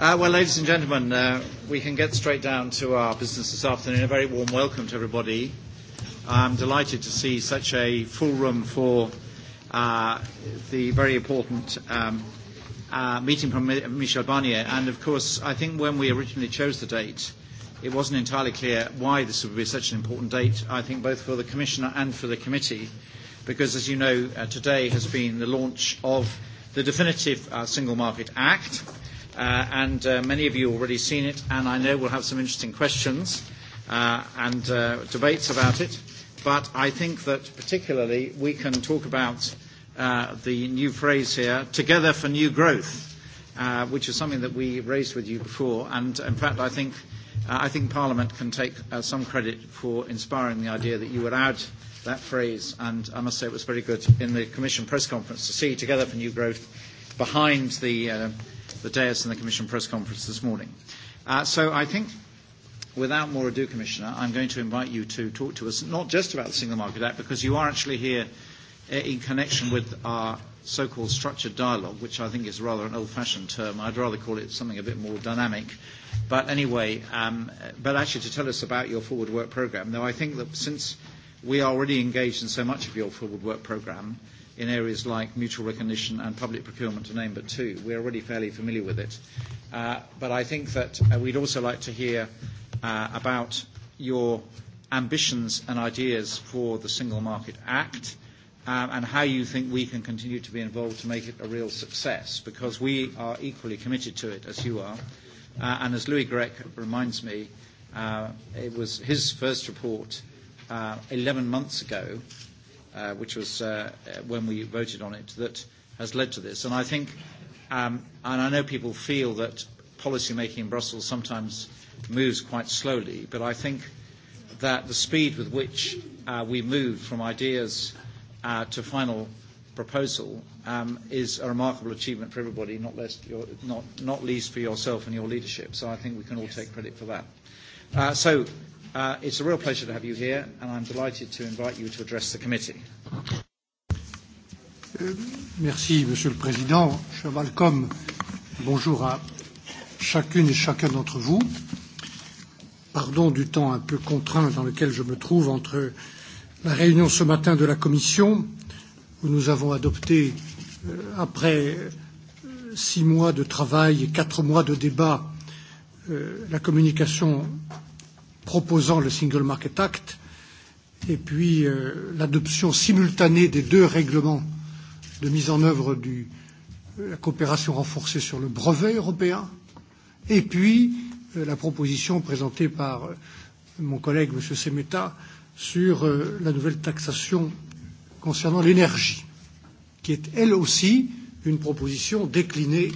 Uh, well, ladies and gentlemen, uh, we can get straight down to our business this afternoon. A very warm welcome to everybody. I'm delighted to see such a full room for uh, the very important um, meeting from Michel Barnier. And of course, I think when we originally chose the date, it wasn't entirely clear why this would be such an important date, I think both for the Commissioner and for the committee, because as you know, today has been the launch of the definitive Single Market Act, Uh, and uh, many of you already seen it, and I know we'll have some interesting questions uh, and uh, debates about it. But I think that particularly we can talk about uh, the new phrase here, together for new growth, uh, which is something that we raised with you before. And in fact, I think, I think Parliament can take some credit for inspiring the idea that you would add that phrase. And I must say it was very good in the Commission press conference to see together for new growth behind the the dais and the Commission press conference this morning. Uh, so I think without more ado, Commissioner, I'm going to invite you to talk to us, not just about the Single Market Act, because you are actually here uh, in connection with our so-called structured dialogue, which I think is rather an old-fashioned term. I'd rather call it something a bit more dynamic. But anyway, um, but actually to tell us about your forward work programme. Now, I think that since we are already engaged in so much of your forward work programme, in areas like mutual recognition and public procurement, to name but two. We're already fairly familiar with it. Uh, but I think that uh, we'd also like to hear uh, about your ambitions and ideas for the Single Market Act um, and how you think we can continue to be involved to make it a real success, because we are equally committed to it as you are. Uh, and as Louis Grech reminds me, uh, it was his first report uh, 11 months ago, uh, which was uh, uh, when we voted on it, that has led to this. And I think, um, and I know people feel that policy making in Brussels sometimes moves quite slowly, but I think that the speed with which uh, we moved from ideas uh, to final proposal um, is a remarkable achievement for everybody, not, less your, not, not least for yourself and your leadership. So I think we can all take credit for that. Uh, so Uh, it's a real pleasure to have you here, and I'm delighted to invite you to address the committee. Euh, merci, Monsieur le Président. Cher Malcolm, bonjour à chacune et chacun d'entre vous. Pardon du temps un peu contraint dans lequel je me trouve entre la réunion ce matin de la Commission, où nous avons adopté, euh, après euh, six mois de travail et quatre mois de débat, euh, la communication proposant le Single Market Act et puis euh, l'adoption simultanée des deux règlements de mise en œuvre de euh, la coopération renforcée sur le brevet européen et puis euh, la proposition présentée par euh, mon collègue M. Semeta sur euh, la nouvelle taxation concernant l'énergie, qui est elle aussi une proposition déclinée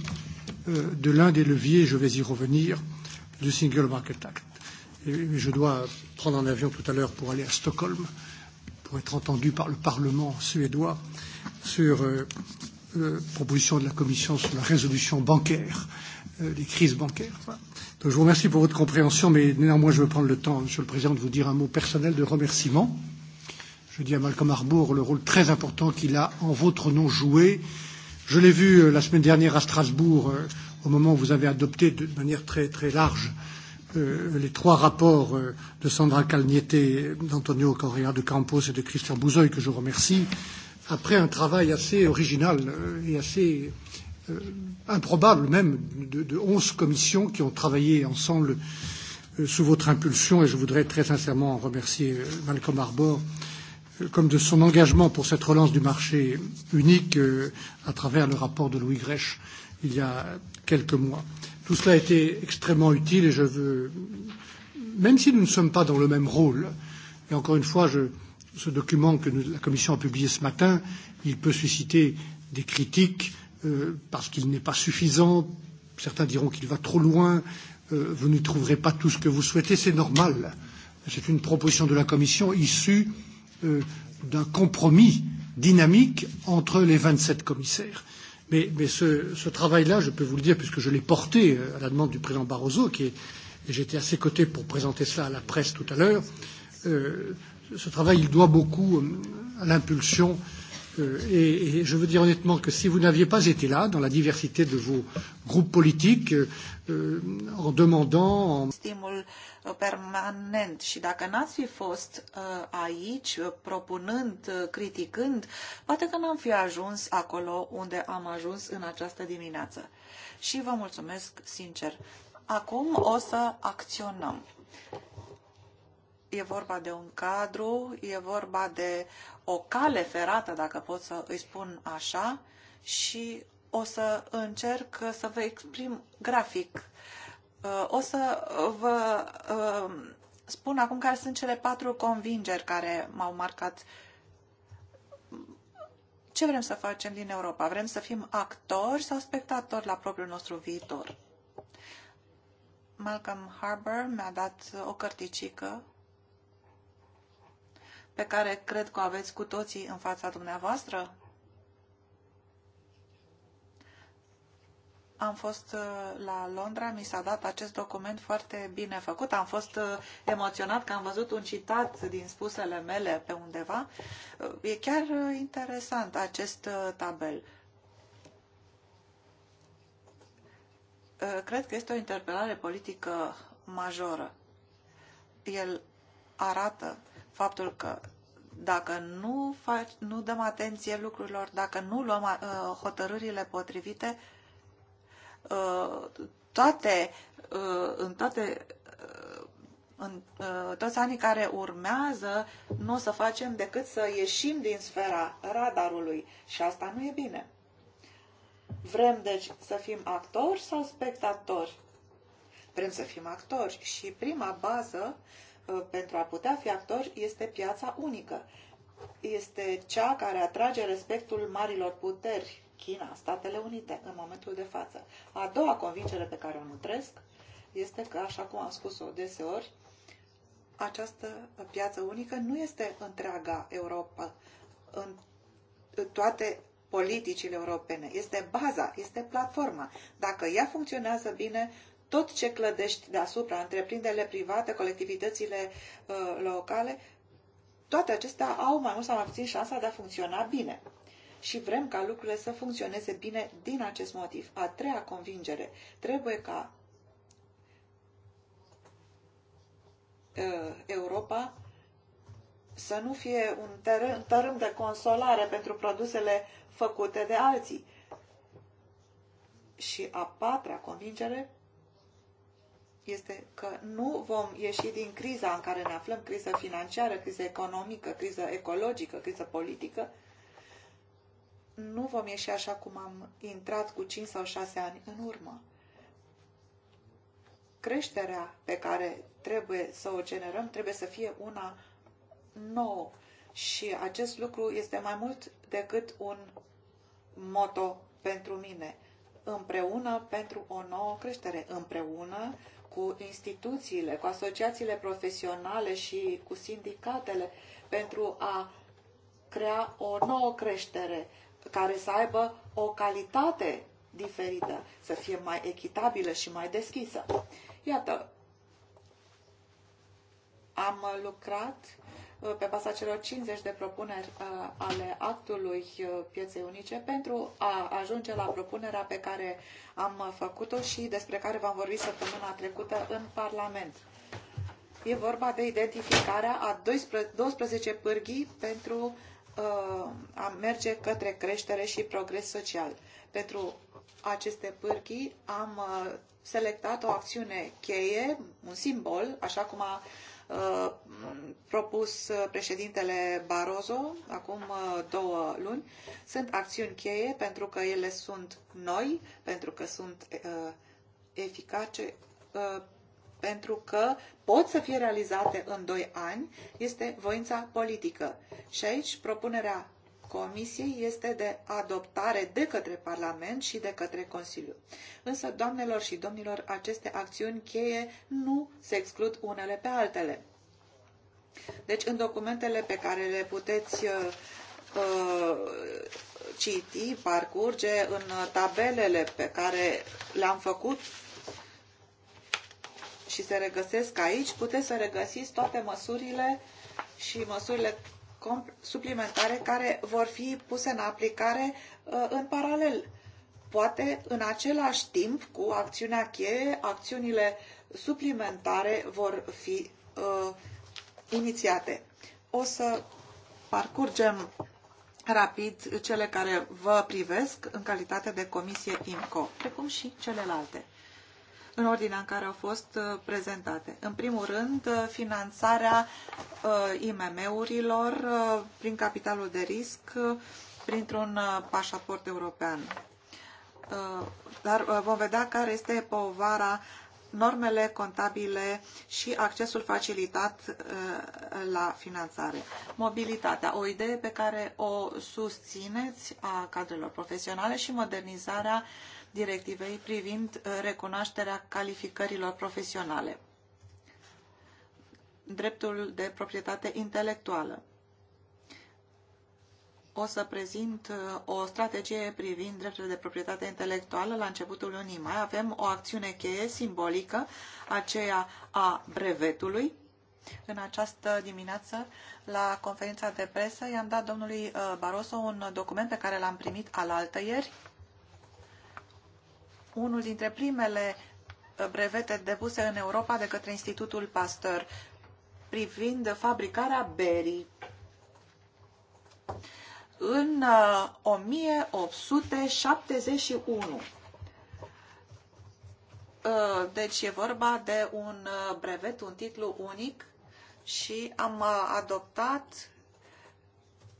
euh, de l'un des leviers, je vais y revenir, du Single Market Act. Je dois prendre un avion tout à l'heure pour aller à Stockholm, pour être entendu par le Parlement suédois sur euh, euh, proposition de la Commission sur la résolution bancaire, euh, des crises bancaires. Voilà. Donc je vous remercie pour votre compréhension, mais néanmoins je veux prendre le temps, Monsieur le Président, de vous dire un mot personnel de remerciement. Je dis à Malcolm Harbour le rôle très important qu'il a en votre nom joué. Je l'ai vu euh, la semaine dernière à Strasbourg, euh, au moment où vous avez adopté de manière très, très large euh, Euh, les trois rapports euh, de Sandra Calniete, d'Antonio Correa de Campos et de Christian Bouzeuil, que je remercie, après un travail assez original euh, et assez euh, improbable même de, de 11 commissions qui ont travaillé ensemble euh, sous votre impulsion et je voudrais très sincèrement remercier euh, Malcolm Harbour comme de son engagement pour cette relance du marché unique euh, à travers le rapport de Louis Grèche il y a quelques mois. Euh, Tout cela a été extrêmement utile et je veux, même si nous ne sommes pas dans le même rôle, et encore une fois, je, ce document que nous, la Commission a publié ce matin, il peut susciter des critiques euh, parce qu'il n'est pas suffisant. Certains diront qu'il va trop loin. Euh, vous n'y trouverez pas tout ce que vous souhaitez. C'est normal. C'est une proposition de la Commission issue euh, d'un compromis dynamique entre les 27 commissaires. Mais, mais ce, ce travail-là, je peux vous le dire, puisque je l'ai porté euh, à la demande du président Barroso, qui est, et j'étais à ses côtés pour présenter cela à la presse tout à l'heure, euh, ce travail, il doit beaucoup euh, à l'impulsion euh, Euh, et, et je veux dire honnêtement que si vous n'aviez pas été là, dans la diversité de vos groupes politiques, euh, euh en demandant... En... Stimul uh, permanent și dacă n-ați fi fost uh, aici, uh, propunând, uh, criticând, poate că n-am fi ajuns acolo unde am ajuns în această dimineață. Și vă mulțumesc sincer. Acum o să acționăm. E vorba de un cadru, e vorba de o cale ferată, dacă pot să îi spun așa, și o să încerc să vă exprim grafic. Uh, o să vă uh, spun acum care sunt cele patru convingeri care m-au marcat. Ce vrem să facem din Europa? Vrem să fim actori sau spectatori la propriul nostru viitor? Malcolm Harbour mi-a dat o cărticică pe care cred că o aveți cu toții în fața dumneavoastră? Am fost uh, la Londra, mi s-a dat acest document foarte bine făcut. Am fost uh, emoționat că am văzut un citat din spusele mele pe undeva. Uh, e chiar interesant acest tabel. Cred că este o interpelare politică majoră. El arată faptul că dacă nu, faci, nu dăm atenție lucrurilor, dacă nu luăm uh, hotărârile potrivite, uh, toate, uh, în toate uh, în uh, toți anii care urmează, nu o să facem decât să ieșim din sfera radarului și asta nu e bine. Vrem, deci, să fim actori sau spectatori? Vrem să fim actori și prima bază Uh, pentru a putea fi actor, este piața unică. Este cea care atrage respectul marilor puteri, China, Statele Unite, în momentul de față. A doua convingere pe care o nutresc este că, așa cum am spus-o deseori, această piață unică nu este întreaga Europa, în toate politicile europene. Este baza, este platforma. Dacă ea funcționează bine, tot ce clădești deasupra, întreprinderile private, colectivitățile uh, locale, toate acestea au mai mult sau mai puțin șansa de a funcționa bine. Și vrem ca lucrurile să funcționeze bine din acest motiv. A treia convingere. Trebuie ca uh, Europa să nu fie un tărâm, tărâm de consolare pentru produsele făcute de alții. Și a patra convingere este că nu vom ieși din criza în care ne aflăm, criză financiară, criză economică, criză ecologică, criză politică, nu vom ieși așa cum am intrat cu 5 sau 6 ani în urmă. Creșterea pe care trebuie să o generăm trebuie să fie una nouă și acest lucru este mai mult decât un moto pentru mine. Împreună pentru o nouă creștere, împreună cu instituțiile, cu asociațiile profesionale și cu sindicatele pentru a crea o nouă creștere care să aibă o calitate diferită, să fie mai echitabilă și mai deschisă. Iată, am lucrat pe baza celor 50 de propuneri uh, ale actului uh, pieței unice pentru a ajunge la propunerea pe care am făcut-o și despre care v-am vorbit săptămâna trecută în Parlament. E vorba de identificarea a 12 pârghii pentru uh, a merge către creștere și progres social. Pentru aceste pârghii am selectat o acțiune cheie, un simbol, așa cum a Uh, propus președintele Barroso acum uh, două luni sunt acțiuni cheie pentru că ele sunt noi, pentru că sunt uh, eficace, pentru că pot să fie realizate în doi ani, este voința politică. Și aici propunerea Comisiei este de adoptare de către Parlament și de către Consiliu. Însă, doamnelor și domnilor, aceste acțiuni cheie nu se exclud unele pe altele. Deci, în documentele pe care le puteți uh, uh citi, parcurge, în tabelele pe care le-am făcut și se regăsesc aici, puteți să regăsiți toate măsurile și măsurile suplimentare care vor fi puse în aplicare uh, în paralel. Poate în același timp cu acțiunea cheie, acțiunile suplimentare vor fi uh, inițiate. O să parcurgem rapid cele care vă privesc în calitate de comisie IMCO, precum și celelalte în ordinea în care au fost uh, prezentate. În primul rând, uh, finanțarea uh, IMM-urilor prin capitalul de risc printr-un pașaport european. Dar vom vedea care este povara normele contabile și accesul facilitat la finanțare. Mobilitatea, o idee pe care o susțineți a cadrelor profesionale și modernizarea uh, directivei privind uh, recunoașterea calificărilor profesionale. Dreptul de proprietate intelectuală. O să prezint uh, o strategie privind drepturile de proprietate intelectuală la începutul lunii mai. Avem o acțiune cheie simbolică, aceea a brevetului, în această dimineață la conferința de presă. I-am dat domnului uh, Barroso un document pe care l-am primit alaltă ieri unul dintre primele uh, brevete depuse în Europa de către Institutul Pasteur privind fabricarea berii. În 1871. Uh, uh, deci e vorba de un brevet, un titlu unic și am adoptat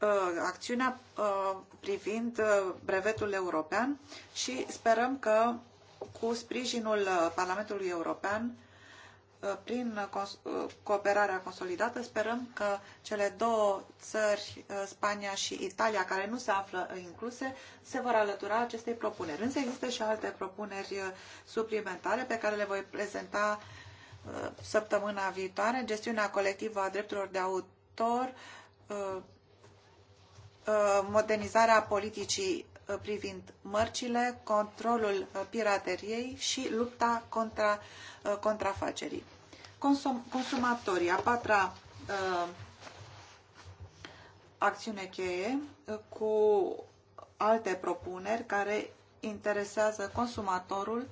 Uh, acțiunea uh, privind uh, brevetul european și sperăm că cu sprijinul Parlamentului European, prin cooperarea consolidată, sperăm că cele două țări, Spania și Italia, care nu se află incluse, se vor alătura acestei propuneri. Însă există și alte propuneri suplimentare pe care le voi prezenta săptămâna viitoare, gestiunea colectivă a drepturilor de autor, Uh, modernizarea politicii uh, privind mărcile, controlul uh, pirateriei și lupta contra contrafacerii. Consum, consumatorii, a patra uh, acțiune cheie cu alte propuneri care interesează consumatorul,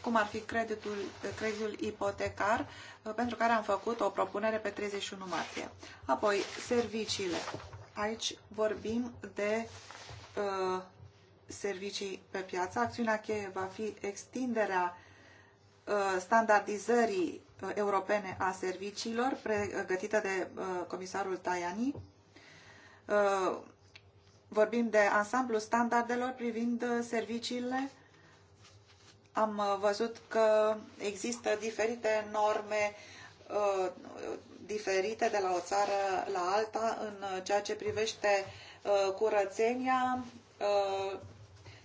cum ar fi creditul, creditul ipotecar, pentru care am făcut o propunere pe 31 martie. Apoi, serviciile. Aici vorbim de uh, servicii pe piață. Acțiunea cheie va fi extinderea uh, standardizării uh, europene a serviciilor pregătită de uh, comisarul Tajani. Uh, vorbim de ansamblu standardelor privind uh, serviciile. Am uh, văzut că există diferite norme uh, diferite de la o țară la alta în uh, ceea ce privește uh, curățenia uh,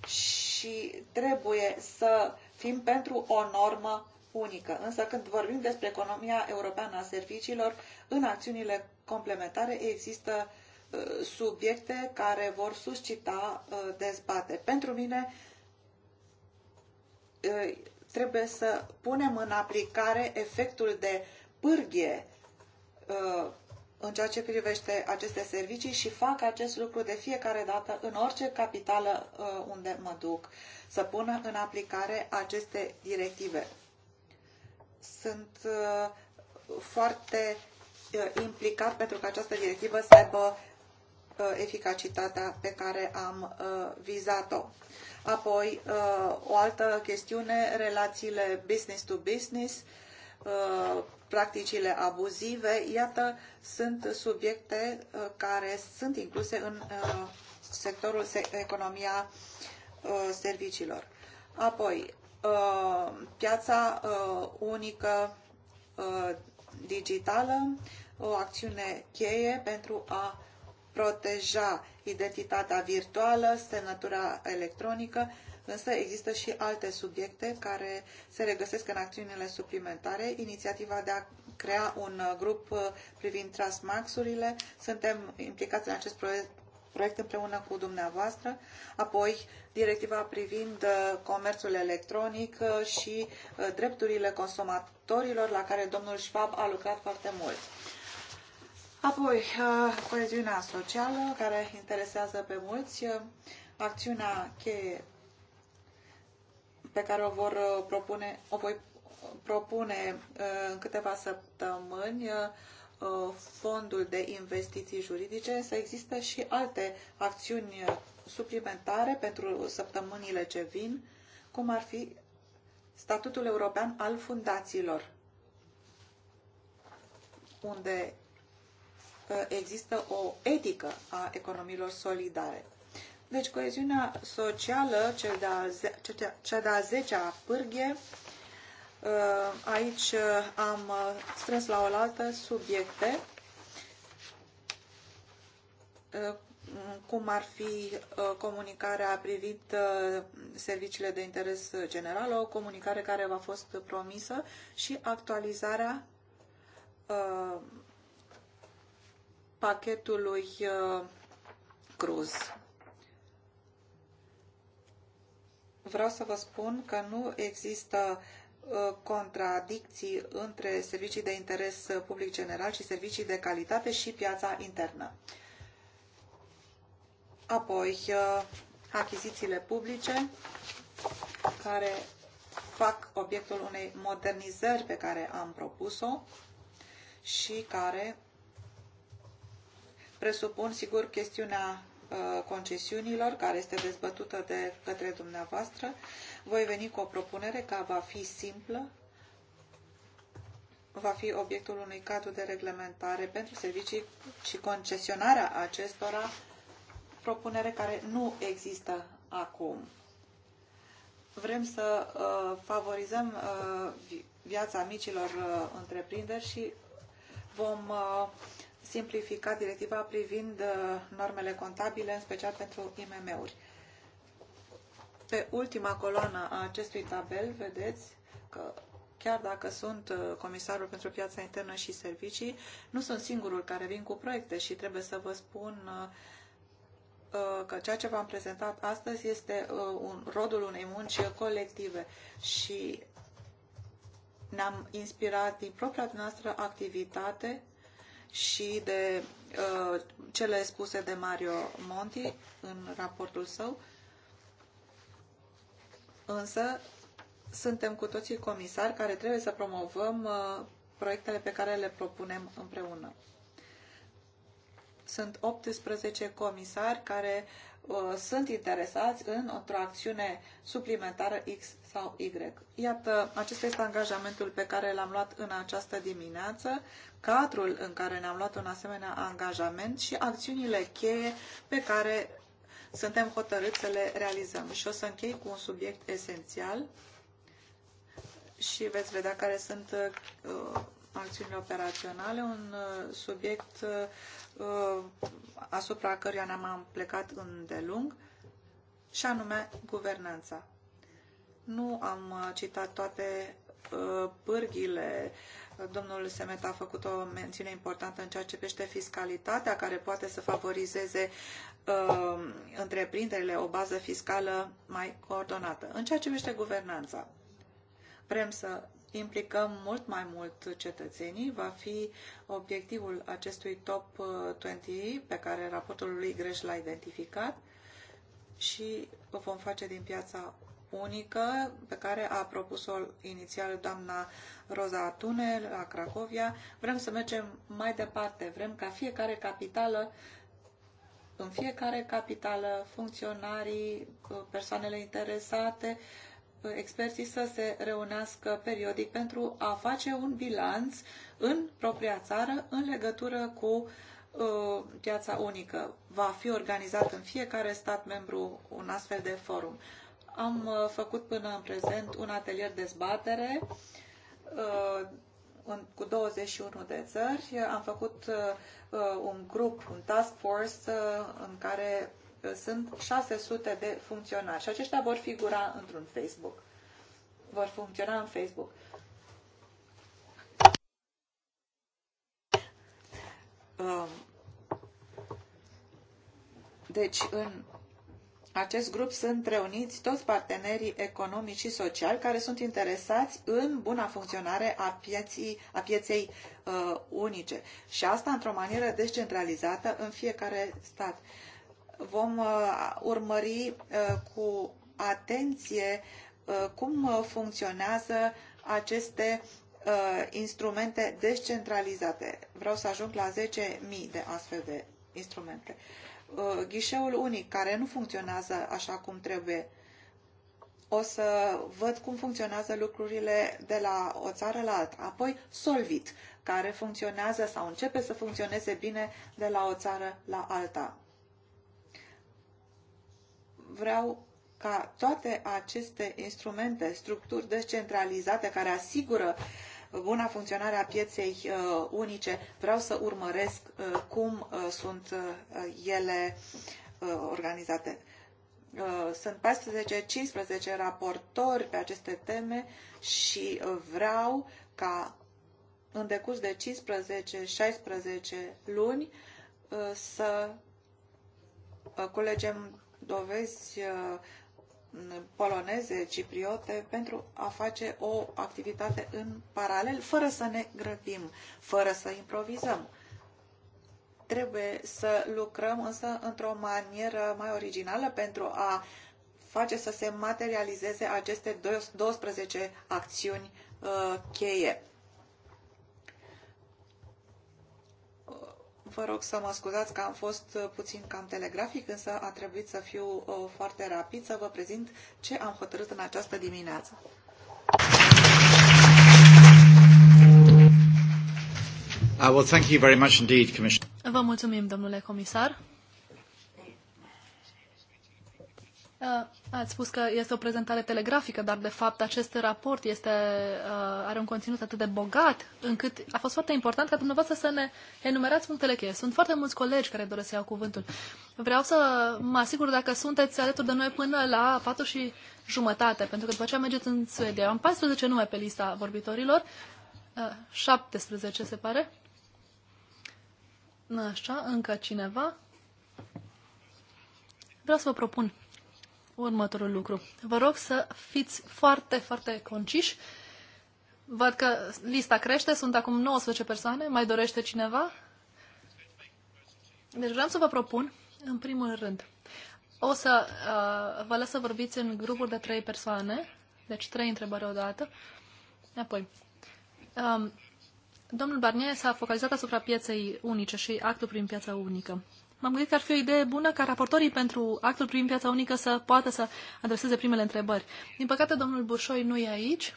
și trebuie să fim pentru o normă unică. Însă când vorbim despre economia europeană a serviciilor, în acțiunile complementare există subiecte care vor suscita dezbate. Pentru mine trebuie să punem în aplicare efectul de pârghie în ceea ce privește aceste servicii și fac acest lucru de fiecare dată în orice capitală uh, unde mă duc, să pună în aplicare aceste directive. Sunt uh, foarte uh, implicat pentru că această directivă să aibă eficacitatea pe care am vizat-o. Apoi, o altă chestiune, relațiile business to business, practicile abuzive, iată, sunt subiecte uh, care sunt incluse în uh, sectorul economia uh, serviciilor. Apoi, piața unică digitală, o acțiune cheie pentru a proteja identitatea virtuală, semnătura electronică, însă există și alte subiecte care se regăsesc în acțiunile suplimentare. Inițiativa de a crea un grup uh, privind transmaxurile, suntem implicați în acest proiect proiect împreună cu dumneavoastră, apoi directiva privind uh, comerțul electronic uh, și drepturile consumatorilor la care domnul Schwab a lucrat foarte mult. Apoi, coeziunea socială, care interesează pe mulți, acțiunea cheie pe care o vor uh, propune, o voi uh, propune uh, în câteva săptămâni fondul de investiții juridice, să există și alte acțiuni suplimentare pentru săptămânile ce vin, cum ar fi statutul european al fundațiilor, unde există o etică a economiilor solidare. Deci coeziunea socială, cea de-a zecea de pârghie, uh, aici uh, am uh, strâns la oaltă subiecte cum ar fi comunicarea privind serviciile de interes general, o comunicare care v-a fost promisă și actualizarea pachetului cruz. vreau să vă spun că nu există ă, contradicții între servicii de interes public general și servicii de calitate și piața internă. Apoi, ă, achizițiile publice, care fac obiectul unei modernizări pe care am propus-o și care presupun, sigur, chestiunea Uh, concesiunilor, care este dezbătută de către dumneavoastră. Voi veni cu o propunere care va fi simplă, va fi obiectul unui cadru de reglementare pentru servicii și concesionarea acestora, propunere care nu există acum. Vrem să uh, favorizăm uh, viața micilor uh, întreprinderi și vom uh, simplifica directiva privind uh, normele contabile, în special pentru IMM-uri. Pe ultima coloană a acestui tabel vedeți că chiar dacă sunt uh, comisarul pentru piața internă și servicii, nu sunt singurul care vin cu proiecte și trebuie să vă spun uh, că ceea ce v-am prezentat astăzi este un, rodul unei munci colective și ne-am inspirat din propria noastră activitate și de uh, cele spuse de Mario Monti în raportul său, însă suntem cu toții comisari care trebuie să promovăm uh, proiectele pe care le propunem împreună sunt 18 comisari care uh, sunt interesați în o acțiune suplimentară X sau Y. Iată, acesta este angajamentul pe care l-am luat în această dimineață, cadrul în care ne-am luat un asemenea angajament și acțiunile cheie pe care suntem hotărâți să le realizăm. Și o să închei cu un subiect esențial și veți vedea care sunt uh, acțiunile operaționale, un uh, subiect uh, asupra căruia ne-am plecat îndelung, și anume guvernanța. Nu am uh, citat toate pârghile. Domnul Semet a făcut o mențiune importantă în ceea ce privește fiscalitatea, care poate să favorizeze uh, întreprinderile o bază fiscală mai coordonată. În ceea ce privește guvernanța, vrem să implicăm mult mai mult cetățenii. Va fi obiectivul acestui top 20 uh, pe care raportul lui Greș l-a identificat și o vom face din piața unică pe care a propus-o inițial doamna Roza Tunel la Cracovia. Vrem să mergem mai departe, vrem ca fiecare capitală în fiecare capitală, funcționarii, uh, persoanele interesate experții să se reunească periodic pentru a face un bilanț în propria țară în legătură cu uh, piața unică. Va fi organizat în fiecare stat membru un astfel de forum. Am uh, făcut până în prezent un atelier de zbatere uh, cu 21 de țări. Am făcut un grup, un task force în care sunt 600 de funcționari și aceștia vor figura într-un Facebook. Vor funcționa în Facebook. Um, deci, în acest grup sunt reuniți toți partenerii economici și sociali care sunt interesați în buna funcționare a, pieții, a pieței uh, unice. Și asta într-o manieră descentralizată în fiecare stat. Uh, vom uh, urmări uh, cu atenție uh, cum funcționează aceste instrumente descentralizate. Vreau să ajung la 10.000 de astfel de instrumente. Ghișeul unic, care nu funcționează așa cum trebuie, o să văd cum funcționează lucrurile de la o țară la alta. Apoi Solvit, care funcționează sau începe să funcționeze bine de la o țară la alta vreau ca toate aceste instrumente, structuri descentralizate care asigură buna funcționare a pieței uh, unice, vreau să urmăresc uh, cum uh, sunt uh, ele uh, organizate. Uh, sunt 14-15 raportori pe aceste teme și vreau ca în decurs de 15-16 luni să culegem dovezi uh, poloneze, cipriote, pentru a face o activitate în paralel, fără să ne grăbim, fără să improvizăm. Trebuie să lucrăm însă într-o manieră mai originală pentru a face să se materializeze aceste 12 acțiuni uh, cheie. Vă rog să mă scuzați că am fost uh, puțin cam telegrafic, însă a trebuit să fiu uh, foarte rapid să vă prezint ce am hotărât în această dimineață. Uh, well, thank you very much indeed, Vă mulțumim, domnule comisar. Uh, ați spus că este o prezentare telegrafică, dar de fapt acest raport este, uh, are un conținut atât de bogat încât a fost foarte important ca dumneavoastră să ne enumerați punctele cheie. Sunt foarte mulți colegi care doresc să iau cuvântul. Vreau să mă asigur dacă sunteți alături de noi până la 4 și jumătate, pentru că după ce am mergeți în Suedia, am 14 nume pe lista vorbitorilor, 17 uh, se pare. Așa, încă cineva. Vreau să vă propun următorul lucru. Vă rog să fiți foarte, foarte conciși. Văd că lista crește, sunt acum 19 persoane. Mai dorește cineva? Deci vreau să vă propun, în primul rând, o să uh, vă las să vorbiți în grupuri de trei persoane, deci trei întrebări odată. Apoi, um, domnul Barnier s-a focalizat asupra pieței unice și actul prin piața unică m-am gândit că ar fi o idee bună ca raportorii pentru actul privind piața unică să poată să adreseze primele întrebări. Din păcate, domnul Bușoi nu e aici.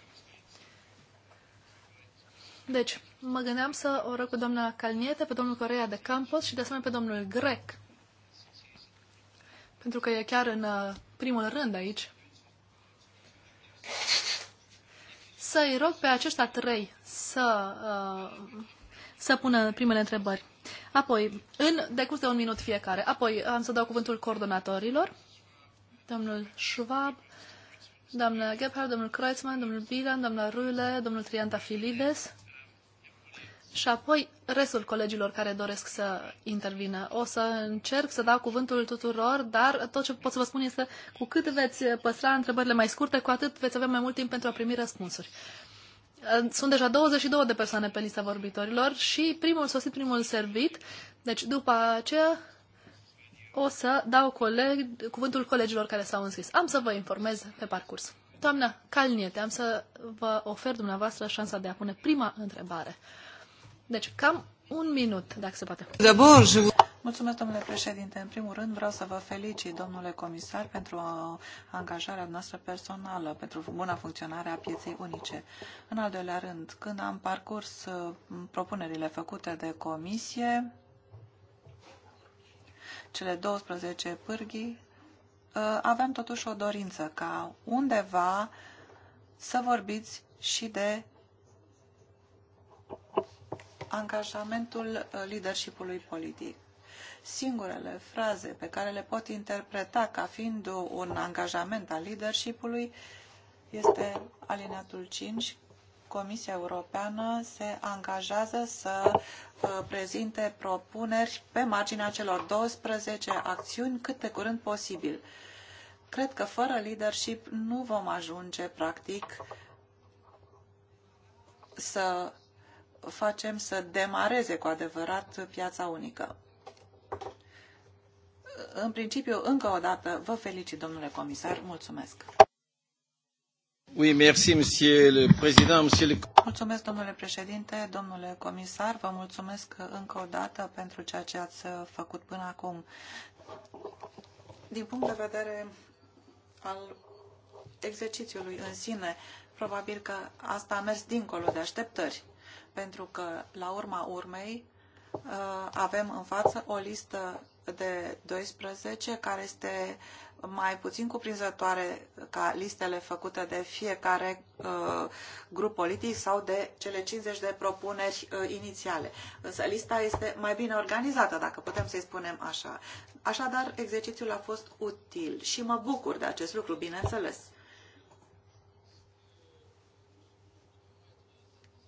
Deci, mă gândeam să o rog pe doamna Calniete, pe domnul Corea de Campos și de asemenea pe domnul Grec. Pentru că e chiar în uh, primul rând aici. Să-i rog pe aceștia trei să, uh, să pună primele întrebări. Apoi, în decurs de un minut fiecare, apoi am să dau cuvântul coordonatorilor, domnul Schwab, doamna Gebhardt, domnul Kreutzmann, domnul Bilan, doamna Rüle, domnul Trianta Filides și apoi restul colegilor care doresc să intervină. O să încerc să dau cuvântul tuturor, dar tot ce pot să vă spun este cu cât veți păstra întrebările mai scurte, cu atât veți avea mai mult timp pentru a primi răspunsuri. Sunt deja 22 de persoane pe lista vorbitorilor și primul sosit, primul servit. Deci după aceea o să dau coleg, cuvântul colegilor care s-au înscris. Am să vă informez pe parcurs. Doamna Calniete, am să vă ofer dumneavoastră șansa de a pune prima întrebare. Deci, cam un minut, dacă se poate. Mulțumesc, domnule președinte. În primul rând, vreau să vă felicit, domnule comisar, pentru angajarea noastră personală, pentru buna funcționare a pieței unice. În al doilea rând, când am parcurs uh, propunerile făcute de comisie, cele 12 pârghii, uh, aveam totuși o dorință ca undeva să vorbiți și de angajamentul uh, leadership politic. Singurele fraze pe care le pot interpreta ca fiind un angajament al leadership este alineatul 5, Comisia Europeană se angajează să uh, prezinte propuneri pe marginea celor 12 acțiuni cât de curând posibil. Cred că fără leadership nu vom ajunge, practic, să facem să demareze cu adevărat piața unică. În principiu, încă o dată, vă felicit, domnule comisar. Mulțumesc. Oui, merci, monsieur le président, monsieur le... Mulțumesc, domnule președinte, domnule comisar, vă mulțumesc încă o dată pentru ceea ce ați făcut până acum. Din punct de vedere al exercițiului în sine, probabil că asta a mers dincolo de așteptări, pentru că, la urma urmei, Uh, avem în față o listă de 12 care este mai puțin cuprinzătoare ca listele făcute de fiecare uh, grup politic sau de cele 50 de propuneri uh, inițiale. Însă lista este mai bine organizată, dacă putem să-i spunem așa. Așadar, exercițiul a fost util și mă bucur de acest lucru, bineînțeles.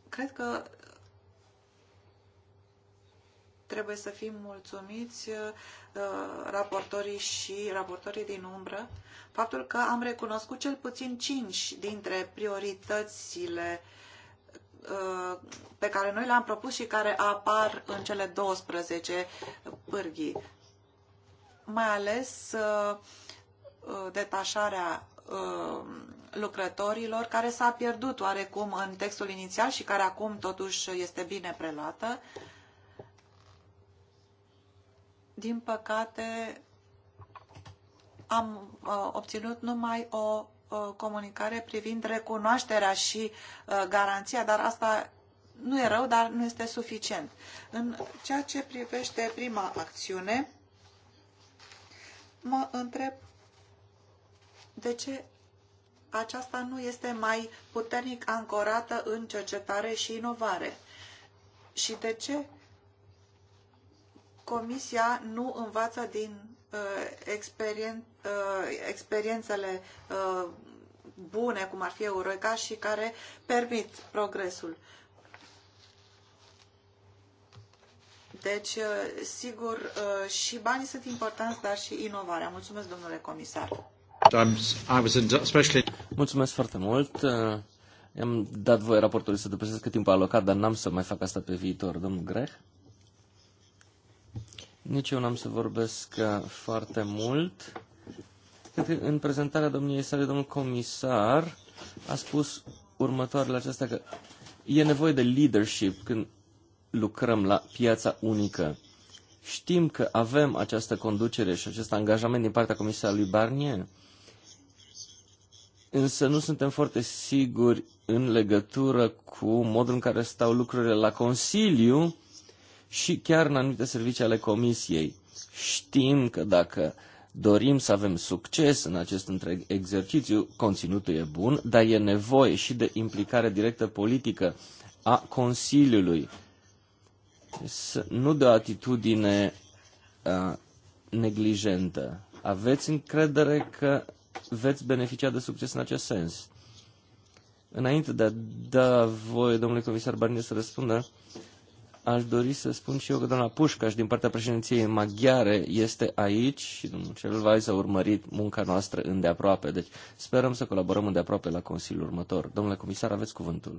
Cred că trebuie să fim mulțumiți uh, raportorii și raportorii din umbră faptul că am recunoscut cel puțin cinci dintre prioritățile uh, pe care noi le-am propus și care apar în cele 12 pârghii. Mai ales uh, detașarea lucrătorilor, care s-a pierdut oarecum în textul inițial și care acum totuși este bine preluată. Din păcate, am uh, obținut numai o uh, comunicare privind recunoașterea și uh, garanția, dar asta nu e rău, dar nu este suficient. În ceea ce privește prima acțiune, mă întreb de ce aceasta nu este mai puternic ancorată în cercetare și inovare și de ce Comisia nu învață din uh, experien, uh, experiențele uh, bune, cum ar fi Eureka, și care permit progresul. Deci, sigur, și banii sunt importanți, dar și inovarea. Mulțumesc, domnule comisar. Mulțumesc foarte mult. I-am dat voie raportului să depășesc cât timp a alocat, dar n-am să mai fac asta pe viitor, domnul Greh. Nici eu n-am să vorbesc uh, foarte mult. Cred că în prezentarea domniei sale, domnul comisar a spus următoarele acestea că e nevoie de leadership când lucrăm la piața unică. Știm că avem această conducere și acest angajament din partea comisarului Barnier, însă nu suntem foarte siguri în legătură cu modul în care stau lucrurile la Consiliu și chiar în anumite servicii ale Comisiei. Știm că dacă dorim să avem succes în acest întreg exercițiu, conținutul e bun, dar e nevoie și de implicare directă politică a Consiliului. Nu de o atitudine a, neglijentă. Aveți încredere că veți beneficia de succes în acest sens. Înainte de a da voie domnului comisar Barnier să răspundă, Aș dori să spun și eu că doamna Pușcaș, din partea președinției maghiare, este aici și domnul Celvai a urmărit munca noastră îndeaproape. Deci sperăm să colaborăm îndeaproape la Consiliul următor. Domnule comisar, aveți cuvântul.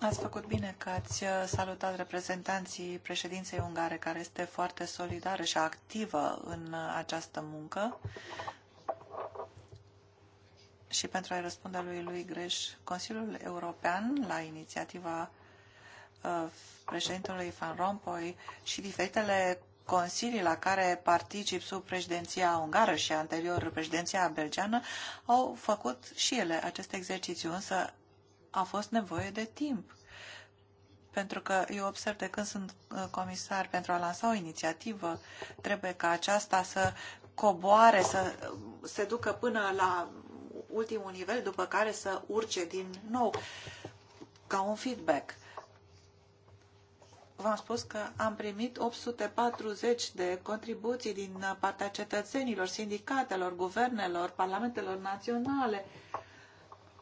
Ați făcut bine că ați uh, salutat reprezentanții președinței ungare, care este foarte solidară și activă în uh, această muncă și pentru a-i răspunde lui lui Greș, Consiliul European, la inițiativa uh, președintelui Van Rompuy și diferitele consilii la care particip sub președinția ungară și anterior președinția belgeană, au făcut și ele acest exercițiu, însă a fost nevoie de timp. Pentru că eu observ de când sunt uh, comisar pentru a lansa o inițiativă, trebuie ca aceasta să coboare, să se ducă până la ultimul nivel, după care să urce din nou ca un feedback. V-am spus că am primit 840 de contribuții din partea cetățenilor, sindicatelor, guvernelor, parlamentelor naționale.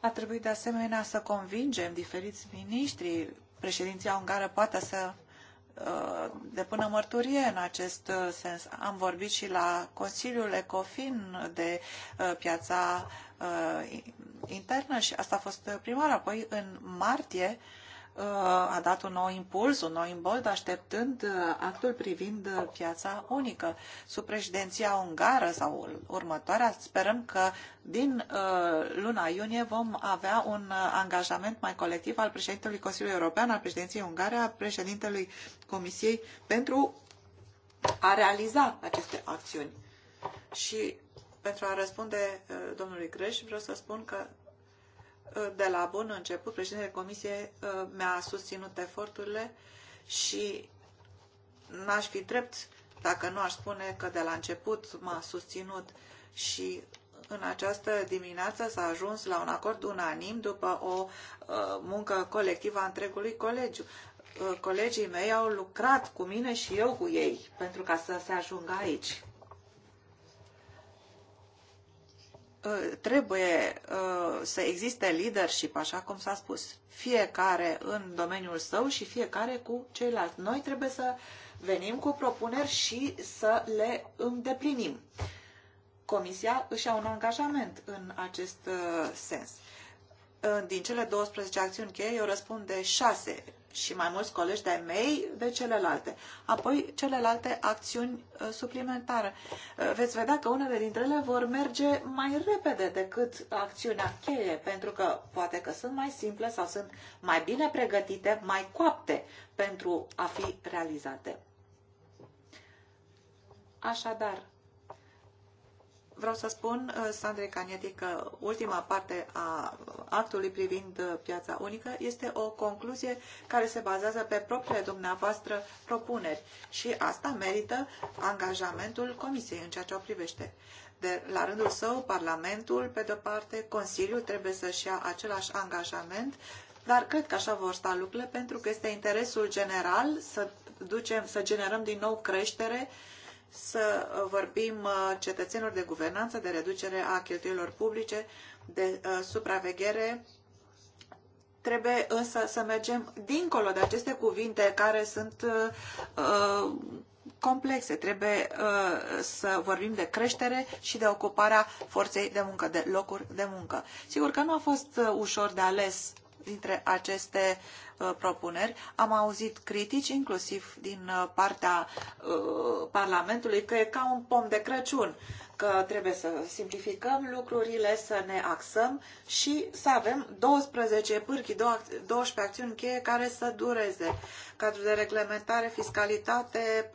A trebuit de asemenea să convingem diferiți miniștri. Președinția ungară poate să depună mărturie în acest uh, sens. Am vorbit și la Consiliul Ecofin de uh, piața uh, internă și asta a fost primar. Apoi, în martie, Uh, a dat un nou impuls, un nou imbold, așteptând uh, actul privind uh, piața unică. Sub președinția ungară sau următoarea, sperăm că din luna iunie vom avea un angajament mai colectiv al președintelui Consiliului European, al președinției ungare, al președintelui Comisiei pentru a realiza aceste acțiuni. Și pentru a răspunde domnului Greș, vreau să spun că de la bun început, președintele Comisiei uh, mi-a susținut eforturile și n-aș fi drept dacă nu aș spune că de la început m-a susținut și în această dimineață s-a ajuns la un acord unanim după o uh, muncă colectivă a întregului colegiu. Uh, colegii mei au lucrat cu mine și eu cu ei pentru ca să se ajungă aici. Uh, trebuie uh, să existe leadership, așa cum s-a spus, fiecare în domeniul său și fiecare cu ceilalți. Noi trebuie să venim cu propuneri și să le îndeplinim. Comisia își ia un angajament în acest uh, sens. Din cele 12 acțiuni cheie, eu răspund de 6 și mai mulți colegi de-ai mei de celelalte. Apoi celelalte acțiuni uh, suplimentare. Uh, veți vedea că unele dintre ele vor merge mai repede decât acțiunea cheie, pentru că poate că sunt mai simple sau sunt mai bine pregătite, mai coapte pentru a fi realizate. Așadar, Vreau să spun, uh, Sandrei Canieti, că ultima parte a actului privind uh, piața unică este o concluzie care se bazează pe propriile dumneavoastră propuneri și asta merită angajamentul Comisiei în ceea ce o privește. De, la rândul său, Parlamentul, pe de-o parte, Consiliul trebuie să-și ia același angajament, dar cred că așa vor sta lucrurile pentru că este interesul general să, ducem, să generăm din nou creștere uh, să vorbim uh, cetățenilor de guvernanță, de reducere a cheltuielor publice, de uh, supraveghere. Trebuie însă să mergem dincolo de aceste cuvinte care sunt uh, complexe. Trebuie să vorbim de creștere și de ocuparea forței de muncă, de locuri de muncă. Sigur că nu a fost ușor de ales dintre aceste uh, propuneri. Am auzit critici, inclusiv din uh, partea uh, Parlamentului, că e ca un pom de Crăciun, că trebuie să simplificăm lucrurile, să ne axăm și să avem 12 pârchii, 12 acțiuni cheie care să dureze. Cadrul de reglementare, fiscalitate,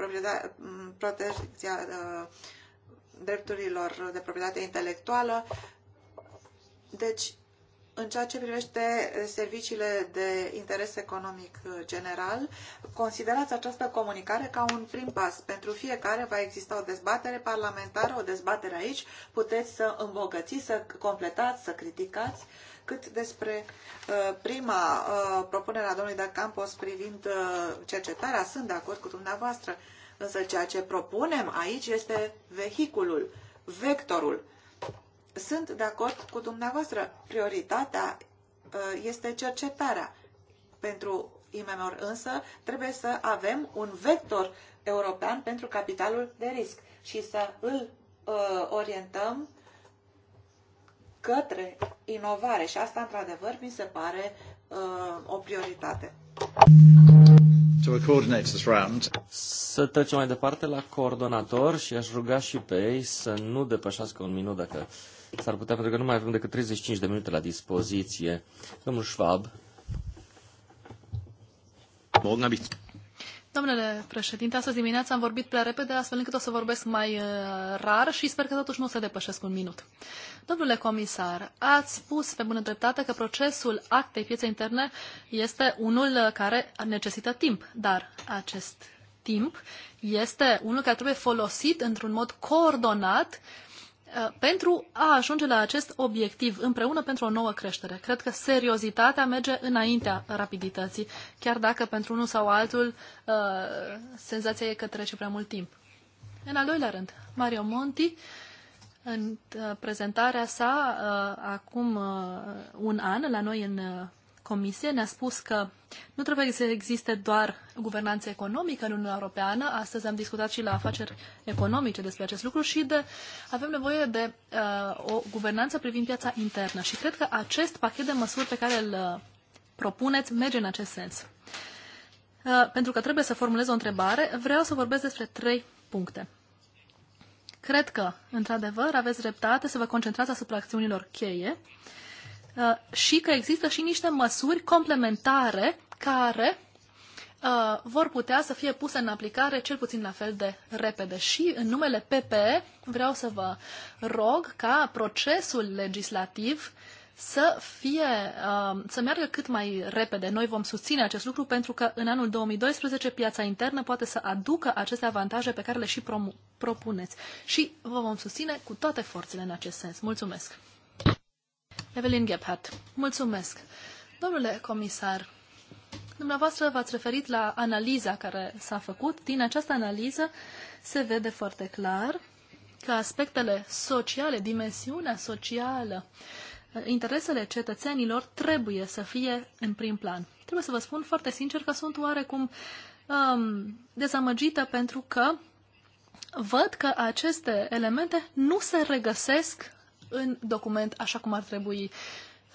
mm, protecția drepturilor de proprietate intelectuală. Deci, în ceea ce privește eh, serviciile de interes economic eh, general, considerați această comunicare ca un prim pas. Pentru fiecare va exista o dezbatere parlamentară, o dezbatere aici. Puteți să îmbogățiți, să completați, să criticați. Cât despre eh, prima propunere a domnului de Campos privind cercetarea, sunt de acord cu dumneavoastră, însă ceea ce propunem aici este vehiculul, vectorul sunt de acord cu dumneavoastră. Prioritatea uh, este cercetarea. Pentru IMM-uri însă trebuie să avem un vector european pentru capitalul de risc și să îl uh, orientăm către inovare și asta, într-adevăr, mi se pare uh, o prioritate. Să trecem mai departe la coordonator și aș ruga și pe ei să nu depășească un minut dacă S-ar putea, pentru că nu mai avem decât 35 de minute la dispoziție. Domnul Schwab. Domnule președinte, astăzi dimineața am vorbit prea repede, astfel încât o să vorbesc mai uh, rar și sper că totuși nu o să depășesc un minut. Domnule comisar, ați spus pe bună dreptate că procesul actei pieței interne este unul care necesită timp, dar acest timp este unul care trebuie folosit într-un mod coordonat uh, Uh, pentru a ajunge la acest obiectiv împreună pentru o nouă creștere. Cred că seriozitatea merge înaintea rapidității, chiar dacă pentru unul sau altul uh, senzația e că trece prea mult timp. În al doilea rând, Mario Monti, în uh, prezentarea sa acum un an la noi în Comisie ne-a spus că nu trebuie să existe doar guvernanță economică în Uniunea Europeană. Astăzi am discutat și la afaceri economice despre acest lucru și de, avem nevoie de uh, o guvernanță privind piața internă. Și cred că acest pachet de măsuri pe care îl uh, propuneți merge în acest sens. Uh, pentru că trebuie să formulez o întrebare, vreau să vorbesc despre trei puncte. Cred că, într-adevăr, aveți dreptate să vă concentrați asupra acțiunilor cheie. Uh, Uh, și că există și niște măsuri complementare care uh, vor putea să fie puse în aplicare cel puțin la fel de repede. Și în numele PPE vreau să vă rog ca procesul legislativ să fie, uh, să meargă cât mai repede. Noi vom susține acest lucru pentru că în anul 2012 piața internă poate să aducă aceste avantaje pe care le și propuneți. Și vă vom susține cu toate forțele în acest sens. Mulțumesc! Evelyn Gebhardt. Mulțumesc. Domnule comisar, dumneavoastră v-ați referit la analiza care s-a făcut. Din această analiză se vede foarte clar că aspectele sociale, dimensiunea socială, interesele cetățenilor trebuie să fie în prim plan. Trebuie să vă spun foarte sincer că sunt oarecum um, dezamăgită pentru că văd că aceste elemente nu se regăsesc în document așa cum ar trebui.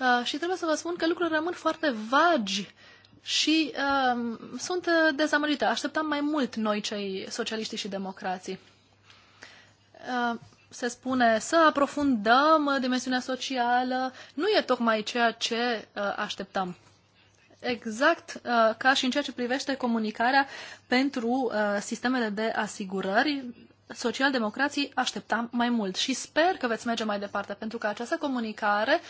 Uh, și trebuie să vă spun că lucrurile rămân foarte vagi și uh, sunt uh, dezamăgite. Așteptam mai mult noi, cei socialiștii și democrații. Uh, se spune să aprofundăm uh, dimensiunea socială, nu e tocmai ceea ce uh, așteptam. Exact uh, ca și în ceea ce privește comunicarea pentru uh, sistemele de asigurări, socialdemocrații așteptam mai mult și sper că veți merge mai departe, pentru că această comunicare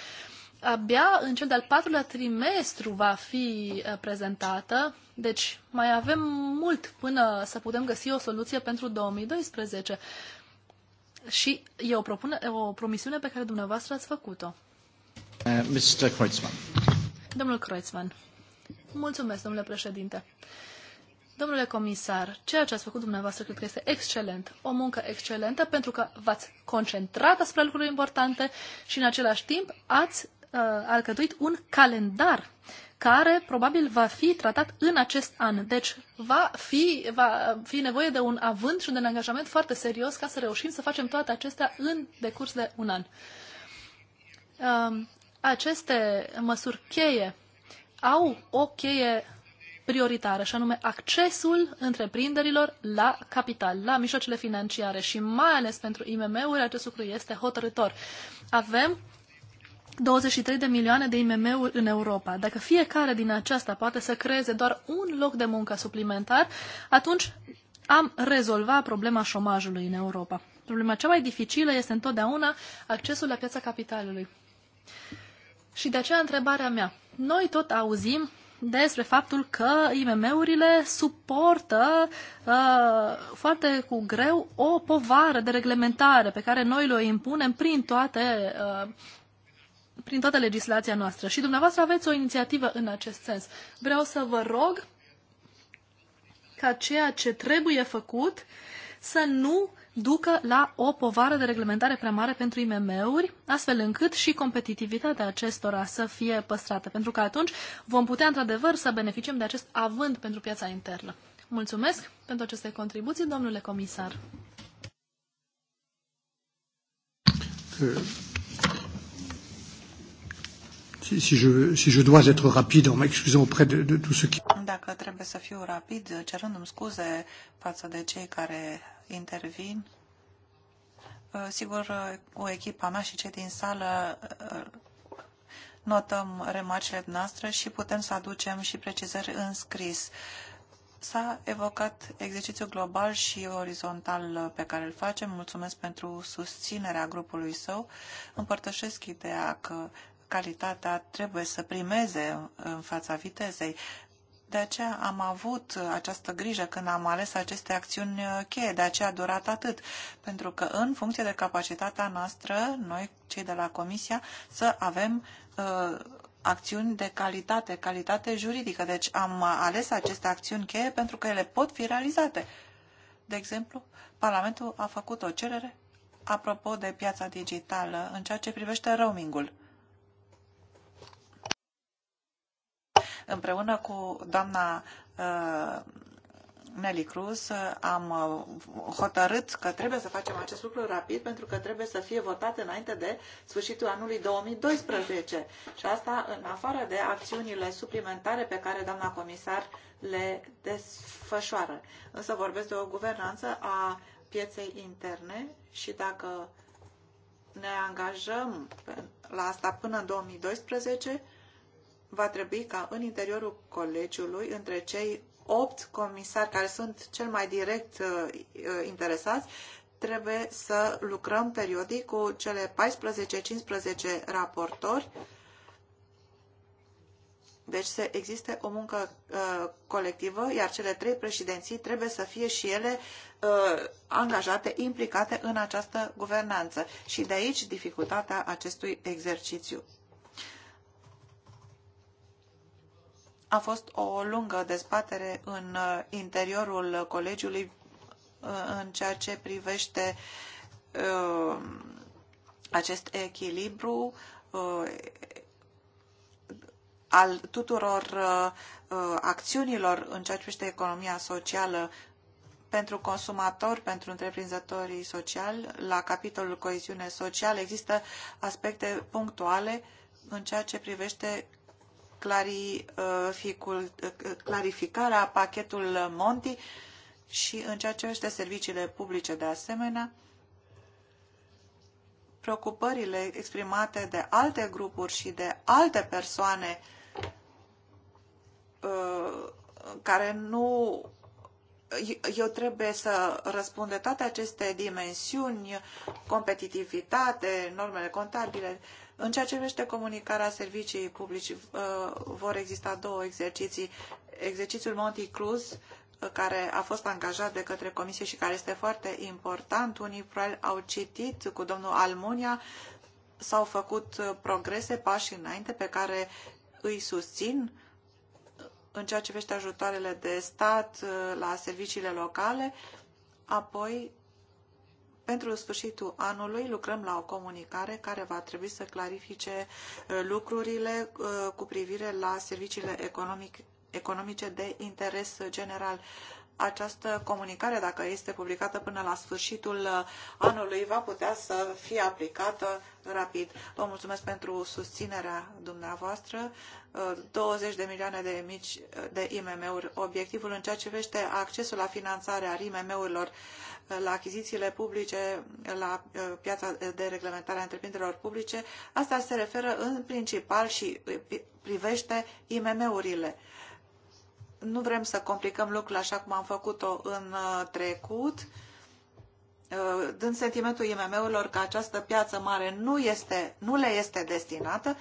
abia în cel de-al patrulea trimestru va fi eh, prezentată, deci mai avem mult până să putem găsi o soluție pentru 2012. Și e o, propune, o promisiune pe care dumneavoastră ați făcut-o. Uh, Mr. Kreutzmann. Domnul Kreutzmann. Mulțumesc, domnule președinte. Domnule comisar, ceea ce ați făcut dumneavoastră cred că este excelent, o muncă excelentă pentru că v-ați concentrat asupra lucrurilor importante și în același timp ați uh, alcătuit un calendar care probabil va fi tratat în acest an. Deci va fi, va fi nevoie de un avânt și de un angajament foarte serios ca să reușim să facem toate acestea în decurs de un an. Um, aceste măsuri cheie au o cheie prioritară, și anume accesul întreprinderilor la capital, la mijloacele financiare și mai ales pentru IMM-uri acest lucru este hotărător. Avem 23 de milioane de IMM-uri în Europa. Dacă fiecare din aceasta poate să creeze doar un loc de muncă suplimentar, atunci am rezolvat problema șomajului în Europa. Problema cea mai dificilă este întotdeauna accesul la piața capitalului. Și de aceea întrebarea mea. Noi tot auzim despre faptul că IMM-urile suportă uh, foarte cu greu o povară de reglementare pe care noi le impunem prin toate, uh, prin toată legislația noastră. Și dumneavoastră aveți o inițiativă în acest sens. Vreau să vă rog ca ceea ce trebuie făcut să nu ducă la o povară de reglementare prea mare pentru IMM-uri, astfel încât și competitivitatea acestora să fie păstrată, pentru că atunci vom putea într-adevăr să beneficiem de acest avânt pentru piața internă. Mulțumesc pentru aceste contribuții, domnule comisar. Euh, Dacă trebuie să fiu rapid, cerându-mi scuze față de cei care intervin. Uh, sigur, uh, cu echipa mea și cei din sală uh, notăm remarcile noastre și putem să aducem și precizări în scris. S-a evocat exercițiul global și orizontal pe care îl facem. Mulțumesc pentru susținerea grupului său. Împărtășesc ideea că calitatea trebuie să primeze în fața vitezei, de aceea am avut această grijă când am ales aceste acțiuni uh, cheie, de aceea a durat atât, pentru că în funcție de capacitatea noastră, noi, cei de la Comisia, să avem uh, acțiuni de calitate, calitate juridică. Deci am uh, ales aceste acțiuni cheie pentru că ele pot fi realizate. De exemplu, Parlamentul a făcut o cerere apropo de piața digitală în ceea ce privește roamingul. Împreună cu doamna uh, Nelly Cruz uh, am uh, hotărât că trebuie să facem acest lucru rapid pentru că trebuie să fie votat înainte de sfârșitul anului 2012 și asta în afară de acțiunile suplimentare pe care doamna comisar le desfășoară. Însă vorbesc de o guvernanță a pieței interne și dacă ne angajăm la asta până în 2012, va trebui ca în interiorul colegiului, între cei opt comisari care sunt cel mai direct uh, uh interesați, trebuie să lucrăm periodic cu cele 14-15 raportori. Deci să existe o muncă uh, colectivă, iar cele trei președinții trebuie să fie și ele uh, angajate, implicate în această guvernanță. Și de aici dificultatea acestui exercițiu. A fost o lungă dezbatere în uh, interiorul colegiului uh, în ceea ce privește uh, acest echilibru al tuturor acțiunilor în ceea ce privește economia socială pentru consumatori, pentru întreprinzătorii sociali, la capitolul coeziune socială există aspecte punctuale în ceea ce privește Uh, uh, clarificarea pachetul Monti și în ceea ce este serviciile publice de asemenea, preocupările exprimate de alte grupuri și de alte persoane uh, care nu eu trebuie să răspund de toate aceste dimensiuni, competitivitate, normele contabile. În ceea ce privește comunicarea servicii publici, uh, vor exista două exerciții. Exercițiul Monty Cruz, uh, care a fost angajat de către Comisie și care este foarte important. Unii probabil au citit cu domnul Almunia, s-au făcut uh, progrese, pași înainte pe care îi susțin în ceea ce privește ajutoarele de stat uh, la serviciile locale, apoi pentru sfârșitul anului lucrăm la o comunicare care va trebui să clarifice uh, lucrurile uh, cu privire la serviciile economic, economice de interes general această comunicare, dacă este publicată până la sfârșitul uh, anului, va putea să fie aplicată rapid. Vă mulțumesc pentru susținerea dumneavoastră. 20 uh, de milioane de mici uh, de IMM-uri. Obiectivul în ceea ce vește accesul la finanțarea IMM-urilor la achizițiile publice, la piața de reglementare a întreprinderilor publice, asta se referă în principal și privește IMM-urile nu vrem să complicăm lucrurile așa cum am făcut-o în uh, trecut, uh, dând sentimentul IMM-urilor că această piață mare nu, este, nu le este destinată,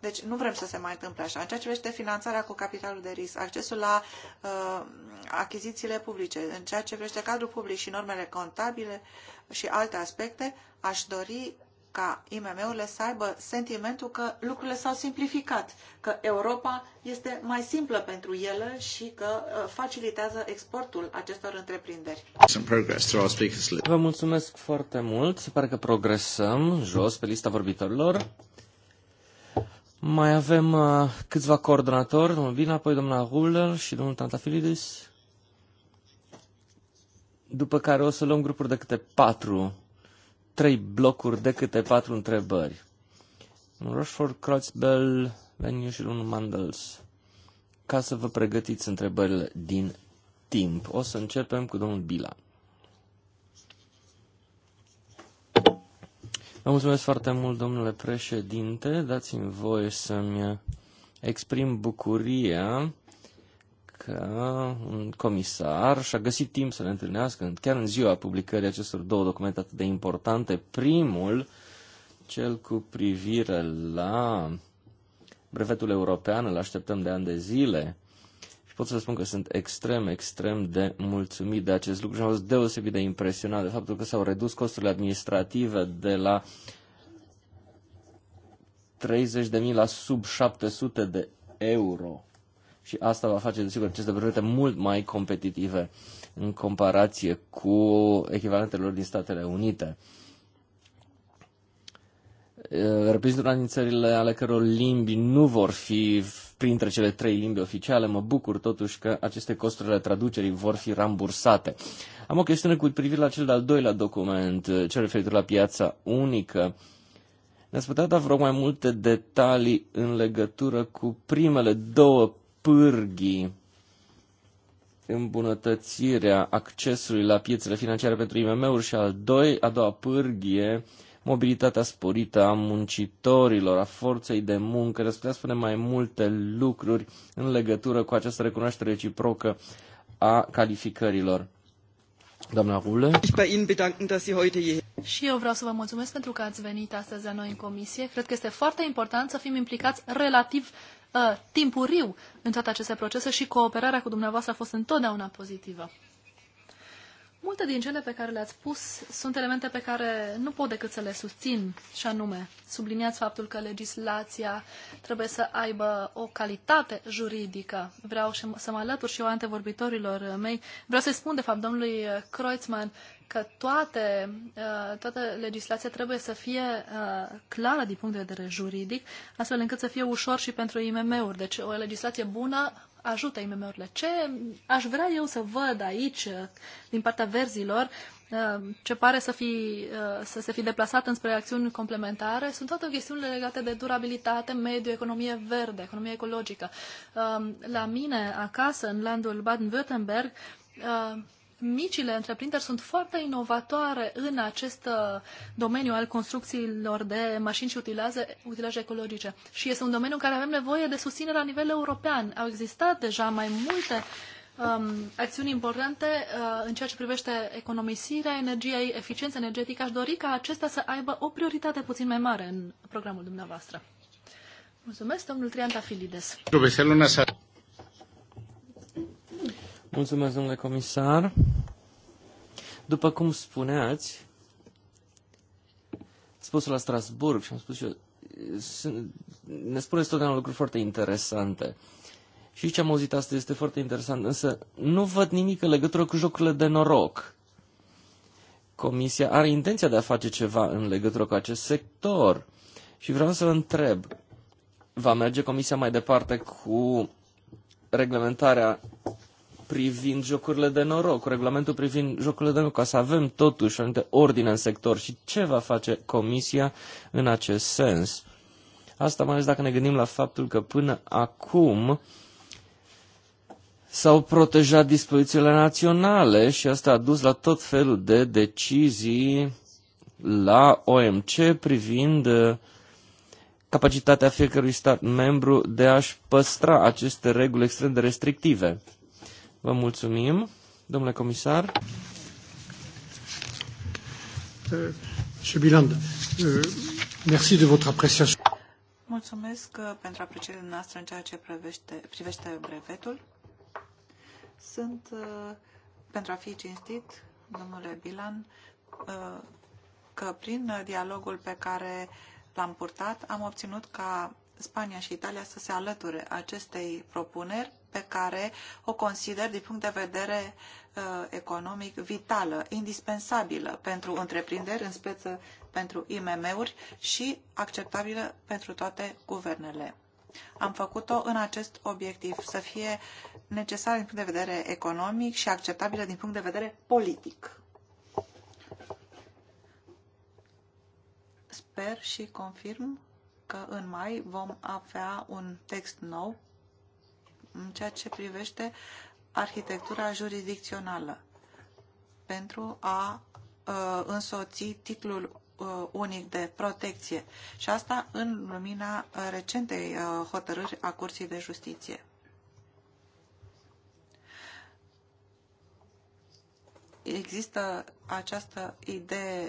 deci nu vrem să se mai întâmple așa. În ceea ce privește finanțarea cu capitalul de risc, accesul la uh, achizițiile publice, în ceea ce privește cadrul public și normele contabile și alte aspecte, aș dori ca IMM-urile să aibă sentimentul că lucrurile s-au simplificat, că Europa este mai simplă pentru ele și că uh, facilitează exportul acestor întreprinderi. Vă mulțumesc foarte mult. Se pare că progresăm jos pe lista vorbitorilor. Mai avem uh, câțiva coordonatori, domnul Bina, apoi domnul Ruller și domnul Tantafilidis. După care o să luăm grupuri de câte patru trei blocuri de câte patru întrebări. Un Rochefort, Kreuzbell, Veniu și un Mandels. Ca să vă pregătiți întrebările din timp, o să începem cu domnul Bila. Vă mulțumesc foarte mult, domnule președinte. Dați-mi voie să-mi exprim bucuria că un comisar și-a găsit timp să le întâlnească chiar în ziua publicării acestor două documente atât de importante. Primul, cel cu privire la brevetul european, îl așteptăm de ani de zile și pot să spun că sunt extrem, extrem de mulțumit de acest lucru și am fost deosebit de impresionat de faptul că s-au redus costurile administrative de la 30.000 la sub 700 de euro și asta va face, desigur, aceste brevete mult mai competitive în comparație cu echivalentelor din Statele Unite. Reprezintă una din țările ale căror limbi nu vor fi printre cele trei limbi oficiale. Mă bucur totuși că aceste costuri ale traducerii vor fi rambursate. Am o chestiune cu privire la cel de-al doilea document, cel referitor la piața unică. Ne-ați putea da vreo mai multe detalii în legătură cu primele două pârghii îmbunătățirea accesului la piețele financiare pentru IMM-uri și al doi, a doua pârghie, mobilitatea sporită a muncitorilor, a forței de muncă. Veți putea spune mai multe lucruri în legătură cu această recunoaștere reciprocă a calificărilor. Doamna Rule. Și eu vreau să vă mulțumesc pentru că ați venit astăzi la noi în comisie. Cred că este foarte important să fim implicați relativ Uh, timpuriu în toate aceste procese și cooperarea cu dumneavoastră a fost întotdeauna pozitivă. Multe din cele pe care le-ați spus sunt elemente pe care nu pot decât să le susțin, și anume, subliniați faptul că legislația trebuie să aibă o calitate juridică. Vreau să mă alătur și eu antevorbitorilor mei. Vreau să spun, de fapt, domnului Kreutzmann că toate, uh, toată legislația trebuie să fie uh, clară din punct de vedere juridic, astfel încât să fie ușor și pentru IMM-uri. Deci o legislație bună ajută IMM-urile. Ce aș vrea eu să văd aici, din partea verzilor, uh, ce pare să, fi, să se fi deplasat înspre acțiuni complementare, sunt toate chestiunile legate de durabilitate, mediu, economie verde, economie ecologică. La mine, acasă, în landul Baden-Württemberg, micile întreprinderi sunt foarte inovatoare în acest uh, domeniu al construcțiilor de mașini și utilaje, utilaje ecologice. Și este un domeniu în care avem nevoie de susținere la nivel european. Au existat deja mai multe um, acțiuni importante uh, în ceea ce privește economisirea energiei, eficiența energetică. Aș dori ca acesta să aibă o prioritate puțin mai mare în programul dumneavoastră. Mulțumesc, domnul Trianta Filides. Mulțumesc, domnule comisar. După cum spuneați, spus la Strasburg și am spus și eu, ne spuneți totdeauna lucruri foarte interesante. Și ce am auzit astăzi este foarte interesant, însă nu văd nimic în legătură cu jocurile de noroc. Comisia are intenția de a face ceva în legătură cu acest sector. Și vreau să vă întreb, va merge Comisia mai departe cu reglementarea privind jocurile de noroc, cu regulamentul privind jocurile de noroc, ca să avem totuși anumite ordine în sector și ce va face Comisia în acest sens. Asta mai ales dacă ne gândim la faptul că până acum s-au protejat dispozițiile naționale și asta a dus la tot felul de decizii la OMC privind uh, capacitatea fiecărui stat membru de a-și păstra aceste reguli extrem de restrictive. Vă mulțumim, domnule comisar. Euh, Biland, euh, merci de votre appréciation. Mulțumesc uh, pentru aprecierea noastră în ceea ce privește, privește brevetul. Sunt, uh, pentru a fi cinstit, domnule Bilan, uh, că prin dialogul pe care l-am purtat am obținut ca Spania și Italia să se alăture acestei propuneri pe care o consider din punct de vedere uh, economic vitală, indispensabilă pentru întreprinderi, în speță pentru IMM-uri și acceptabilă pentru toate guvernele. Am făcut-o în acest obiectiv, să fie necesară din punct de vedere economic și acceptabilă din punct de vedere politic. Sper și confirm că în mai vom avea un text nou în ceea ce privește arhitectura jurisdicțională pentru a ă, însoți titlul ă, unic de protecție și asta în lumina recentei ă, hotărâri a Curții de Justiție. Există această idee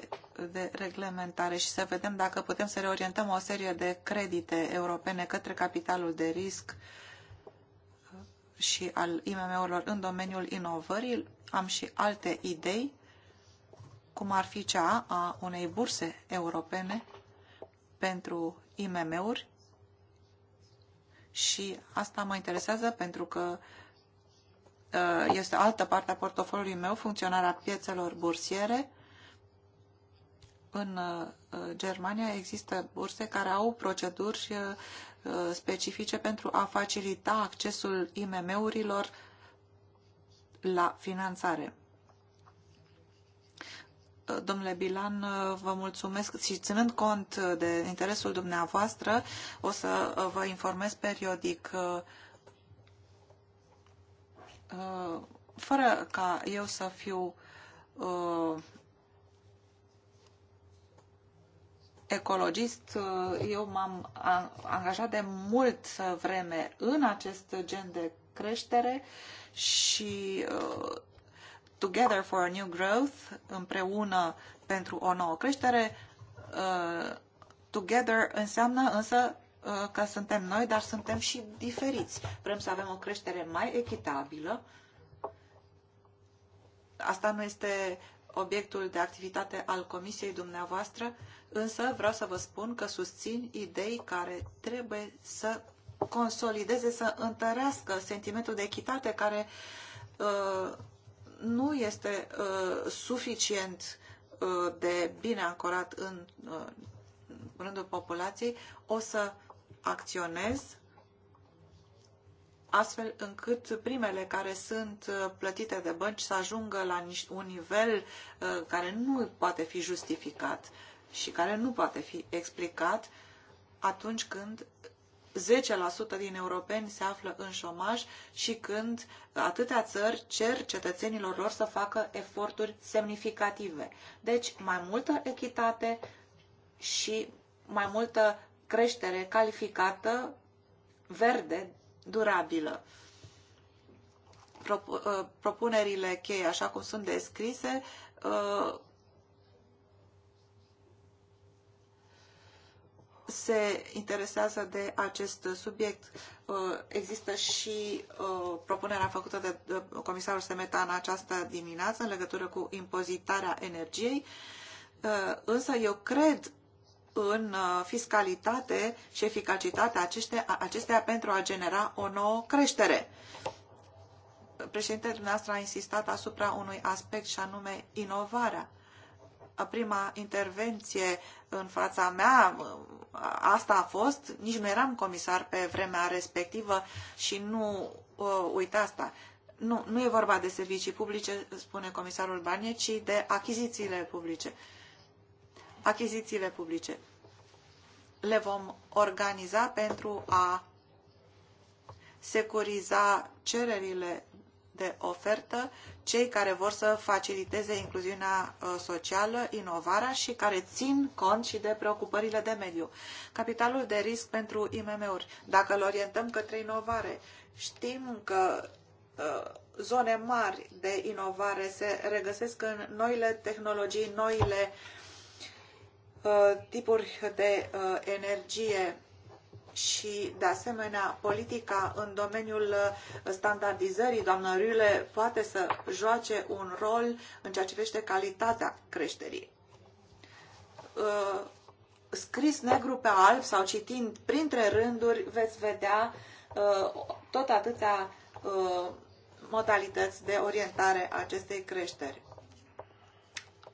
de reglementare și să vedem dacă putem să reorientăm o serie de credite europene către capitalul de risc uh, și al IMM-urilor în domeniul inovării. Am și alte idei, cum ar fi cea a unei burse europene pentru IMM-uri și asta mă interesează pentru că uh, este altă parte a portofoliului meu, funcționarea piețelor bursiere în uh, Germania există burse care au proceduri uh, specifice pentru a facilita accesul IMM-urilor la finanțare. Uh, domnule Bilan, vă mulțumesc și ținând cont de interesul dumneavoastră, o să vă informez periodic fără ca eu să fiu ecologist, uh, eu m-am angajat de mult vreme în acest gen de creștere și uh, Together for a New Growth, împreună pentru o nouă creștere, uh, Together înseamnă însă uh, că suntem noi, dar suntem și diferiți. Vrem să avem o creștere mai echitabilă. Asta nu este obiectul de activitate al comisiei dumneavoastră, însă vreau să vă spun că susțin idei care trebuie să consolideze, să întărească sentimentul de echitate care uh, nu este uh, suficient uh, de bine ancorat în uh, rândul populației. O să acționez astfel încât primele care sunt uh, plătite de bănci să ajungă la un nivel uh, care nu poate fi justificat și care nu poate fi explicat atunci când 10% din europeni se află în șomaj și când atâtea țări cer cetățenilor lor să facă eforturi semnificative. Deci mai multă echitate și mai multă creștere calificată verde durabilă. Uh, propunerile cheie, așa cum sunt descrise, uh, se interesează de acest subiect. Uh, există și propunerea făcută de comisarul Semeta în această dimineață în legătură cu impozitarea energiei, însă eu cred în uh, fiscalitate și eficacitatea acesteia acestea pentru a genera o nouă creștere. Președintele dumneavoastră a insistat asupra unui aspect și anume inovarea. Prima intervenție în fața mea, uh, asta a fost, nici nu eram comisar pe vremea respectivă și nu uh, uite asta. Nu, nu e vorba de servicii publice, spune comisarul Barnier, ci de achizițiile publice. Uh, achizițiile publice. Le vom organiza pentru a securiza cererile de ofertă, cei care vor să faciliteze incluziunea uh, socială, inovarea și care țin cont și de preocupările de mediu. Capitalul de risc pentru IMM-uri, dacă îl orientăm către inovare, știm că uh, zone mari de inovare se regăsesc în noile tehnologii, noile Uh, tipuri de uh, energie și, de asemenea, politica în domeniul uh, standardizării, doamnă Rüle, poate să joace un rol în ceea ce privește calitatea creșterii. Scris negru pe alb sau citind printre rânduri, veți vedea tot atâtea modalități de orientare a acestei creșteri.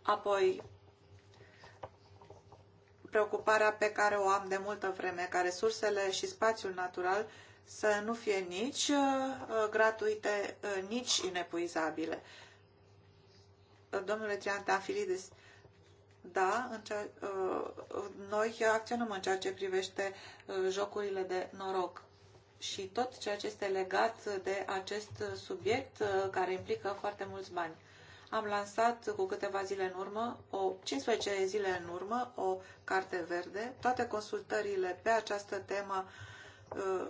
Apoi, preocuparea pe care o am de multă vreme, ca resursele și spațiul natural să nu fie nici uh, gratuite, uh, nici inepuizabile. Domnule Triantafilides, da, în cea, uh, noi acționăm în ceea ce privește jocurile de noroc și tot ceea ce este legat de acest subiect care implică foarte mulți bani am lansat cu câteva zile în urmă, o 15 zile în urmă, o carte verde. Toate consultările pe această temă uh,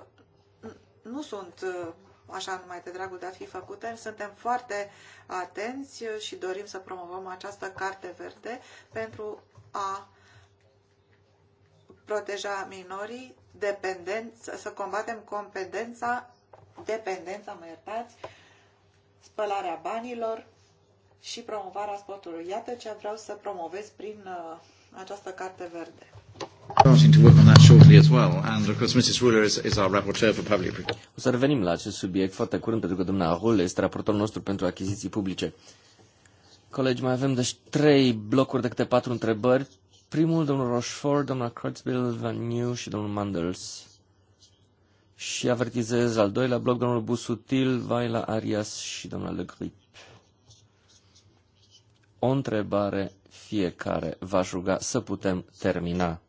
nu sunt uh, așa numai de dragul de a fi făcute. Suntem foarte atenți și dorim să promovăm această carte verde pentru a proteja minorii, dependență, să combatem competența, dependența, mă iertați, spălarea banilor, și promovarea sportului. Iată ce vreau să promovez prin uh, această carte verde. O să revenim la acest subiect foarte curând, pentru că domnul Rul este raportorul nostru pentru achiziții publice. Colegi, mai avem deci trei blocuri de câte patru întrebări. Primul, domnul Rochefort, domnul Creutzbill, Van New și domnul Mandels. Și avertizez al doilea bloc, domnul Busutil, Vaila Arias și domnul Le Grip o întrebare fiecare. va aș ruga să putem termina.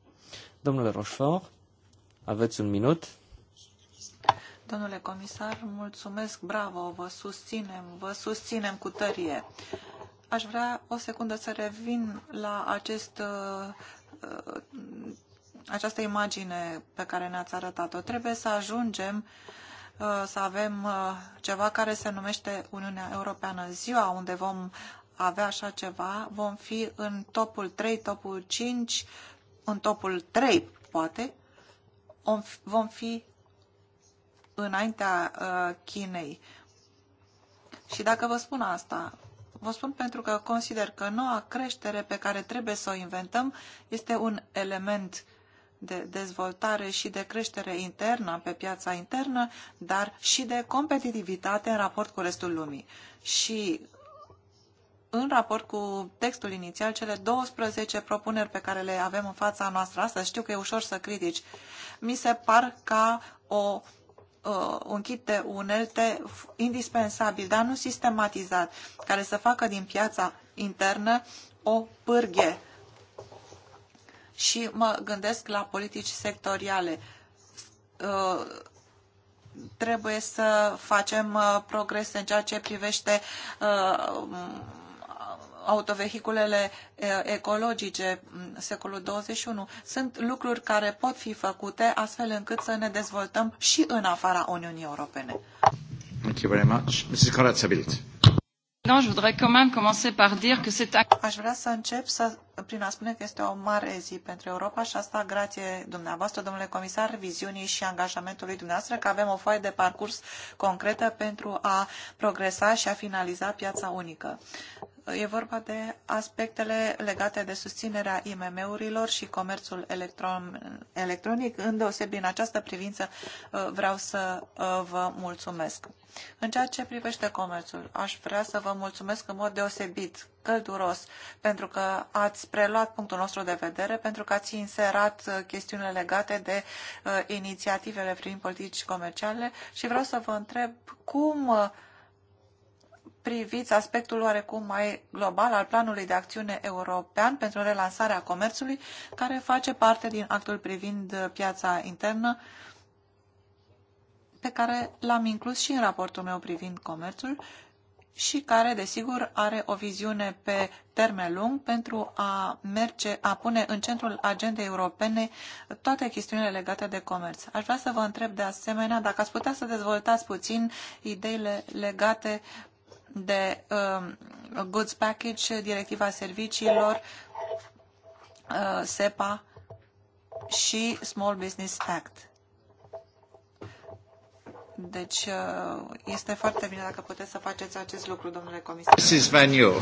Domnule Rochefort, aveți un minut? Domnule comisar, mulțumesc, bravo, vă susținem, vă susținem cu tărie. Aș vrea o secundă să revin la acest, uh, această imagine pe care ne-ați arătat-o. Trebuie să ajungem uh, să avem uh, ceva care se numește Uniunea Europeană, ziua unde vom avea așa ceva, vom fi în topul 3, topul 5, în topul 3, poate, vom fi înaintea uh, Chinei. Și dacă vă spun asta, vă spun pentru că consider că noua creștere pe care trebuie să o inventăm este un element de dezvoltare și de creștere internă pe piața internă, dar și de competitivitate în raport cu restul lumii. Și în raport cu textul inițial, cele 12 propuneri pe care le avem în fața noastră astăzi, știu că e ușor să critici, mi se par ca o uh, un kit de unelte indispensabil, dar nu sistematizat, care să facă din piața internă o pârghie. Și mă gândesc la politici sectoriale. Uh, trebuie să facem uh, progrese în ceea ce privește uh, autovehiculele ecologice, secolul 21, sunt lucruri care pot fi făcute astfel încât să ne dezvoltăm și în afara Uniunii Europene. Thank you very much. Mrs. Corazza Non, je voudrais quand même commencer par dire que c'est Aș vrea să încep să, prin a spune că este o mare zi pentru Europa și asta grație dumneavoastră, domnule comisar, viziunii și angajamentului dumneavoastră că avem o foaie de parcurs concretă pentru a progresa și a finaliza piața unică e vorba de aspectele legate de susținerea IMM-urilor și comerțul electron, electronic. Îndeosebi în această privință uh, vreau să uh, vă mulțumesc. În ceea ce privește comerțul, aș vrea să vă mulțumesc în mod deosebit, călduros, pentru că ați preluat punctul nostru de vedere, pentru că ați inserat uh, chestiunile legate de inițiativele prin politici comerciale și vreau să vă întreb cum priviți aspectul oarecum mai global al planului de acțiune european pentru relansarea comerțului, care face parte din actul privind piața internă, pe care l-am inclus și în raportul meu privind comerțul și care, desigur, are o viziune pe termen lung pentru a, merge, a pune în centrul agendei europene toate chestiunile legate de comerț. Aș vrea să vă întreb de asemenea dacă ați putea să dezvoltați puțin ideile legate de uh, Goods Package, Directiva Serviciilor, uh, SEPA și Small Business Act. Deci uh, este foarte bine dacă puteți să faceți acest lucru, domnule comisar. Mrs. Vaniu.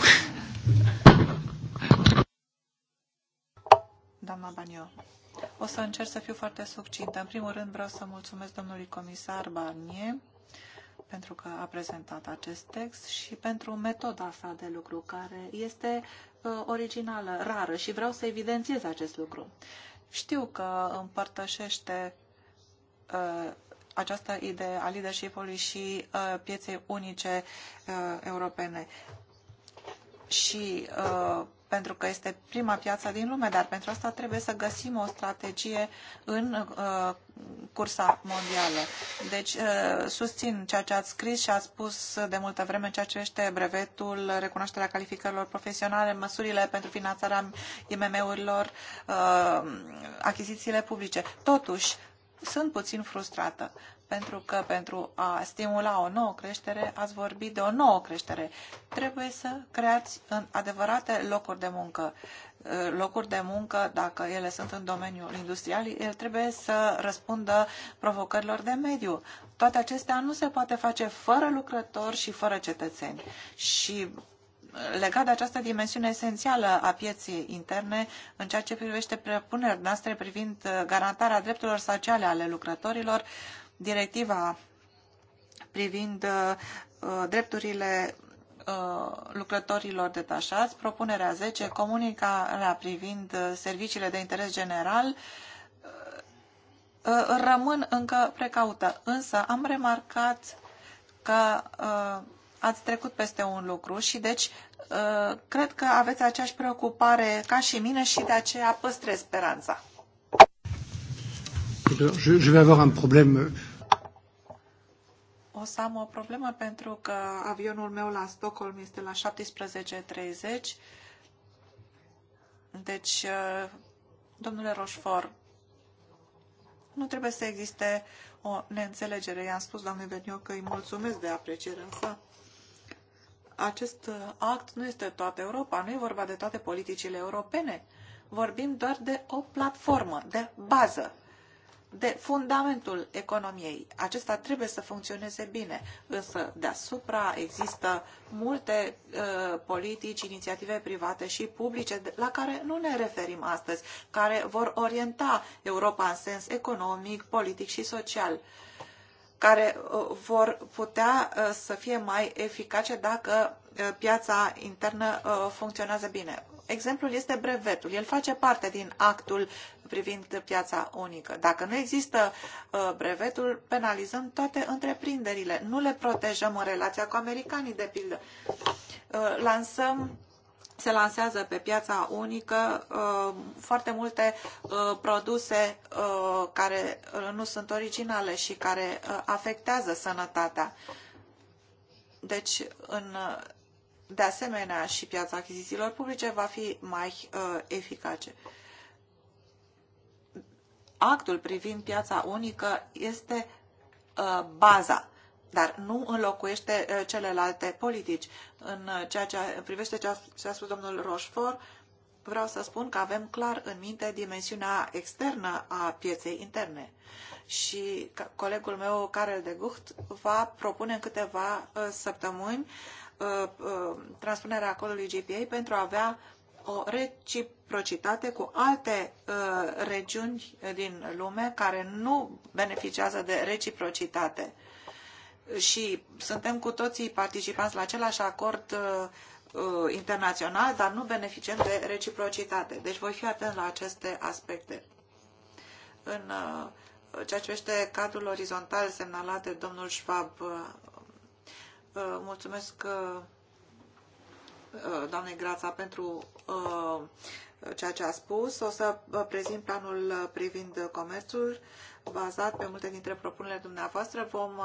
Doamna Baniu. O să încerc să fiu foarte succintă. În primul rând vreau să mulțumesc domnului comisar Barnier pentru că a prezentat acest text și pentru metoda sa de lucru, care este uh, originală, rară și vreau să evidențiez acest lucru. Știu că împărtășește uh, această idee a leadership-ului și uh, pieței unice uh, europene. Și uh, pentru că este prima piață din lume, dar pentru asta trebuie să găsim o strategie în uh, cursa mondială. Deci uh, susțin ceea ce ați scris și ați spus de multă vreme ceea ce este brevetul, recunoașterea calificărilor profesionale, măsurile pentru finanțarea IMM-urilor, uh, achizițiile publice. Totuși, sunt puțin frustrată pentru că pentru a stimula o nouă creștere ați vorbit de o nouă creștere. Trebuie să creați în adevărate locuri de muncă. Uh, locuri de muncă, dacă ele sunt în domeniul industrial, ele trebuie să răspundă provocărilor de mediu. Toate acestea nu se poate face fără lucrători și fără cetățeni. Și uh, legat de această dimensiune esențială a pieței interne în ceea ce privește propunerile noastre privind uh, garantarea drepturilor sociale ale lucrătorilor, Directiva privind uh, drepturile uh, lucrătorilor detașați, propunerea 10, comunicarea privind uh, serviciile de interes general, rămân încă precaută. Însă am remarcat că ați trecut peste un lucru și deci cred că aveți aceeași preocupare ca și mine și de aceea păstrez speranța. Je, vais avoir un problème o să am o problemă pentru că avionul meu la Stockholm este la 17.30. Deci, uh, domnule Roșfor, nu trebuie să existe o neînțelegere. I-am spus, doamne Benio, că îi mulțumesc de aprecierea sa. Acest uh, act nu este toată Europa, nu e vorba de toate politicile europene. Vorbim doar de o platformă, de bază de fundamentul economiei. Acesta trebuie să funcționeze bine, însă deasupra există multe uh, politici, inițiative private și publice la care nu ne referim astăzi, care vor orienta Europa în sens economic, politic și social. Uh, care uh, vor putea uh, să fie mai eficace dacă uh, piața internă funcționează bine. Exemplul este brevetul. El face parte din actul privind piața unică. Dacă nu există brevetul, penalizăm toate întreprinderile. Nu le protejăm în relația cu americanii, de pildă. Lansăm se lansează pe piața unică uh, foarte multe uh, produse uh, care uh, nu sunt originale și care uh, afectează sănătatea. Deci, în, uh, de asemenea, și piața achizițiilor publice va fi mai eficace. Actul privind piața unică este baza dar nu înlocuiește uh, celelalte politici. În uh, ceea ce privește ce a spus domnul Rochefort, vreau să spun că avem clar în minte dimensiunea externă a pieței interne. Și colegul meu, Karel de Gucht, va propune în câteva uh, săptămâni transpunerea acordului GPA pentru a avea o reciprocitate cu alte regiuni din lume care nu beneficiază de reciprocitate și suntem cu toții participanți la același acord uh, uh, internațional, dar nu beneficiem de reciprocitate. Deci voi fi atent la aceste aspecte. În uh, ceea ce privește cadrul orizontal semnalat de domnul Schwab, uh, uh mulțumesc uh, doamnei Grața pentru ceea ce a spus. O să prezint planul privind comerțul bazat pe multe dintre propunerile dumneavoastră. Vom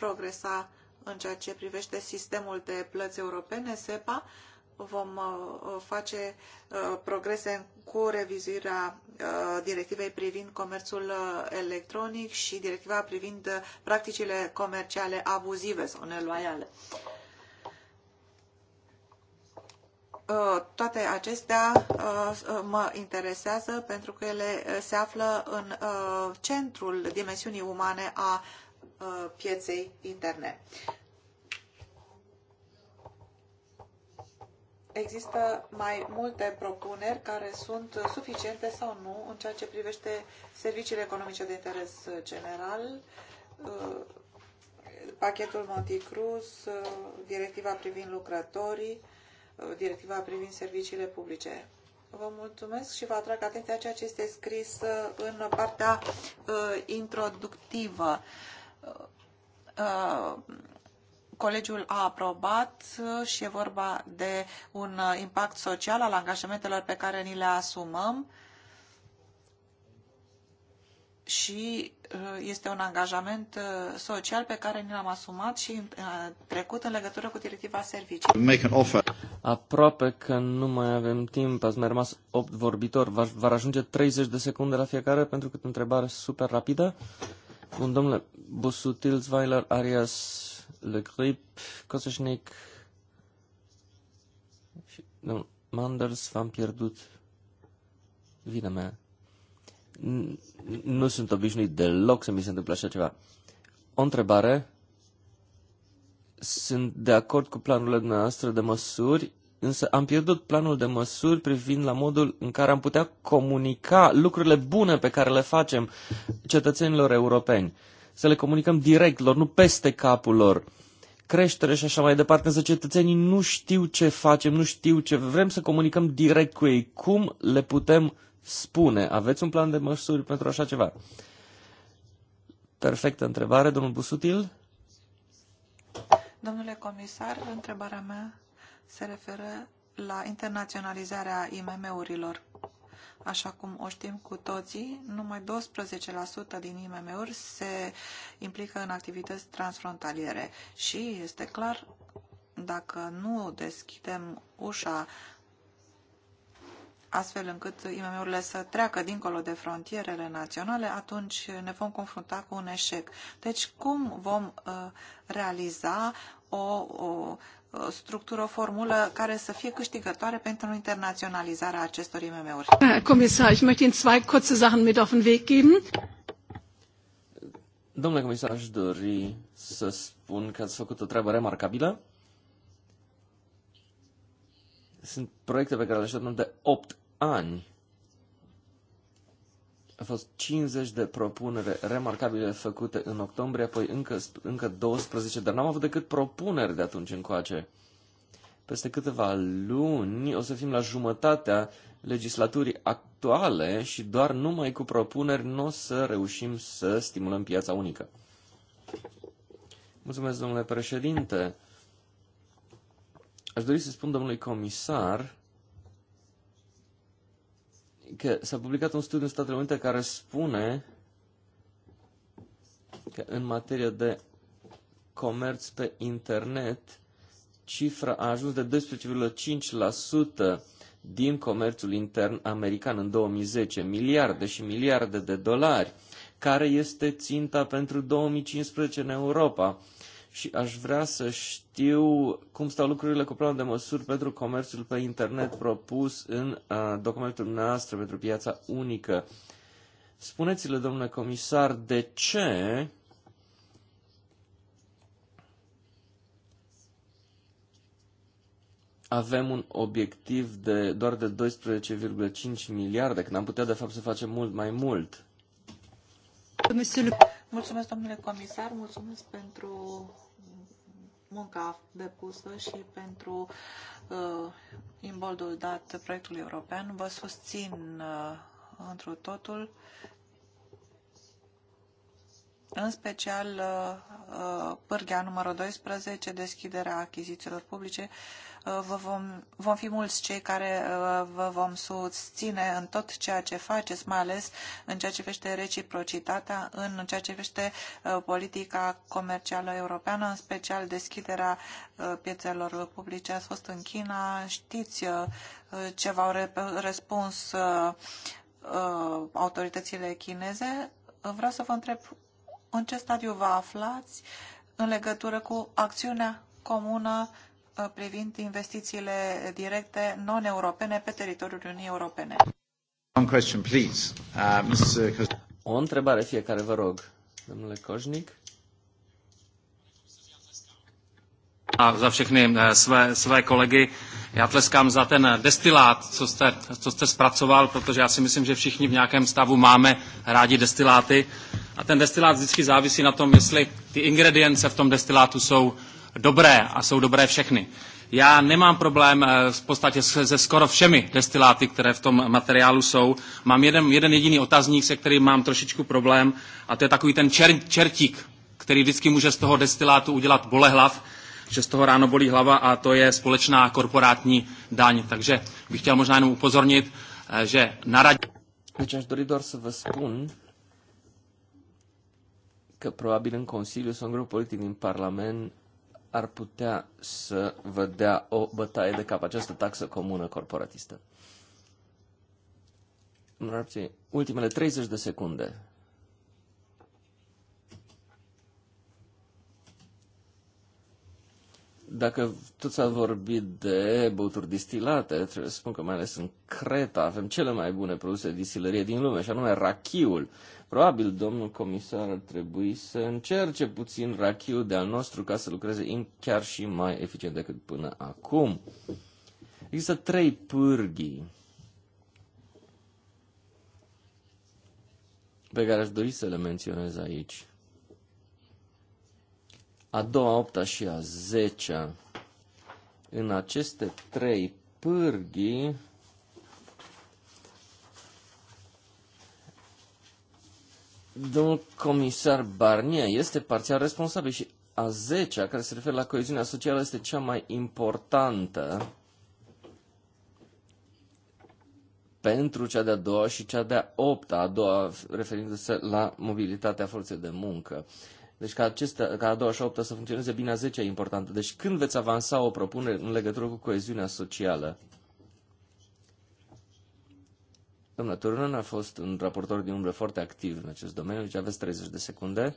progresa în ceea ce privește sistemul de plăți europene, SEPA. Vom uh, face uh, progrese cu revizuirea uh, directivei privind comerțul electronic și directiva privind practicile comerciale abuzive sau neloiale. toate acestea mă interesează pentru că ele se află în centrul dimensiunii umane a Uh, pieței interne. Există mai multe propuneri care sunt suficiente sau nu în ceea ce privește serviciile economice de interes general, uh, pachetul Monti Cruz, uh, directiva privind lucrătorii, directiva privind serviciile publice. Vă mulțumesc și vă atrag atenția ceea ce este scris în partea introductivă. Uh, colegiul a aprobat uh, și e vorba de un uh, impact social al angajamentelor pe care ni le asumăm și este un angajament social pe care ni l-am asumat și trecut în legătură cu directiva servicii. Aproape că nu mai avem timp, ați mai rămas 8 vorbitori. V-ar ajunge 30 de secunde la fiecare pentru cât întrebare super rapidă. Bun, domnule Busutil, Zweiler, Arias, Le Grip, Coseșnic și domnul Manders, v-am pierdut. Vina mea. Nu sunt obișnuit deloc să mi se întâmple așa ceva. O întrebare. Sunt de acord cu planurile dumneavoastră de măsuri însă am pierdut planul de măsuri privind la modul în care am putea comunica lucrurile bune pe care le facem cetățenilor europeni. Să le comunicăm direct lor, nu peste capul lor. Creștere și așa mai departe, însă cetățenii nu știu ce facem, nu știu ce vrem să comunicăm direct cu ei. Cum le putem spune? Aveți un plan de măsuri pentru așa ceva? Perfectă întrebare, domnul Busutil. Domnule comisar, întrebarea mea se referă la internaționalizarea IMM-urilor. Așa cum o știm cu toții, numai 12% din IMM-uri se implică în activități transfrontaliere și este clar, dacă nu deschidem ușa astfel încât IMM-urile să treacă dincolo de frontierele naționale, atunci ne vom confrunta cu un eșec. Deci cum vom uh, realiza o, o structură, o formulă care să fie câștigătoare pentru internaționalizarea acestor IMM-uri? Comisar, ich möchte Ihnen zwei kurze Sachen mit auf den Weg geben. Domnule comisar, aș dori să spun că ați făcut o treabă remarcabilă sunt proiecte pe care le așteptăm de 8 ani. A fost 50 de propunere remarcabile făcute în octombrie, apoi încă, încă 12, dar n-am avut decât propuneri de atunci încoace. Peste câteva luni o să fim la jumătatea legislaturii actuale și doar numai cu propuneri nu o să reușim să stimulăm piața unică. Mulțumesc, domnule președinte. Aș dori să spun domnului comisar că s-a publicat un studiu în Statele Unite care spune că în materie de comerț pe internet, cifra a ajuns de 12,5% din comerțul intern american în 2010, miliarde și miliarde de dolari, care este ținta pentru 2015 în Europa și aș vrea să știu cum stau lucrurile cu planul de măsuri pentru comerțul pe internet propus în uh, documentul noastră pentru piața unică. Spuneți-le, domnule comisar, de ce avem un obiectiv de doar de 12,5 miliarde, când am putea de fapt să facem mult mai mult. Monsieur Mulțumesc, domnule comisar, mulțumesc pentru munca depusă și pentru uh, imboldul dat proiectului european. Vă susțin uh, întru totul, în special uh, uh pârghia numărul 12, deschiderea achizițiilor publice. Uh, Uh, vă vom, vom fi mulți cei care uh, vă vom susține în tot ceea ce faceți, mai ales în ceea ce vește reciprocitatea, în ceea ce vește uh, politica comercială europeană, în special deschiderea piețelor publice. Ați fost în China, știți ce v-au răspuns autoritățile chineze. Vreau să vă întreb în ce stadiu vă aflați în legătură cu acțiunea comună Uh, privind investițiile directe non-europene pe teritoriul Uniunii Europene. One question, please. Uh, Mr. O întrebare fiecare, vă rog. Domnule Coșnic. za všechny eh, své, své kolegy. Já tleskám za ten eh, destilát, co jste, co jste zpracoval, protože já si myslím, že všichni v nějakém stavu máme rádi destiláty. A ten destilát vždycky závisí na tom, jestli ty ingredience v tom destilátu jsou dobré a jsou dobré všechny. Já nemám problém eh, v podstatě se skoro všemi destiláty, které v tom materiálu jsou. Mám jeden, jeden jediný otazník, se kterým mám trošičku problém, a to je takový ten čer, čertík, který vždycky může z toho destilátu udělat bolehlav, že z toho ráno bolí hlava a to je společná korporátní daň. Takže bych chtěl možná jenom upozornit, eh, že na radě... Deci aș dori doar să vă spun că probabil în Consiliu sau în grup politic din Parlament ar putea să vă dea o bătaie de cap această taxă comună corporatistă. Ultimele 30 de secunde. Dacă tot s-a vorbit de băuturi distilate, trebuie să spun că mai ales în Creta avem cele mai bune produse de distilărie din lume, și anume rachiul. Uh, Probabil domnul comisar ar trebui să încerce puțin rachiul de al nostru ca să lucreze chiar și mai eficient decât până acum. Există trei pârghii pe care aș dori să le menționez aici. A doua, opta și a zecea. În aceste trei pârghii Domnul comisar Barnier este parțial responsabil și a 10 -a, care se referă la coeziunea socială, este cea mai importantă pentru cea de-a doua și cea de-a opta, a doua referindu-se la mobilitatea forței de muncă. Deci ca, acestea, ca a doua și a opta să funcționeze bine, a 10 e importantă. Deci când veți avansa o propunere în legătură cu coeziunea socială? Domnul Turnan a fost un raportor din umbră foarte activ în acest domeniu, deci aveți 30 de secunde.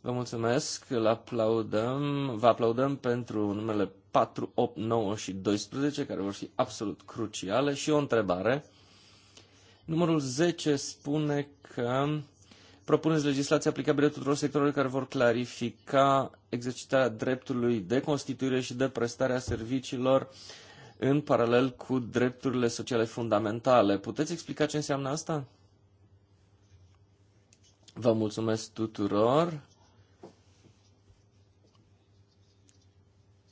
Vă mulțumesc, îl aplaudăm, vă aplaudăm pentru numele 4, 8, 9 și 12, care vor fi absolut cruciale. Și o întrebare. Numărul 10 spune că propuneți legislație aplicabilă tuturor sectorilor care vor clarifica exercitarea dreptului de constituire și de prestare a serviciilor uh, în paralel cu drepturile sociale fundamentale. Puteți explica ce înseamnă asta? Vă mulțumesc tuturor.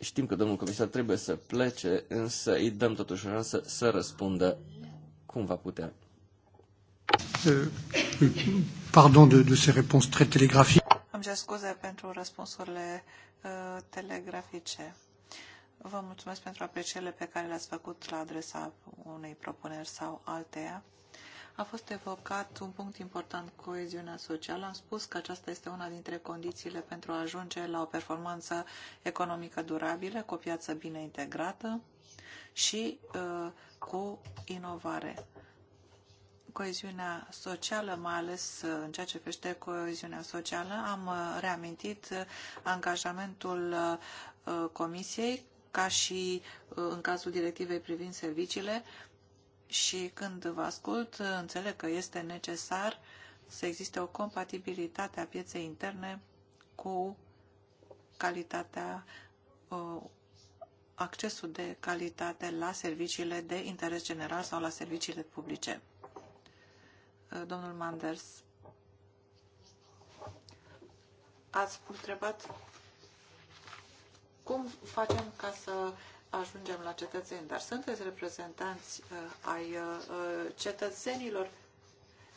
Știm că domnul comisar trebuie să plece, însă îi dăm totuși o șansă să răspundă cum va putea. Euh, pardon de, de ces réponses très télégraphiques. cer scuze pentru răspunsurile uh, telegrafice. Vă mulțumesc pentru aprecierile pe care le-ați făcut la adresa unei propuneri sau alteia. A fost evocat un punct important, coeziunea socială. Am spus că aceasta este una dintre condițiile pentru a ajunge la o performanță economică durabilă, cu o piață bine integrată și uh, cu inovare. Coeziunea socială, mai ales uh, în ceea ce privește coeziunea socială, am uh, reamintit uh, angajamentul Comisiei ca și uh, în cazul directivei privind serviciile și când vă ascult, uh, înțeleg că este necesar să existe o compatibilitate a pieței interne cu calitatea, uh, accesul de calitate la serviciile de interes general sau la serviciile publice. Domnul Manders, ați întrebat cum facem ca să ajungem la cetățeni, dar sunteți reprezentanți uh, ai uh, uh, cetățenilor.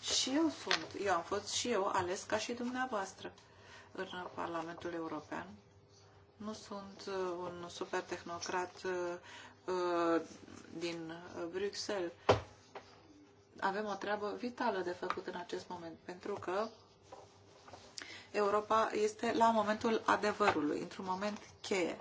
Și eu sunt, eu am fost și eu ales ca și dumneavoastră în Parlamentul European. Nu sunt uh, un super tehnocrat uh, uh din Bruxelles. Avem o treabă vitală de făcut în acest moment, pentru că Europa este la momentul adevărului, într-un moment cheie.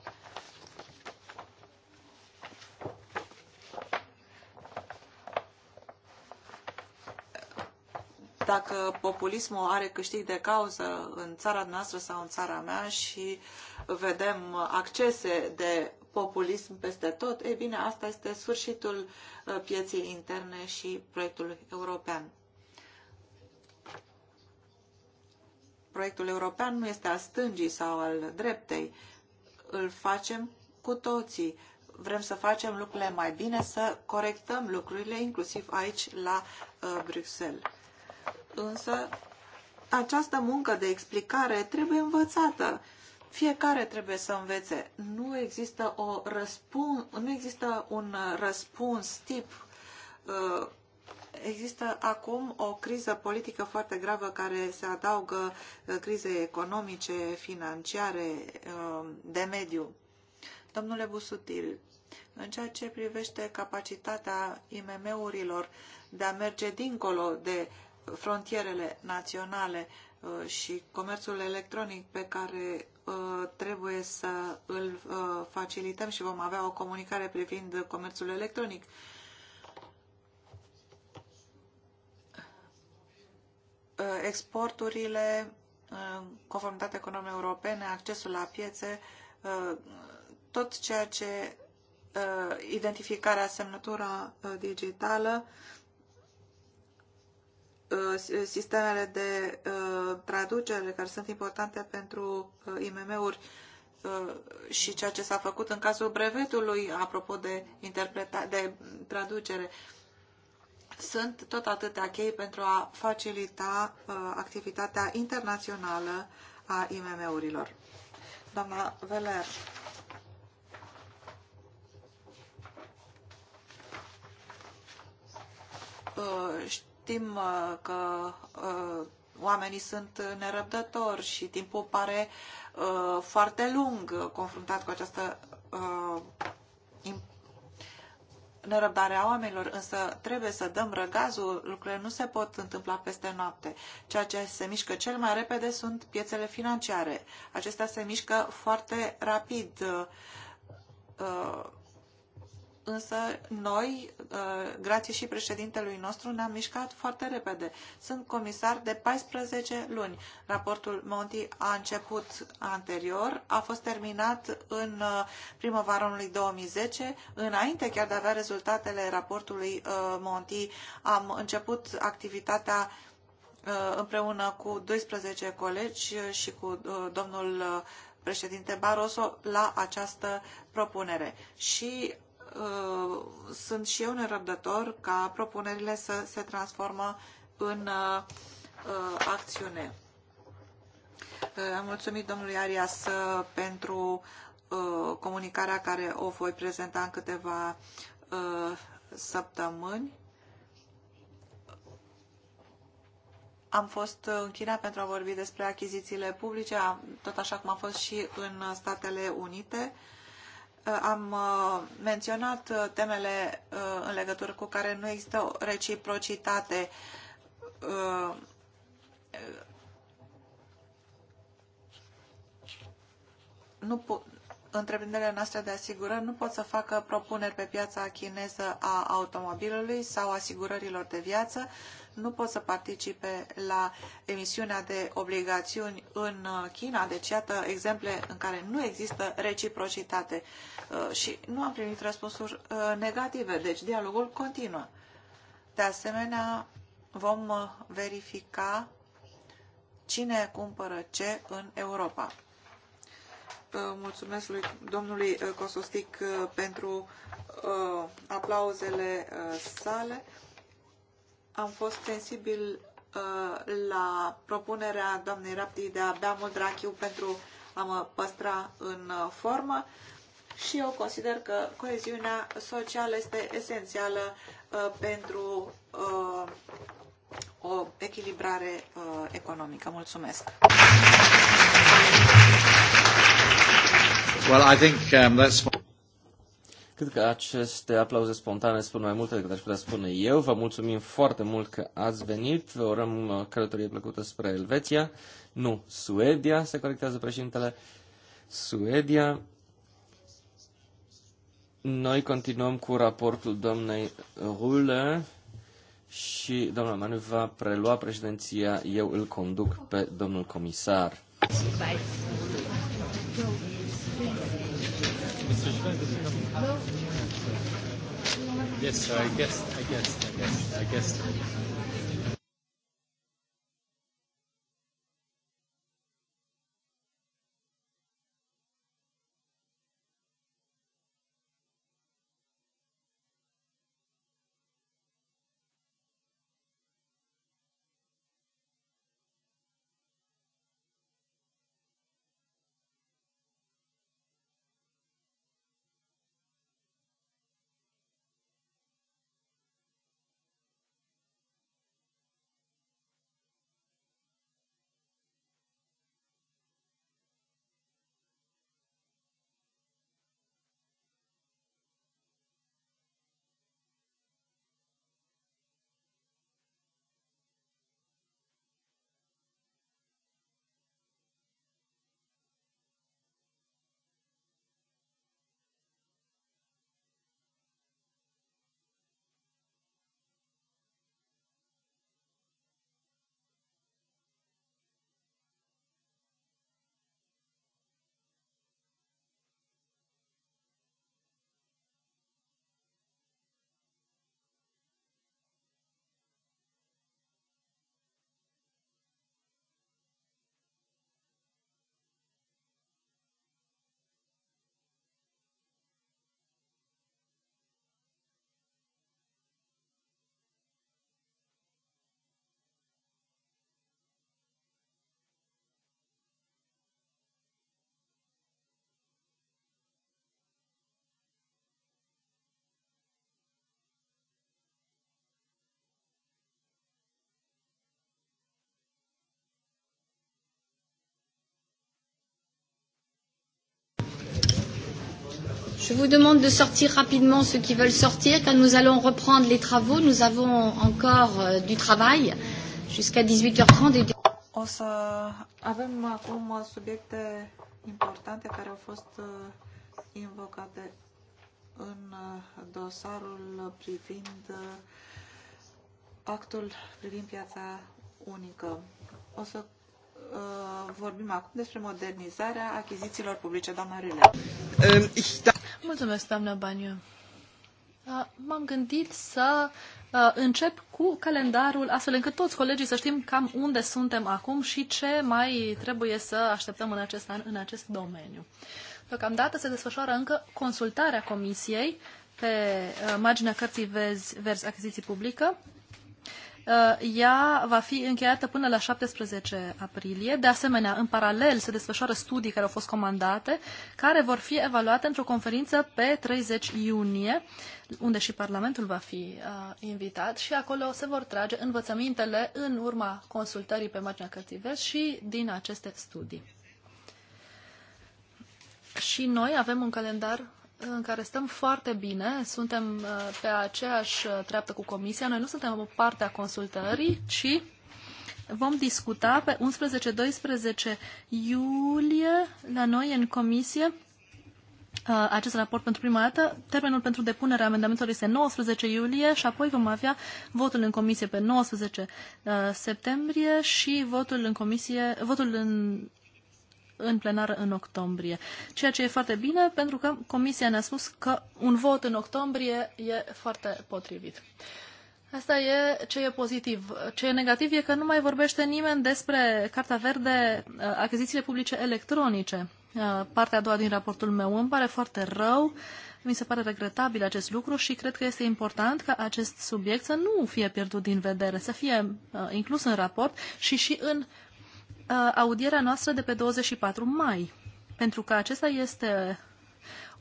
dacă populismul are câștig de cauză în țara noastră sau în țara mea și vedem accese de populism peste tot, e bine, asta este sfârșitul uh, pieței interne și proiectului european. proiectul european nu este al stângii sau al dreptei. Îl facem cu toții. Vrem să facem lucrurile mai bine, să corectăm lucrurile, inclusiv aici la uh, Bruxelles. Însă această muncă de explicare trebuie învățată. Fiecare trebuie să învețe. Nu există, o răspun, nu există un răspuns tip uh, Există acum o criză politică foarte gravă care se adaugă uh, crizei economice, financiare, uh, de mediu. Domnule Busutil, în ceea ce privește capacitatea IMM-urilor de a merge dincolo de frontierele naționale uh, și comerțul electronic pe care trebuie să îl facilităm și vom avea o comunicare privind comerțul electronic, Uh, exporturile, uh, conformitatea economiei europene, accesul la piețe, uh, tot ceea ce identificarea, semnătura digitală, sistemele de traducere care sunt importante pentru IMM-uri și ceea ce s-a făcut în cazul brevetului, apropo de, interpreta- de traducere sunt tot atâtea chei pentru a facilita uh, activitatea internațională a IMM-urilor. Doamna Veler, uh, știm uh, că oamenii sunt nerăbdători și timpul pare foarte lung confruntat cu această nerăbdarea oamenilor, însă trebuie să dăm răgazul, lucrurile nu se pot întâmpla peste noapte. Ceea ce se mișcă cel mai repede sunt piețele financiare. Acestea se mișcă foarte rapid. Uh, uh însă noi, uh, grație și președintelui nostru, ne-am mișcat foarte repede. Sunt comisar de 14 luni. Raportul Monti a început anterior, a fost terminat în uh, primăvara anului 2010. Înainte chiar de a avea rezultatele raportului uh, Monti, am început activitatea împreună cu 12 colegi și cu domnul președinte Barroso la această propunere. Și Uh, sunt și eu nerăbdător ca propunerile să se transformă în uh, uh acțiune. Uh, am mulțumit domnului Arias pentru comunicarea care o voi prezenta în câteva săptămâni. Am fost în China pentru a vorbi despre achizițiile publice, tot așa cum am fost și în Statele Unite. Eh, am eh, menționat eh, temele în legătură cu care nu există reciprocitate nu întreprinderile noastre de asigurări nu pot să facă propuneri pe piața chineză a automobilului sau asigurărilor de viață nu pot să participe la emisiunea de obligațiuni în uh, China. Deci, iată exemple în care nu există reciprocitate uh, și nu am primit răspunsuri uh, negative. Deci, dialogul continuă. De asemenea, vom verifica cine cumpără ce în Europa. Mulțumesc lui domnului Cosostic pentru aplauzele sale am fost sensibil uh, la propunerea doamnei Rapti de a bea mult rachiu pentru a mă păstra în uh, formă și eu consider că coeziunea socială este esențială uh, pentru uh, o echilibrare uh, economică. Mulțumesc! Well, I think, um, that's... Cred că aceste aplauze spontane spun mai multe decât aș putea spune eu. Vă mulțumim foarte mult că ați venit. Vă urăm uh, călătorie plăcută spre Elveția. Nu, Suedia, se corectează președintele. Suedia. Noi continuăm cu raportul doamnei Rule și doamna Manu va prelua președinția. Eu îl conduc pe domnul comisar. Bye. Yes, sir, I guess, I guess, I guess, I guess. Je vous demande de sortir rapidement ceux qui veulent sortir, car nous allons reprendre les travaux. Nous avons encore euh, du travail jusqu'à 18h30. Et... O să avem acum subiecte importante care au fost uh, invocate în uh, dosarul privind uh, actul privind piața unică. O să uh, vorbim acum despre modernizarea achizițiilor publice. Doamna Rile. Um, Mulțumesc, doamna Baniu. M-am gândit să încep cu calendarul, astfel încât toți colegii să știm cam unde suntem acum și ce mai trebuie să așteptăm în acest an, în acest domeniu. Deocamdată se desfășoară încă consultarea comisiei pe marginea cărții verzi, verzi achiziții publică, Uh, ea va fi încheiată până la 17 aprilie. De asemenea, în paralel se desfășoară studii care au fost comandate, care vor fi evaluate într-o conferință pe 30 iunie, unde și Parlamentul va fi uh, invitat și acolo se vor trage învățămintele în urma consultării pe marginea cărții și din aceste studii. Și noi avem un calendar în care stăm foarte bine, suntem uh, pe aceeași uh, treaptă cu Comisia. Noi nu suntem o parte a consultării, ci vom discuta pe 11-12 iulie la noi în Comisie uh, acest raport pentru prima dată. Termenul pentru depunerea amendamentelor este 19 iulie și apoi vom avea votul în comisie pe 19 septembrie și votul în comisie, votul în în plenară în octombrie. Ceea ce e foarte bine, pentru că Comisia ne-a spus că un vot în octombrie e foarte potrivit. Asta e ce e pozitiv. Ce e negativ e că nu mai vorbește nimeni despre Carta Verde, uh, achizițiile publice electronice. Uh, partea a doua din raportul meu îmi pare foarte rău. Mi se pare regretabil acest lucru și cred că este important ca acest subiect să nu fie pierdut din vedere, să fie uh, inclus în raport și și în Uh, audierea noastră de pe 24 mai, pentru că acesta este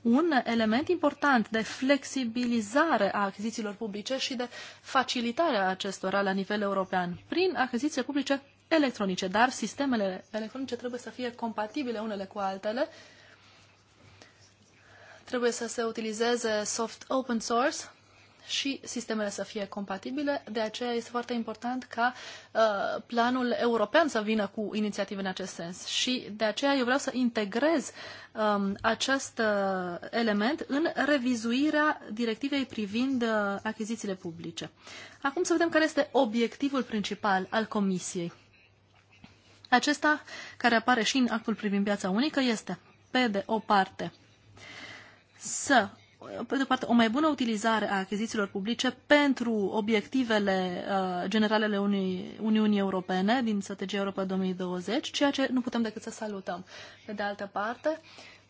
un element important de flexibilizare a achizițiilor publice și de facilitare acestora la nivel european prin achiziții publice electronice, dar sistemele electronice trebuie să fie compatibile unele cu altele. Trebuie să se utilizeze soft open source și sistemele să fie compatibile. De aceea este foarte important ca uh, planul european să vină cu inițiative în acest sens. Și de aceea eu vreau să integrez um, acest uh, element în revizuirea directivei privind uh, achizițiile publice. Acum să vedem care este obiectivul principal al Comisiei. Acesta, care apare și în actul privind piața unică, este, pe de o parte, să pe de parte, o mai bună utilizare a achizițiilor publice pentru obiectivele uh, generale ale Unii, Uniunii Europene din Strategia Europa 2020, ceea ce nu putem decât să salutăm. Pe de altă parte,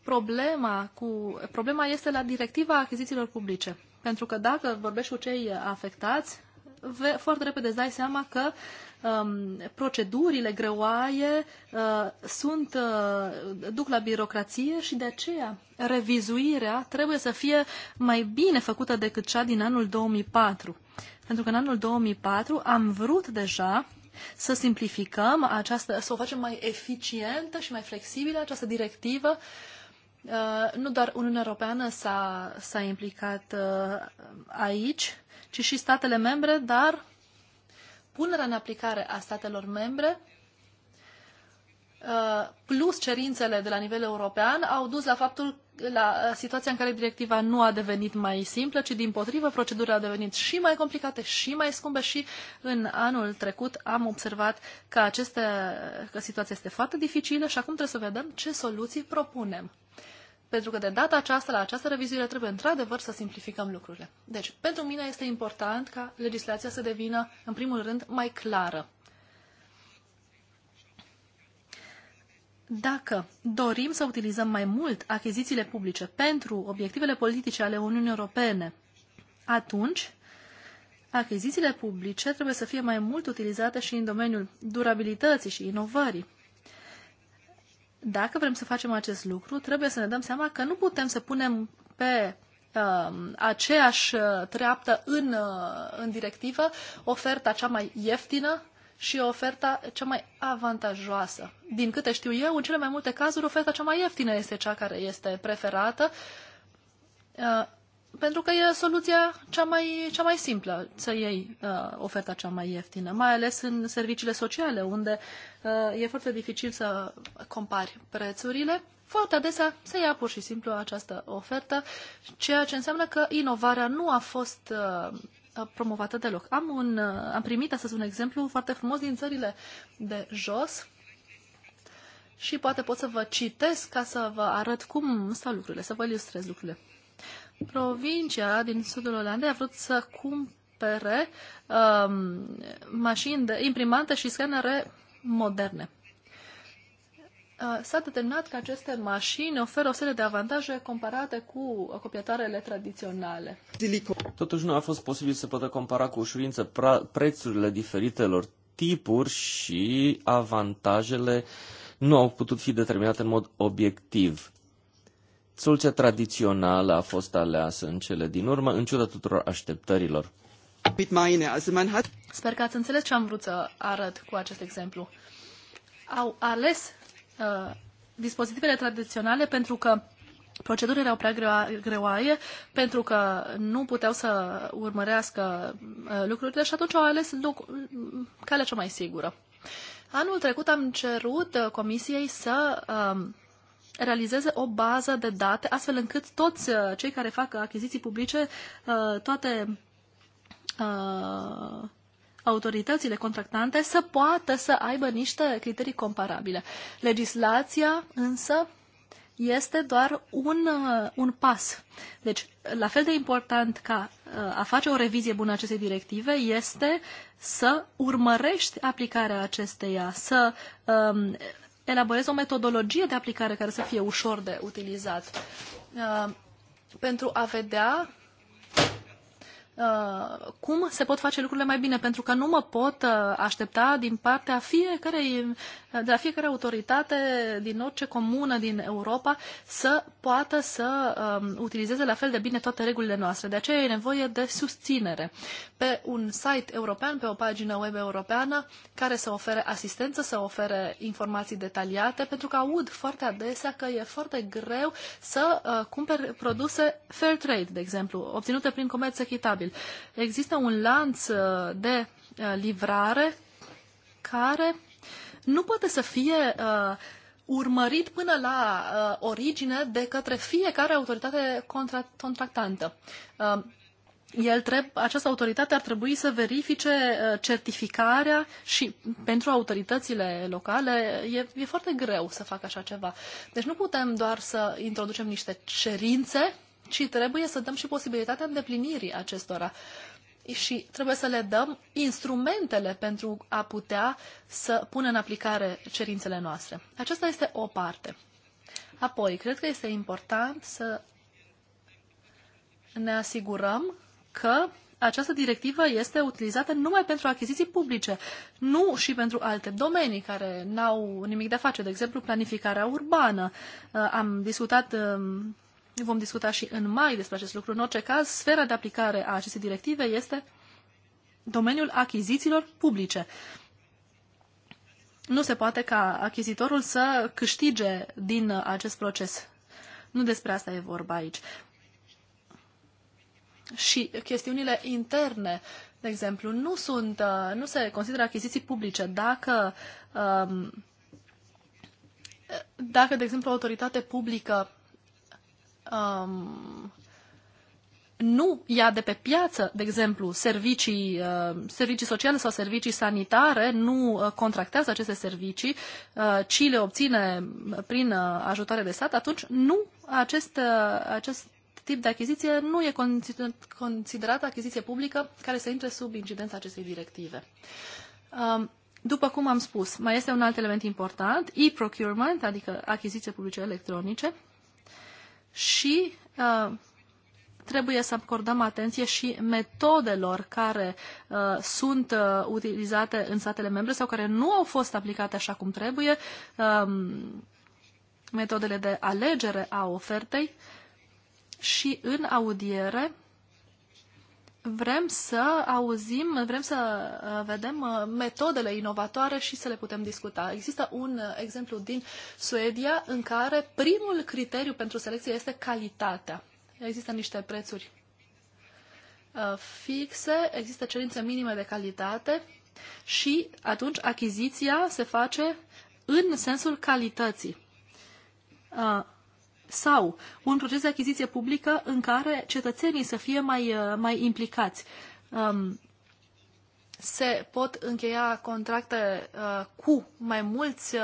problema, cu, problema este la directiva achizițiilor publice. Pentru că dacă vorbești cu cei afectați, foarte repede îți dai seama că um, procedurile greoaie uh, sunt, uh, duc la birocrație și de aceea revizuirea trebuie să fie mai bine făcută decât cea din anul 2004. Pentru că în anul 2004 am vrut deja să simplificăm această, să o facem mai eficientă și mai flexibilă această directivă Uh, nu doar Uniunea Europeană s-a, implicat uh, aici, ci și statele membre, dar punerea în aplicare a statelor membre uh, plus cerințele de la nivel european au dus la faptul la uh, situația în care directiva nu a devenit mai simplă, ci din potrivă procedurile au devenit și mai complicate și mai scumpe și în anul trecut am observat că, aceste, că situația este foarte dificilă și acum trebuie să vedem ce soluții propunem. Pentru că de data aceasta, la această revizuire, trebuie într-adevăr să simplificăm lucrurile. Deci, pentru mine este important ca legislația să devină, în primul rând, mai clară. Dacă dorim să utilizăm mai mult achizițiile publice pentru obiectivele politice ale Uniunii Europene, atunci achizițiile publice trebuie să fie mai mult utilizate și în domeniul durabilității și inovării dacă vrem să facem acest lucru, trebuie să ne dăm seama că nu putem să punem pe um, uh, aceeași treaptă în, uh, în directivă oferta cea mai ieftină și oferta cea mai avantajoasă. Din câte știu eu, în cele mai multe cazuri, oferta cea mai ieftină este cea care este preferată, uh, pentru că e soluția cea mai, cea mai simplă, să iei uh, oferta cea mai ieftină, mai ales în serviciile sociale, unde uh, e foarte dificil să compari prețurile. Foarte adesea se ia pur și simplu această ofertă, ceea ce înseamnă că inovarea nu a fost uh, promovată deloc. Am, un, uh, am primit astăzi un exemplu foarte frumos din țările de jos și poate pot să vă citesc ca să vă arăt cum stau lucrurile, să vă ilustrez lucrurile provincia din sudul Olandei a vrut să cumpere um, mașini de imprimante și scanere moderne. Uh, s-a determinat că aceste mașini oferă o serie de avantaje comparate cu copiatoarele tradiționale. Totuși nu a fost posibil să poată compara cu ușurință prețurile diferitelor tipuri și avantajele nu au putut fi determinate în mod obiectiv. Soluția tradițională a fost aleasă în cele din urmă, în ciuda tuturor așteptărilor. Sper că ați înțeles ce am vrut să arăt cu acest exemplu. Au ales uh, dispozitivele tradiționale pentru că procedurile erau prea greo greoaie, pentru că nu puteau să urmărească uh, lucrurile și atunci au ales calea cea mai sigură. Anul trecut am cerut uh, comisiei să uh, realizeze o bază de date, astfel încât toți uh, cei care fac achiziții publice, uh, toate uh, autoritățile contractante să poată să aibă niște criterii comparabile. Legislația însă este doar un, un pas. Deci, la fel de important ca a face o revizie bună acestei directive este să urmărești aplicarea acesteia, să um, elaborez o metodologie de aplicare care să fie ușor de utilizat uh, pentru a vedea Uh, cum se pot face lucrurile mai bine, pentru că nu mă pot uh, aștepta din partea fiecarei, uh, de la fiecare autoritate din orice comună din Europa să poată să um, utilizeze la fel de bine toate regulile noastre. De aceea e nevoie de susținere pe un site european, pe o pagină web europeană care să ofere asistență, să ofere informații detaliate, pentru că aud foarte adesea că e foarte greu să cumperi produse fair trade, de exemplu, obținute prin comerț echitabil posibil. Există un lanț uh, de uh, livrare care nu poate să fie uh, urmărit până la origine de către fiecare autoritate contractantă. el treb- această autoritate ar trebui să verifice certificarea și pentru autoritățile locale e, e foarte greu să facă așa ceva. Deci nu putem doar să introducem niște cerințe ci trebuie să dăm și posibilitatea îndeplinirii acestora. Și trebuie să le dăm instrumentele pentru a putea să pună în aplicare cerințele noastre. Aceasta este o parte. Apoi, cred că este important să ne asigurăm că această directivă este utilizată numai pentru achiziții publice, nu și pentru alte domenii care n-au nimic de a face, de exemplu planificarea urbană. Uh, am discutat um, Vom discuta și în mai despre acest lucru. În orice caz, sfera de aplicare a acestei directive este domeniul achizițiilor publice. Nu se poate ca achizitorul să câștige din acest proces. Nu despre asta e vorba aici. Și chestiunile interne, de exemplu, nu, sunt, uh, nu se consideră achiziții publice dacă, um, dacă de exemplu, o autoritate publică um, nu ia de pe piață, de exemplu, servicii, uh, servicii sociale sau servicii sanitare, nu uh, contractează aceste servicii, uh, ci le obține prin ajutoare de stat, atunci nu acest, acest tip de achiziție nu e considerată achiziție publică care să intre sub incidența acestei directive. Um, după cum am spus, mai este un alt element important, e-procurement, adică achiziție publice electronice, și uh, trebuie să acordăm atenție și metodelor care uh, sunt uh, utilizate în statele membre sau care nu au fost aplicate așa cum trebuie, um, metodele de alegere a ofertei și în audiere vrem să auzim, vrem să uh, vedem uh, metodele inovatoare și să le putem discuta. Există un uh, exemplu din Suedia în care primul criteriu pentru selecție este calitatea. Există niște prețuri fixe, există cerințe minime de calitate și atunci achiziția se face în sensul calității sau un proces de achiziție publică în care cetățenii să fie mai, uh, mai implicați. Um, se pot încheia contracte uh, cu mai mulți uh,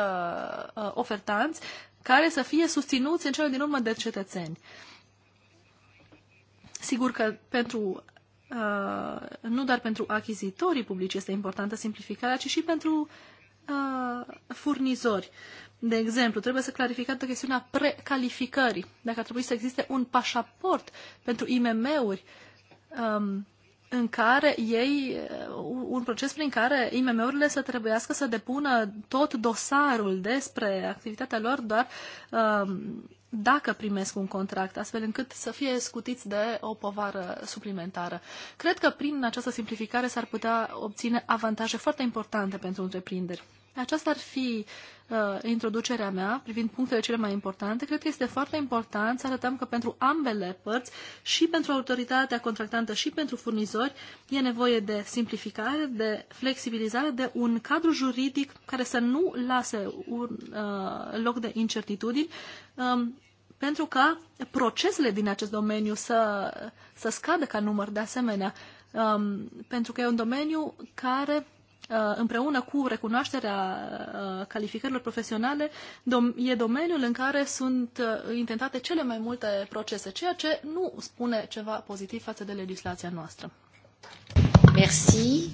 uh, ofertanți care să fie susținuți în cele din urmă de cetățeni. Sigur că pentru uh, nu doar pentru achizitorii publici este importantă simplificarea, ci și pentru uh, furnizori. De exemplu, trebuie să clarificată chestiunea precalificării. Dacă ar trebui să existe un pașaport pentru IMM-uri um, în care ei, uh, un proces prin care IMM-urile să trebuiască să depună tot dosarul despre activitatea lor doar um, dacă primesc un contract, astfel încât să fie scutiți de o povară suplimentară. Cred că prin această simplificare s-ar putea obține avantaje foarte importante pentru întreprinderi. Aceasta ar fi uh, introducerea mea privind punctele cele mai importante. Cred că este foarte important să arătăm că pentru ambele părți, și pentru autoritatea contractantă și pentru furnizori, e nevoie de simplificare, de flexibilizare, de un cadru juridic care să nu lase un, uh, loc de incertitudini, Uh, pentru ca procesele din acest domeniu să, să scadă ca număr de asemenea, um, pentru că e un domeniu care uh, împreună cu recunoașterea uh, calificărilor profesionale, dom e domeniul în care sunt uh, intentate cele mai multe procese, ceea ce nu spune ceva pozitiv față de legislația noastră. Merci.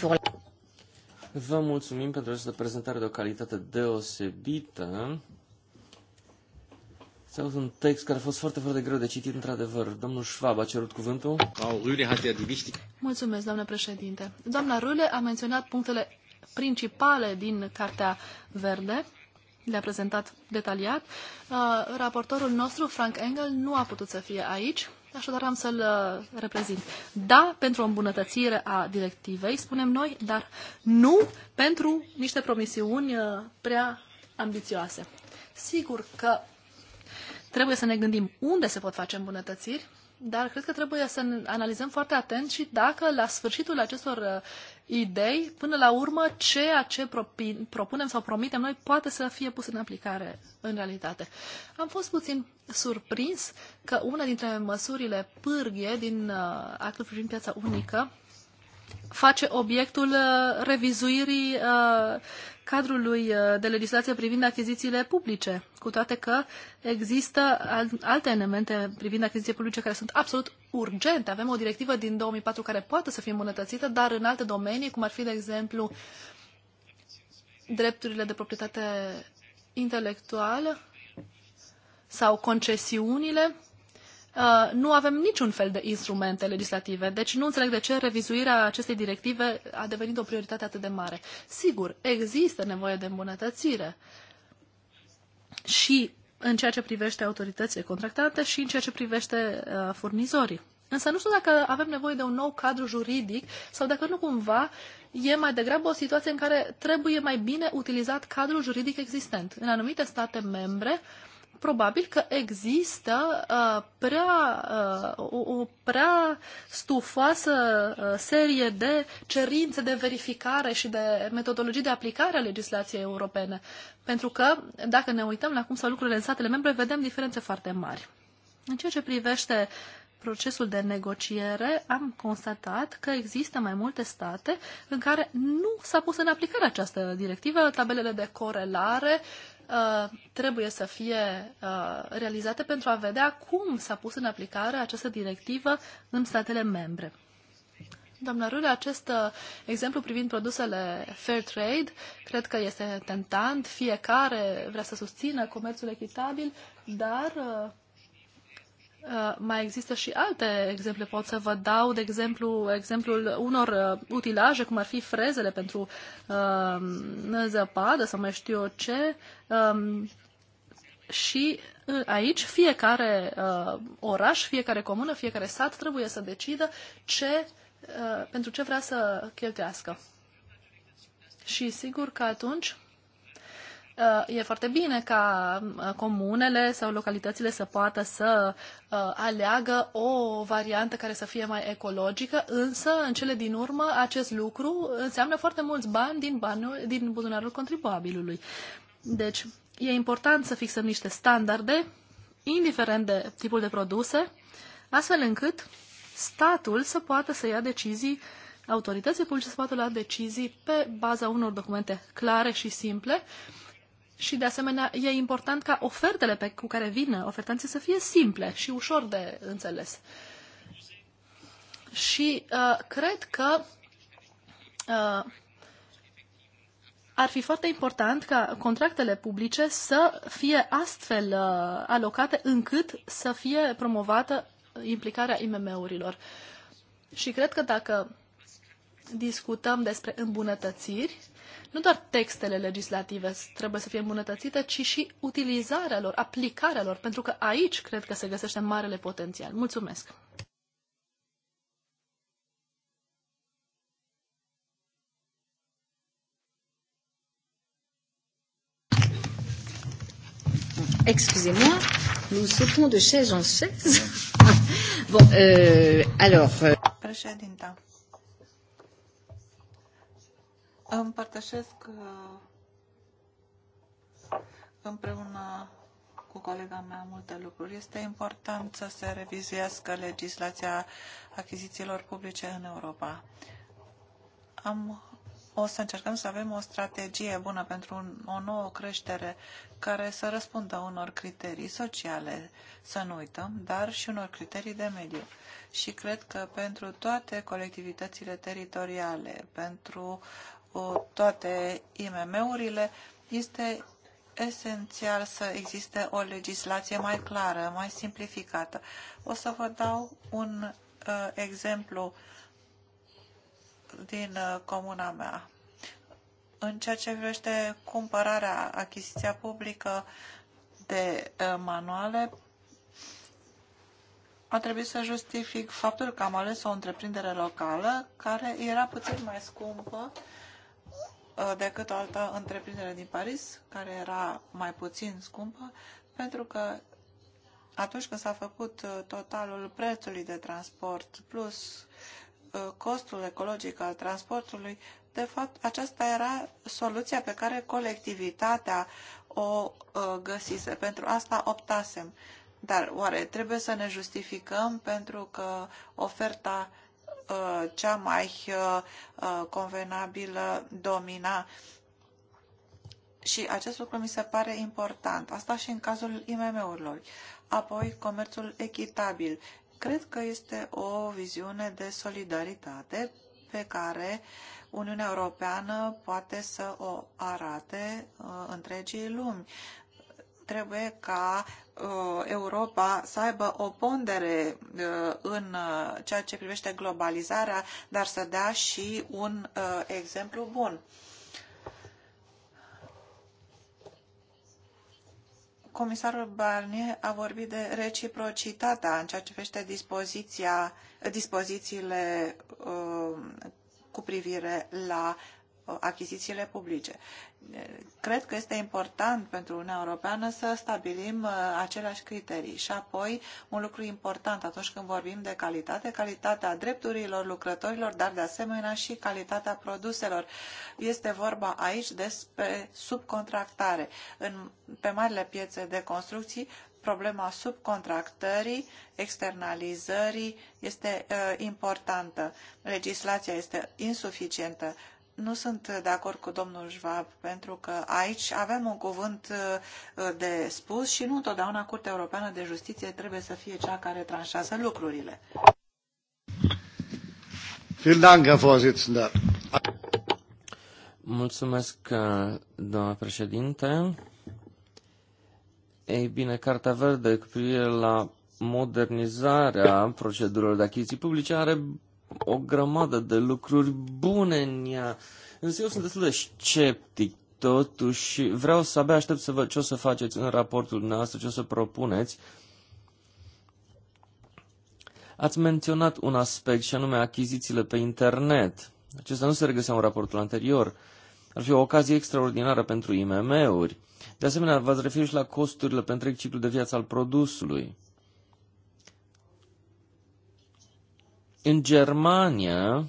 Pour... Vă mulțumim pentru această prezentare de o calitate deosebită. S-a avut un text care a fost foarte, foarte greu de citit, într-adevăr. Domnul Schwab a cerut cuvântul. Mulțumesc, doamnă președinte. Doamna Rule a menționat punctele principale din Cartea Verde. Le-a prezentat detaliat. Uh, raportorul nostru, Frank Engel, nu a putut să fie aici, așadar am să-l uh, reprezint. Da, pentru o îmbunătățire a directivei, spunem noi, dar nu pentru niște promisiuni uh, prea ambițioase. Sigur că Trebuie să ne gândim unde se pot face îmbunătățiri, dar cred că trebuie să analizăm foarte atent și dacă la sfârșitul acestor uh, idei, până la urmă, ceea ce propunem sau promitem noi poate să fie pus în aplicare în realitate. Am fost puțin surprins că una dintre măsurile pârghie din uh, actul privind piața unică face obiectul uh, revizuirii uh, cadrului uh, de legislație privind achizițiile publice, cu toate că există alte elemente privind achizițiile publice care sunt absolut urgente. Avem o directivă din 2004 care poate să fie îmbunătățită, dar în alte domenii, cum ar fi, de exemplu, drepturile de proprietate intelectuală sau concesiunile, Uh, nu avem niciun fel de instrumente legislative. Deci nu înțeleg de ce revizuirea acestei directive a devenit o prioritate atât de mare. Sigur, există nevoie de îmbunătățire și în ceea ce privește autoritățile contractante și în ceea ce privește uh, furnizorii. Însă nu știu dacă avem nevoie de un nou cadru juridic sau dacă nu cumva e mai degrabă o situație în care trebuie mai bine utilizat cadrul juridic existent. În anumite state membre, uh, probabil că există uh, prea, uh, o, o prea stufoasă uh, serie de cerințe de verificare și de metodologii de aplicare a legislației europene. Pentru că, dacă ne uităm la cum sunt lucrurile în statele membre, vedem diferențe foarte mari. În ceea ce privește procesul de negociere, am constatat că există mai multe state în care nu s-a pus în aplicare această directivă. Tabelele de corelare uh, Uh, trebuie să fie uh, realizate pentru a vedea cum s-a pus în aplicare această directivă în statele membre. Doamna Rule, acest uh, exemplu privind produsele fair trade, cred că este tentant, fiecare vrea să susțină comerțul echitabil, dar Uh, mai există și alte exemple. Pot să vă dau, de exemplu, exemplul unor uh, utilaje, cum ar fi frezele pentru uh, zăpadă sau mai știu eu ce. Um, și uh, aici fiecare uh, oraș, fiecare comună, fiecare sat trebuie să decidă ce, uh, pentru ce vrea să cheltuiască. Și sigur că atunci E foarte bine ca uh, comunele sau localitățile să poată să uh, aleagă o variantă care să fie mai ecologică, însă, în cele din urmă, acest lucru înseamnă foarte mulți bani din, banul, din buzunarul contribuabilului. Deci, e important să fixăm niște standarde, indiferent de tipul de produse, astfel încât statul să poată să ia decizii, autoritățile publice să poată lua decizii pe baza unor documente clare și simple și, de asemenea, e important ca ofertele pe, cu care vin ofertanții să fie simple și ușor de înțeles. Și uh, cred că uh, ar fi foarte important ca contractele publice să fie astfel uh, alocate încât să fie promovată implicarea IMM-urilor. Și cred că dacă discutăm despre îmbunătățiri, nu doar textele legislative trebuie să fie îmbunătățite, ci și utilizarea lor, aplicarea lor, pentru că aici cred că se găsește marele potențial. Mulțumesc! Excusez-moi, nous sautons de chaise en chaise. bon, euh, alors. Euh... Împărtășesc uh, împreună cu colega mea multe lucruri. Este important să se revizuiască legislația achizițiilor publice în Europa. Am, o să încercăm să avem o strategie bună pentru un, o nouă creștere care să răspundă unor criterii sociale, să nu uităm, dar și unor criterii de mediu. Și cred că pentru toate colectivitățile teritoriale, pentru cu toate IMM-urile, este esențial să existe o legislație mai clară, mai simplificată. O să vă dau un uh, exemplu din uh, comuna mea. În ceea ce privește cumpărarea, achiziția publică de uh, manuale, a trebuit să justific faptul că am ales o întreprindere locală care era puțin mai scumpă uh, Uh, decât o altă întreprindere din Paris, care era mai puțin scumpă, pentru că atunci când s-a făcut uh, totalul prețului de transport plus uh, costul ecologic al transportului, de fapt, aceasta era soluția pe care colectivitatea o găsise. Pentru asta optasem. Dar oare trebuie să ne justificăm pentru că oferta Uh, cea mai uh, uh, convenabilă domina și acest lucru mi se pare important. Asta și în cazul IMM-urilor. Apoi, comerțul echitabil. Cred că este o viziune de solidaritate pe care Uniunea Europeană poate să o arate întregii lumi trebuie ca uh, Europa să aibă o pondere uh, în uh, ceea ce privește globalizarea, dar să dea și un exemplu bun. Comisarul Barnier a vorbit de reciprocitatea în ceea ce privește dispoziția, dispozițiile cu privire la achizițiile publice cred că este important pentru Uniunea Europeană să stabilim uh, aceleași criterii și apoi un lucru important atunci când vorbim de calitate, calitatea drepturilor lucrătorilor, dar de asemenea și calitatea produselor. Este vorba aici despre subcontractare. În, pe marile piețe de construcții, problema subcontractării, externalizării este uh, importantă. Legislația este insuficientă nu sunt de acord cu domnul Schwab, pentru că aici avem un cuvânt uh, de spus și nu întotdeauna Curtea Europeană de Justiție trebuie să fie cea care tranșează lucrurile. Mulțumesc, uh, doamna președinte. Ei bine, Cartea Verde cu privire la modernizarea procedurilor de achiziții publice are o grămadă de lucruri bune în ea, însă eu sunt destul de sceptic totuși. Vreau să abia aștept să văd ce o să faceți în raportul nostru, ce o să propuneți. Ați menționat un aspect și anume achizițiile pe internet. Acesta nu se regăsea în raportul anterior. Ar fi o ocazie extraordinară pentru IMM-uri. De asemenea, v-ați referit și la costurile pentru întreg ciclul de viață al produsului. În Germania,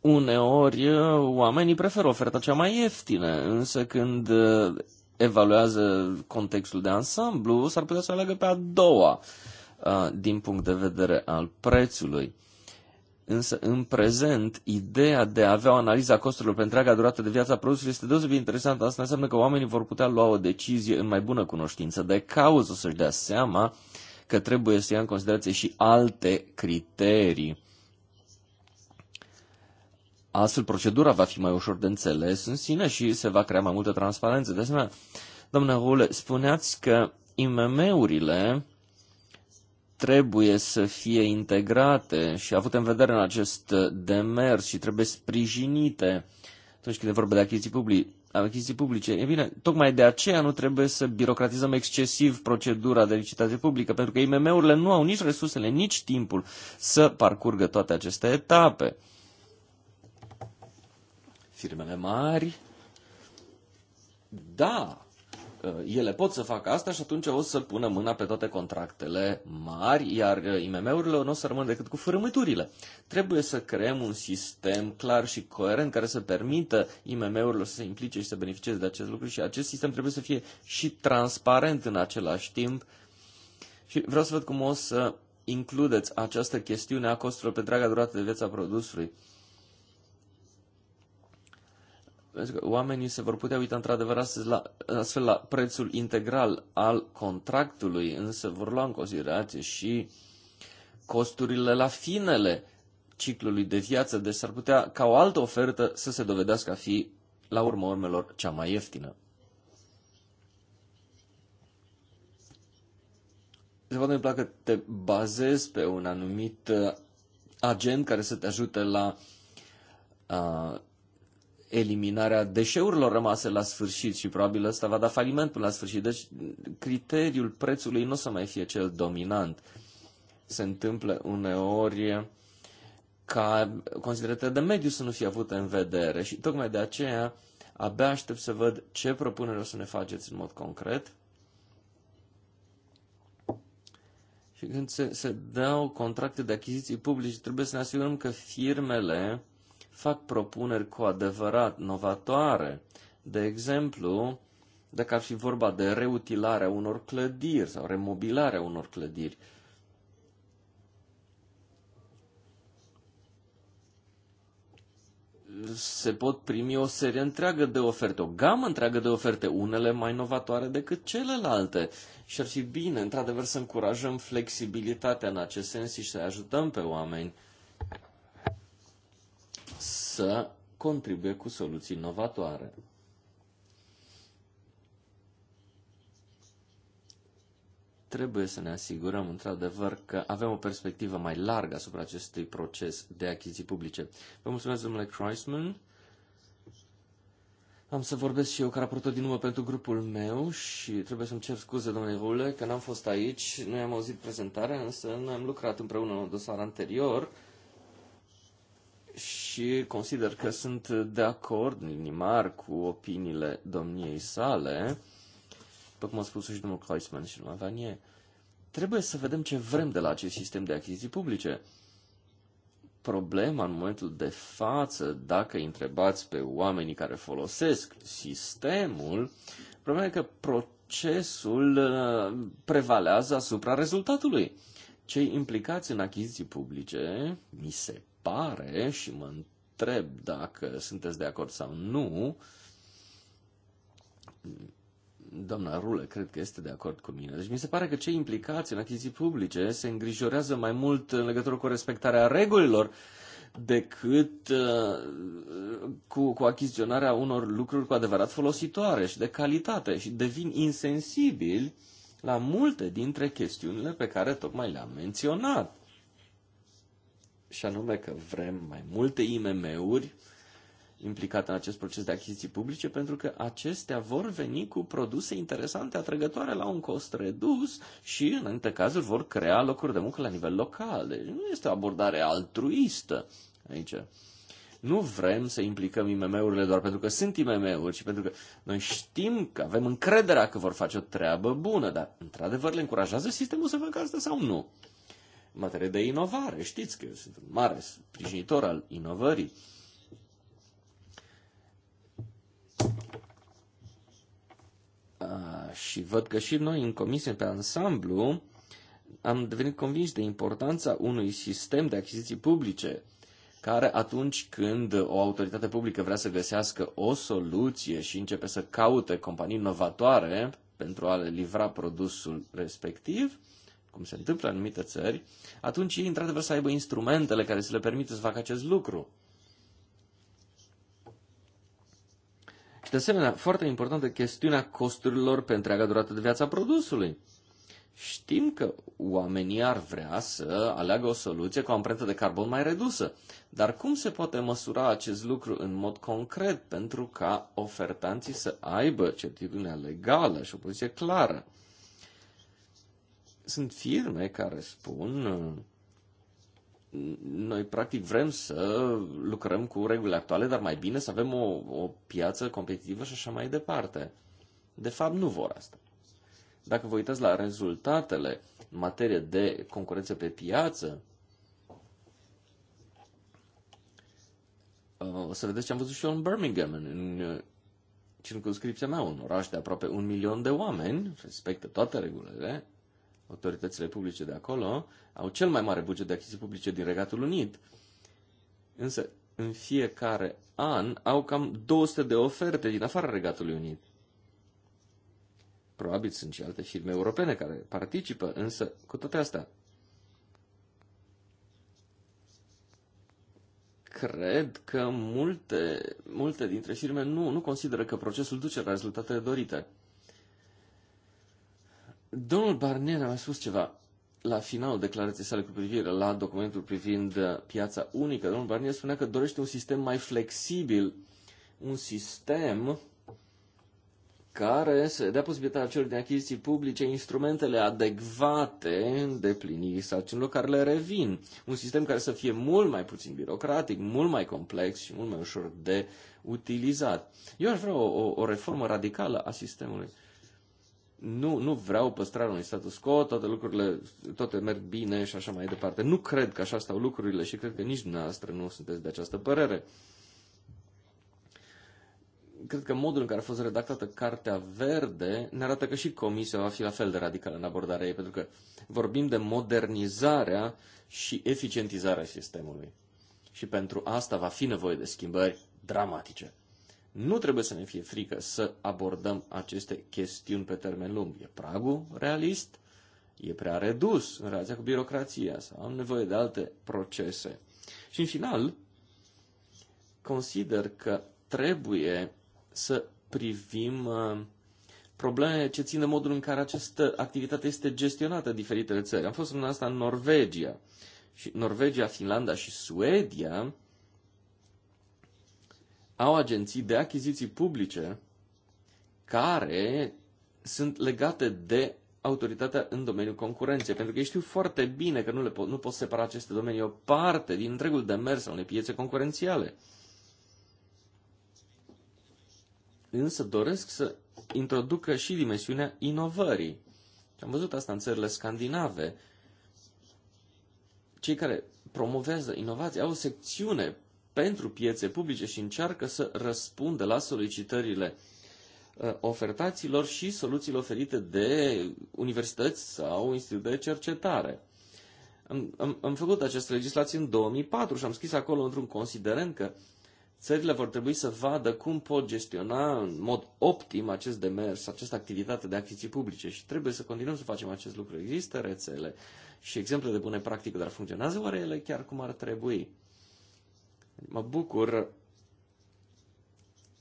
uneori uh, oamenii preferă oferta cea mai ieftină, însă când uh, evaluează contextul de ansamblu, s-ar putea să aleagă pe a doua uh, din punct de vedere al prețului. Însă, în prezent, ideea de a avea o analiză a costurilor pe întreaga durată de viața produsului este deosebit interesantă. Asta înseamnă că oamenii vor putea lua o decizie în mai bună cunoștință de cauză, să-și dea seama uh, că trebuie să ia în considerație și alte criterii. Astfel, procedura va fi mai ușor de înțeles în sine și se va crea mai multă transparență. De asemenea, domnule Hule, spuneați că IMM-urile trebuie să fie integrate și avut în vedere în acest demers și trebuie sprijinite atunci când e vorba de achiziții publice? achiziții publice. E bine, tocmai de aceea nu trebuie să birocratizăm excesiv procedura de licitație publică, pentru că IMM-urile nu au nici resursele, nici timpul să parcurgă toate aceste etape. Firmele mari, da, Uh, ele pot să facă asta și atunci o să pună mâna pe toate contractele mari, iar uh, IMM-urile nu o să rămână decât cu fărâmăturile. Trebuie să creăm un sistem clar și coerent care să permită IMM-urilor să se implice și să beneficieze de acest lucru și acest sistem trebuie să fie și transparent în același timp. Și vreau să văd cum o să includeți această chestiune a costurilor pe draga durată de viața produsului. Pentru că oamenii se vor putea uita într-adevăr astăzi la, astfel la prețul integral al contractului, însă vor lua în considerație și costurile la finele ciclului de viață, deci s-ar putea ca o altă ofertă să se dovedească a fi, la urma urmelor, cea mai ieftină. Se poate întâmpla că te bazezi pe un anumit uh, agent care să te ajute la uh, eliminarea deșeurilor rămase la sfârșit și probabil ăsta va da faliment până la sfârșit. Deci criteriul prețului nu o să mai fie cel dominant. Se întâmplă uneori ca considerate de mediu să nu fie avute în vedere și tocmai de aceea abia aștept să văd ce propunere o să ne faceți în mod concret. Și când se, se dau contracte de achiziții publice, trebuie să ne asigurăm că firmele fac propuneri cu adevărat novatoare. De exemplu, dacă ar fi vorba de reutilarea unor clădiri sau remobilarea unor clădiri. Se pot primi o serie întreagă de oferte, o gamă întreagă de oferte, unele mai novatoare decât celelalte. Și ar fi bine, într-adevăr, să încurajăm flexibilitatea în acest sens și să ajutăm pe oameni să contribuie cu soluții inovatoare. Trebuie să ne asigurăm, într-adevăr, că avem o perspectivă mai largă asupra acestui proces de achiziții publice. Vă mulțumesc, domnule Kreisman. Am să vorbesc și eu ca raportor din urmă pentru grupul meu și trebuie să-mi cer scuze, domnule Rule, că n-am fost aici. Noi am auzit prezentarea, însă noi am lucrat împreună în dosar anterior și consider că sunt de acord inimar cu opiniile domniei sale, după cum a spus și domnul Kreisman și domnul Vanier, trebuie să vedem ce vrem de la acest sistem de achiziții publice. Problema în momentul de față, dacă îi întrebați pe oamenii care folosesc sistemul, problema e că procesul uh, prevalează asupra rezultatului. Cei implicați în achiziții publice, mi se pare și mă întreb dacă sunteți de acord sau nu, doamna Rule cred că este de acord cu mine. Deci mi se pare că cei implicați în achiziții publice se îngrijorează mai mult în legătură cu respectarea regulilor decât uh, cu, cu achiziționarea unor lucruri cu adevărat folositoare și de calitate și devin insensibili la multe dintre chestiunile pe care tocmai le-am menționat și anume că vrem mai multe IMM-uri implicate în acest proces de achiziții publice, pentru că acestea vor veni cu produse interesante, atrăgătoare la un cost redus și, în anumite cazuri, vor crea locuri de muncă la nivel local. Deci nu este o abordare altruistă aici. Nu vrem să implicăm IMM-urile doar pentru că sunt IMM-uri, ci pentru că noi știm că avem încrederea că vor face o treabă bună, dar, într-adevăr, le încurajează sistemul să facă asta sau nu? în materie de inovare. Știți că eu sunt un mare sprijinitor al inovării. A, și văd că și noi în comisie pe ansamblu am devenit convinși de importanța unui sistem de achiziții publice care atunci când o autoritate publică vrea să găsească o soluție și începe să caute companii inovatoare pentru a le livra produsul respectiv, cum se întâmplă în anumite țări, atunci ei, într-adevăr, să aibă instrumentele care să le permită să facă acest lucru. Și, de asemenea, foarte importantă chestiunea costurilor pe întreaga durată de viața produsului. Știm că oamenii ar vrea să aleagă o soluție cu o amprentă de carbon mai redusă, dar cum se poate măsura acest lucru în mod concret pentru ca ofertanții să aibă certitudinea legală și o poziție clară? Sunt firme care spun, noi practic vrem să lucrăm cu regulile actuale, dar mai bine să avem o, o piață competitivă și așa mai departe. De fapt, nu vor asta. Dacă vă uitați la rezultatele în materie de concurență pe piață, uh, o să vedeți ce am văzut și eu în Birmingham, în, în uh, circunscripția mea, un oraș de aproape un milion de oameni, respectă toate regulile, autoritățile publice de acolo au cel mai mare buget de achiziții publice din Regatul Unit. Însă, în fiecare an au cam 200 de oferte din afara Regatului Unit. Probabil sunt și alte firme europene care participă, însă cu toate astea. Cred că multe, multe dintre firme nu, nu consideră că procesul duce la rezultatele dorite. Domnul Barnier a mai spus ceva la final declarației sale cu privire la documentul privind uh, piața unică. Domnul Barnier spunea că dorește un sistem mai flexibil, un sistem care să dea posibilitatea celor din achiziții publice instrumentele adecvate deplinirii sarcinilor care le revin. Un sistem care să fie mult mai puțin birocratic, mult mai complex și mult mai ușor de utilizat. Eu aș vrea o, o, o reformă radicală a sistemului nu, nu vreau păstrarea unui status quo, toate lucrurile, toate merg bine și așa mai departe. Nu cred că așa stau lucrurile și cred că nici dumneavoastră nu sunteți de această părere. Cred că modul în care a fost redactată Cartea Verde ne arată că și Comisia va fi la fel de radicală în abordarea ei, pentru că vorbim de modernizarea și eficientizarea sistemului. Și pentru asta va fi nevoie de schimbări dramatice. Nu trebuie să ne fie frică să abordăm aceste chestiuni pe termen lung. E pragul realist? E prea redus în relația cu birocrația sau am nevoie de alte procese? Și în final, consider că trebuie să privim uh, probleme ce țin de modul în care această activitate este gestionată în diferitele țări. Am fost în asta în Norvegia. Și Norvegia, Finlanda și Suedia au agenții de achiziții publice care sunt legate de autoritatea în domeniul concurenței, pentru că ei știu foarte bine că nu, le po- nu pot separa aceste domenii o parte din întregul demers al unei piețe concurențiale. Însă doresc să introducă și dimensiunea inovării. Și am văzut asta în țările scandinave. Cei care promovează inovații au o secțiune pentru piețe publice și încearcă să răspundă la solicitările uh, ofertaților și soluțiile oferite de universități sau institute de cercetare. Am, am, am făcut această legislație în 2004 și am scris acolo într-un considerent că țările vor trebui să vadă cum pot gestiona în mod optim acest demers, această activitate de achiziții publice și trebuie să continuăm să facem acest lucru. Există rețele și exemple de bune practică, dar funcționează oare ele chiar cum ar trebui? Mă bucur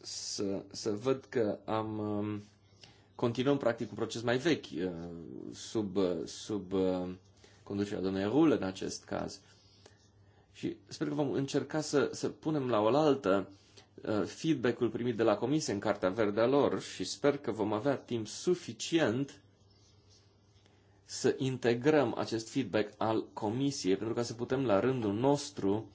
să, să văd că am um, continuăm practic un proces mai vechi uh, sub, uh, sub uh, conducerea domnului Rulă în acest caz. Și sper că vom încerca să, să punem la oaltă feedback-ul primit de la comisie în Cartea Verde a lor și sper că vom avea timp suficient să integrăm acest feedback al comisiei pentru ca să putem la rândul nostru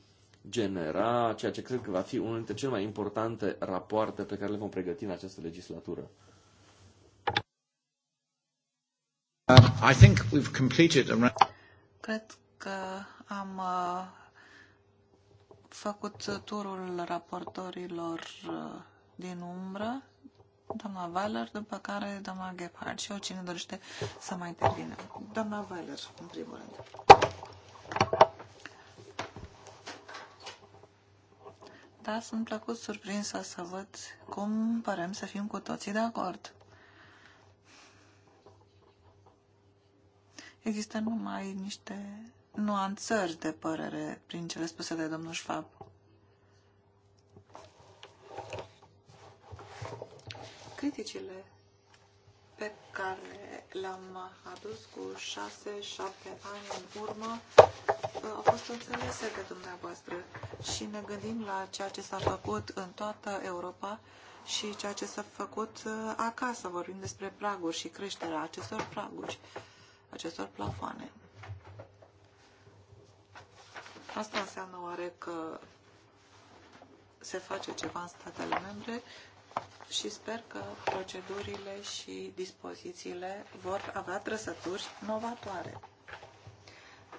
genera ceea ce cred că va fi unul dintre cele mai importante rapoarte pe care le vom pregăti în această legislatură. Uh, I think we've completed a... Cred că am uh, făcut turul raportorilor uh, din umbră, doamna Weiler, după care doamna Gephardt și eu cine dorește să mai intervine. Doamna Weiler, în primul rând. Da, sunt plăcut surprinsă să văd cum părem să fim cu toții de acord. Există numai niște nuanțări de părere prin cele spuse de domnul Schwab. Criticile pe care l-am adus cu 6-7 ani în urmă uh, au fost înțelese de dumneavoastră și ne gândim la ceea ce s-a făcut în toată Europa și ceea ce s-a făcut uh, acasă. Vorbim despre praguri și creșterea acestor praguri, acestor plafoane. Asta înseamnă oare că se face ceva în statele membre și sper că procedurile și dispozițiile vor avea trăsături novatoare.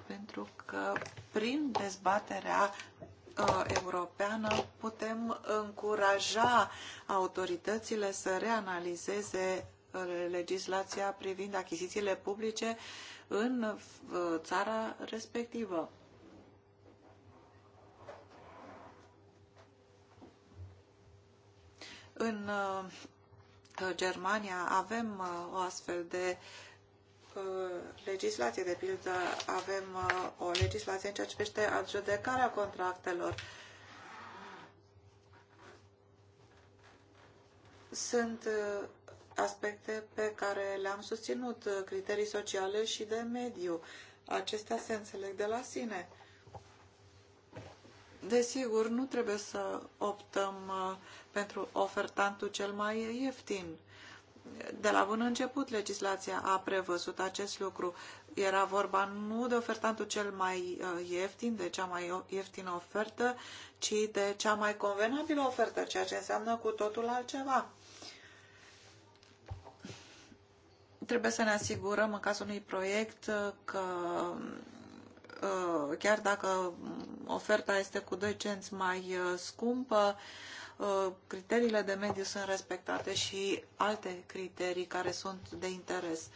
Pentru că prin dezbaterea uh, europeană putem încuraja autoritățile să reanalizeze uh, legislația privind achizițiile publice în uh, țara respectivă. În uh, uh, Germania avem uh, o astfel de legislație, de pildă avem o legislație în ceea ce privește adjudecarea contractelor. Sunt aspecte pe care le-am susținut, criterii sociale și de mediu. Acestea se înțeleg de la sine. Desigur, nu trebuie să optăm uh, pentru ofertantul cel mai ieftin. De la bun început, legislația a prevăzut acest lucru. Era vorba nu de ofertantul cel mai uh, ieftin, de cea mai ieftină ofertă, ci de cea mai convenabilă ofertă, ceea ce înseamnă cu totul altceva. Trebuie să ne asigurăm în cazul unui proiect uh, că um, Uh, chiar dacă oferta este cu 2 cenți mai uh, scumpă, uh, criteriile de mediu sunt respectate și alte criterii care sunt de interes.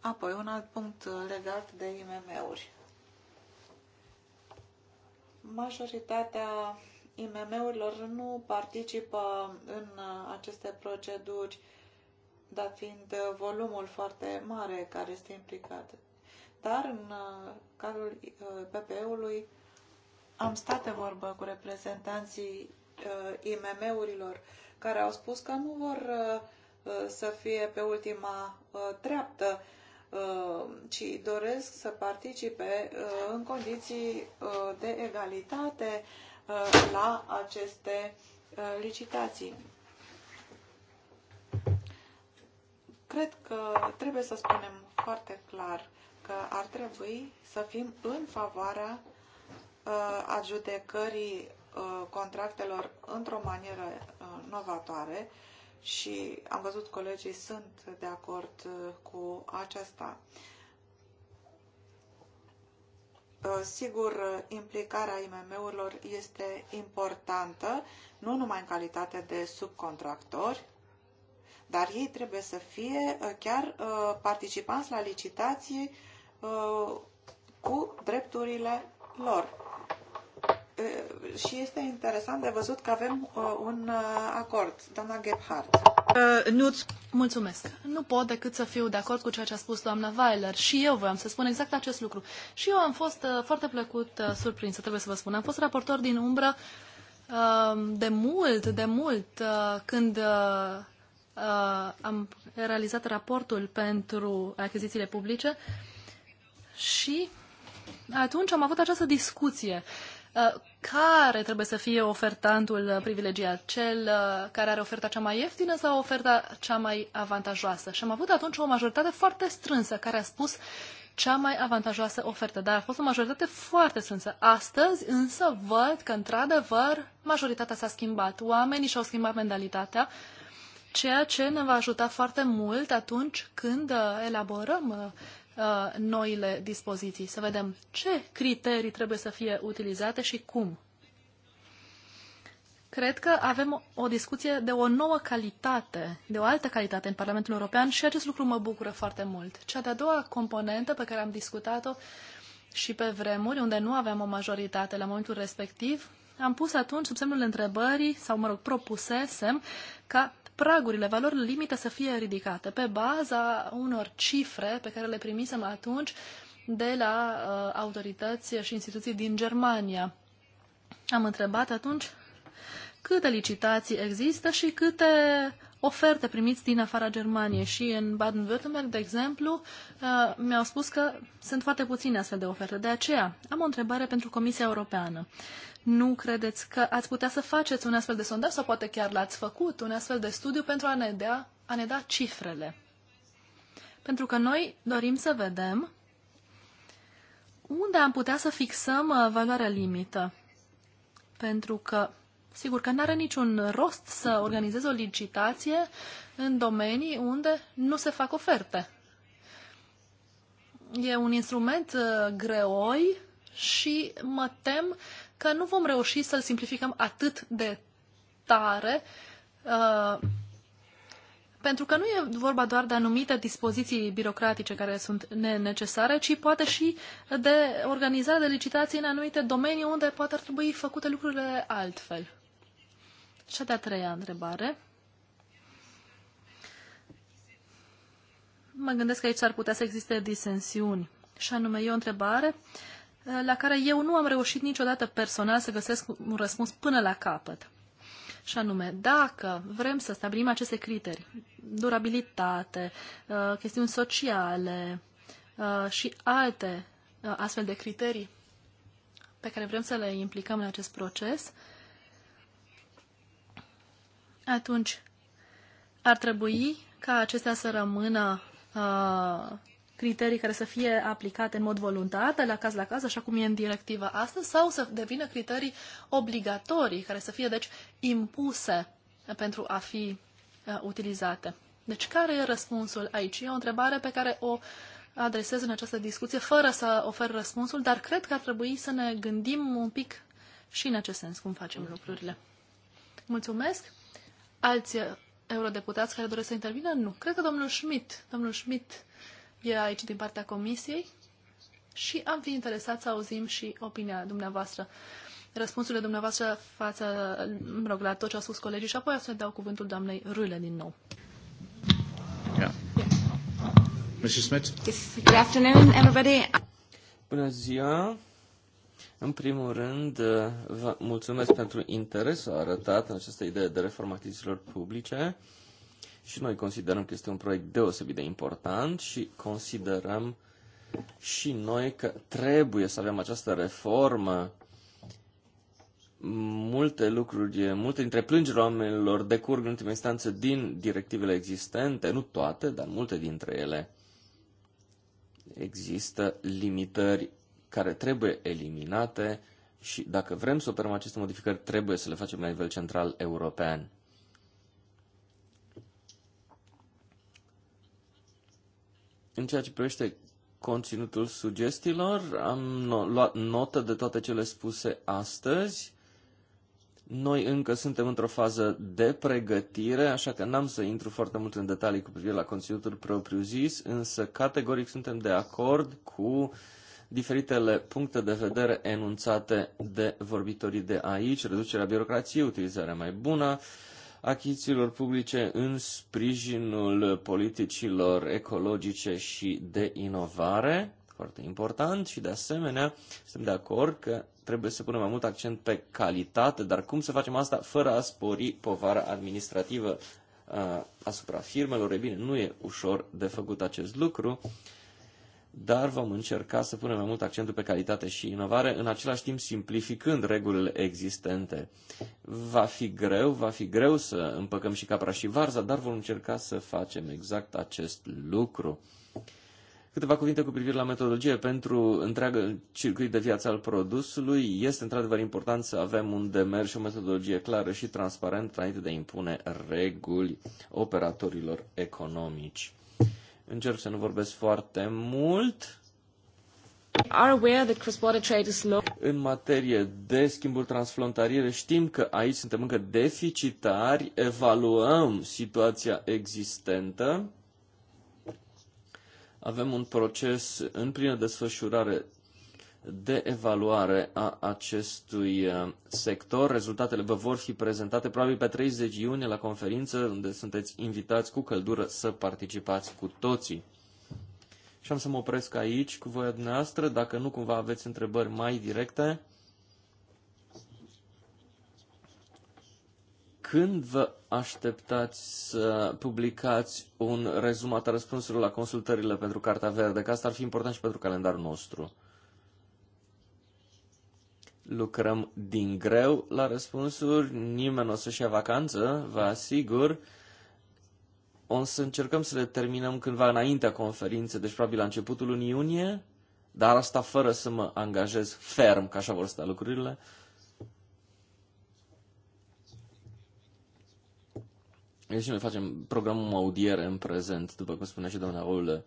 Apoi, un alt punct legat de IMM-uri. Majoritatea IMM-urilor nu participă în aceste proceduri, dat fiind volumul foarte mare care este implicat. Dar în uh, cadrul uh, PPE-ului am stat de vorbă cu reprezentanții uh, IMM-urilor care au spus că nu vor să fie pe ultima treaptă, ci doresc să participe în condiții de egalitate la aceste licitații. Cred că trebuie să spunem foarte clar că ar trebui să fim în favoarea uh, adjudecării uh, contractelor într-o manieră uh, novatoare și am văzut colegii sunt de acord uh, cu aceasta. Uh, sigur, implicarea IMM-urilor este importantă, nu numai în calitate de subcontractori, dar ei trebuie să fie uh, chiar uh, participanți la licitații Uh, cu drepturile lor. Uh, și este interesant de văzut că avem uh, un acord. Doamna Gebhardt. nu Mulțumesc. Nu pot decât să fiu de acord cu ceea ce a spus doamna Weiler. Și eu voiam să spun exact acest lucru. Și eu am fost foarte plăcut surprinsă, trebuie să vă spun. Am fost raportor din umbră de mult, de mult, când am realizat raportul pentru achizițiile publice și atunci am avut această discuție. Uh, care trebuie să fie ofertantul privilegiat? Cel uh, care are oferta cea mai ieftină sau oferta cea mai avantajoasă? Și am avut atunci o majoritate foarte strânsă care a spus cea mai avantajoasă ofertă, dar a fost o majoritate foarte strânsă. Astăzi însă văd că, într-adevăr, majoritatea s-a schimbat. Oamenii și-au schimbat mentalitatea, ceea ce ne va ajuta foarte mult atunci când uh, elaborăm Uh, noile dispoziții, să vedem ce criterii trebuie să fie utilizate și cum. Cred că avem o discuție de o nouă calitate, de o altă calitate în Parlamentul European și acest lucru mă bucură foarte mult. Cea de-a doua componentă pe care am discutat-o și pe vremuri, unde nu aveam o majoritate la momentul respectiv, am pus atunci sub semnul întrebării, sau mă rog, propusesem ca pragurile, valorile limită să fie ridicate pe baza unor cifre pe care le primisem atunci de la uh, autorități și instituții din Germania. Am întrebat atunci câte licitații există și câte oferte primiți din afara Germaniei și în Baden-Württemberg, de exemplu, uh, mi-au spus că sunt foarte puține astfel de oferte. De aceea am o întrebare pentru Comisia Europeană. Nu credeți că ați putea să faceți un astfel de sondaj sau poate chiar l-ați făcut, un astfel de studiu pentru a ne, dea, a ne da cifrele? Pentru că noi dorim să vedem unde am putea să fixăm uh, valoarea limită. Pentru că Sigur că nu are niciun rost să organizezi o licitație în domenii unde nu se fac oferte. E un instrument uh, greoi și mă tem că nu vom reuși să-l simplificăm atât de tare, uh, pentru că nu e vorba doar de anumite dispoziții birocratice care sunt necesare, ci poate și de organizarea de licitații în anumite domenii unde poate ar trebui făcute lucrurile altfel. Cea de-a treia întrebare. Mă gândesc că aici ar putea să existe disensiuni. Și anume, e o întrebare uh, la care eu nu am reușit niciodată personal să găsesc un răspuns până la capăt. Și anume, dacă vrem să stabilim aceste criterii, durabilitate, uh, chestiuni sociale uh, și alte uh, astfel de criterii pe care vrem să le implicăm în acest proces, atunci ar trebui ca acestea să rămână uh, criterii care să fie aplicate în mod voluntar, de la caz la caz, așa cum e în directiva astăzi, sau să devină criterii obligatorii, care să fie, deci, impuse pentru a fi uh, utilizate. Deci, care e răspunsul aici? E o întrebare pe care o adresez în această discuție, fără să ofer răspunsul, dar cred că ar trebui să ne gândim un pic și în acest sens cum facem lucrurile. Mulțumesc! Alți uh, eurodeputați care doresc să intervină? Nu. Cred că domnul Schmidt, domnul Schmidt e aici din partea comisiei și am fi interesat să auzim și opinia dumneavoastră. Răspunsurile dumneavoastră față, mă rog, la tot ce au spus colegii și apoi o să dau cuvântul doamnei Râle din nou. Yeah. Mrs. Smith. Yes. Good afternoon, everybody. Bună ziua! În primul rând, vă mulțumesc pentru interesul arătat în această idee de reforma achizițiilor publice. Uh, și noi considerăm că este un proiect deosebit de important și considerăm și noi că trebuie să avem această reformă. Multe lucruri, multe dintre plângerile oamenilor decurg în ultima instanță din directivele existente, nu toate, dar multe dintre ele. Există limitări care trebuie eliminate și dacă vrem să operăm aceste modificări, trebuie să le facem la nivel central european. În ceea ce privește conținutul sugestiilor, am luat notă de toate cele spuse astăzi. Noi încă suntem într-o fază de pregătire, așa că n-am să intru foarte mult în detalii cu privire la conținutul propriu-zis, însă categoric suntem de acord cu diferitele puncte de vedere enunțate de vorbitorii de aici, reducerea birocrației, utilizarea mai bună, uh, achizițiilor publice în sprijinul politicilor ecologice și de inovare, foarte important, și de asemenea suntem de acord că trebuie să punem mai mult accent pe calitate, dar cum să facem asta fără a spori povara administrativă uh, asupra firmelor? E bine, nu e ușor de făcut acest lucru dar vom încerca să punem mai mult accentul pe calitate și inovare, în același timp simplificând regulile existente. Va fi greu, va fi greu să împăcăm și capra și varza, dar vom încerca să facem exact acest lucru. Câteva cuvinte cu privire la metodologie pentru întreagă circuit de viață al produsului. Este într-adevăr important să avem un demers și o metodologie clară și transparentă înainte de a impune reguli operatorilor economici. Încerc să nu vorbesc foarte mult. Are aware that cross-border trade is low. În materie de schimburi transfrontaliere știm că aici suntem încă deficitari, evaluăm situația existentă. Avem un proces în plină desfășurare de evaluare a acestui uh, sector. Rezultatele vă vor fi prezentate probabil pe 30 iunie la conferință, unde sunteți invitați cu căldură să participați cu toții. Și am să mă opresc aici cu voia dumneavoastră. Dacă nu cumva aveți întrebări mai directe, când vă așteptați să publicați un rezumat al răspunsurilor la consultările pentru Carta Verde? Că asta ar fi important și pentru calendarul nostru lucrăm din greu la răspunsuri, nimeni nu o să-și ia vacanță, vă asigur. O să încercăm să le terminăm cândva înaintea conferinței, deci probabil la începutul lunii iunie, dar asta fără să mă angajez ferm, că așa vor sta lucrurile. Deci noi facem programul audiere în prezent, după cum spunea și doamna Oule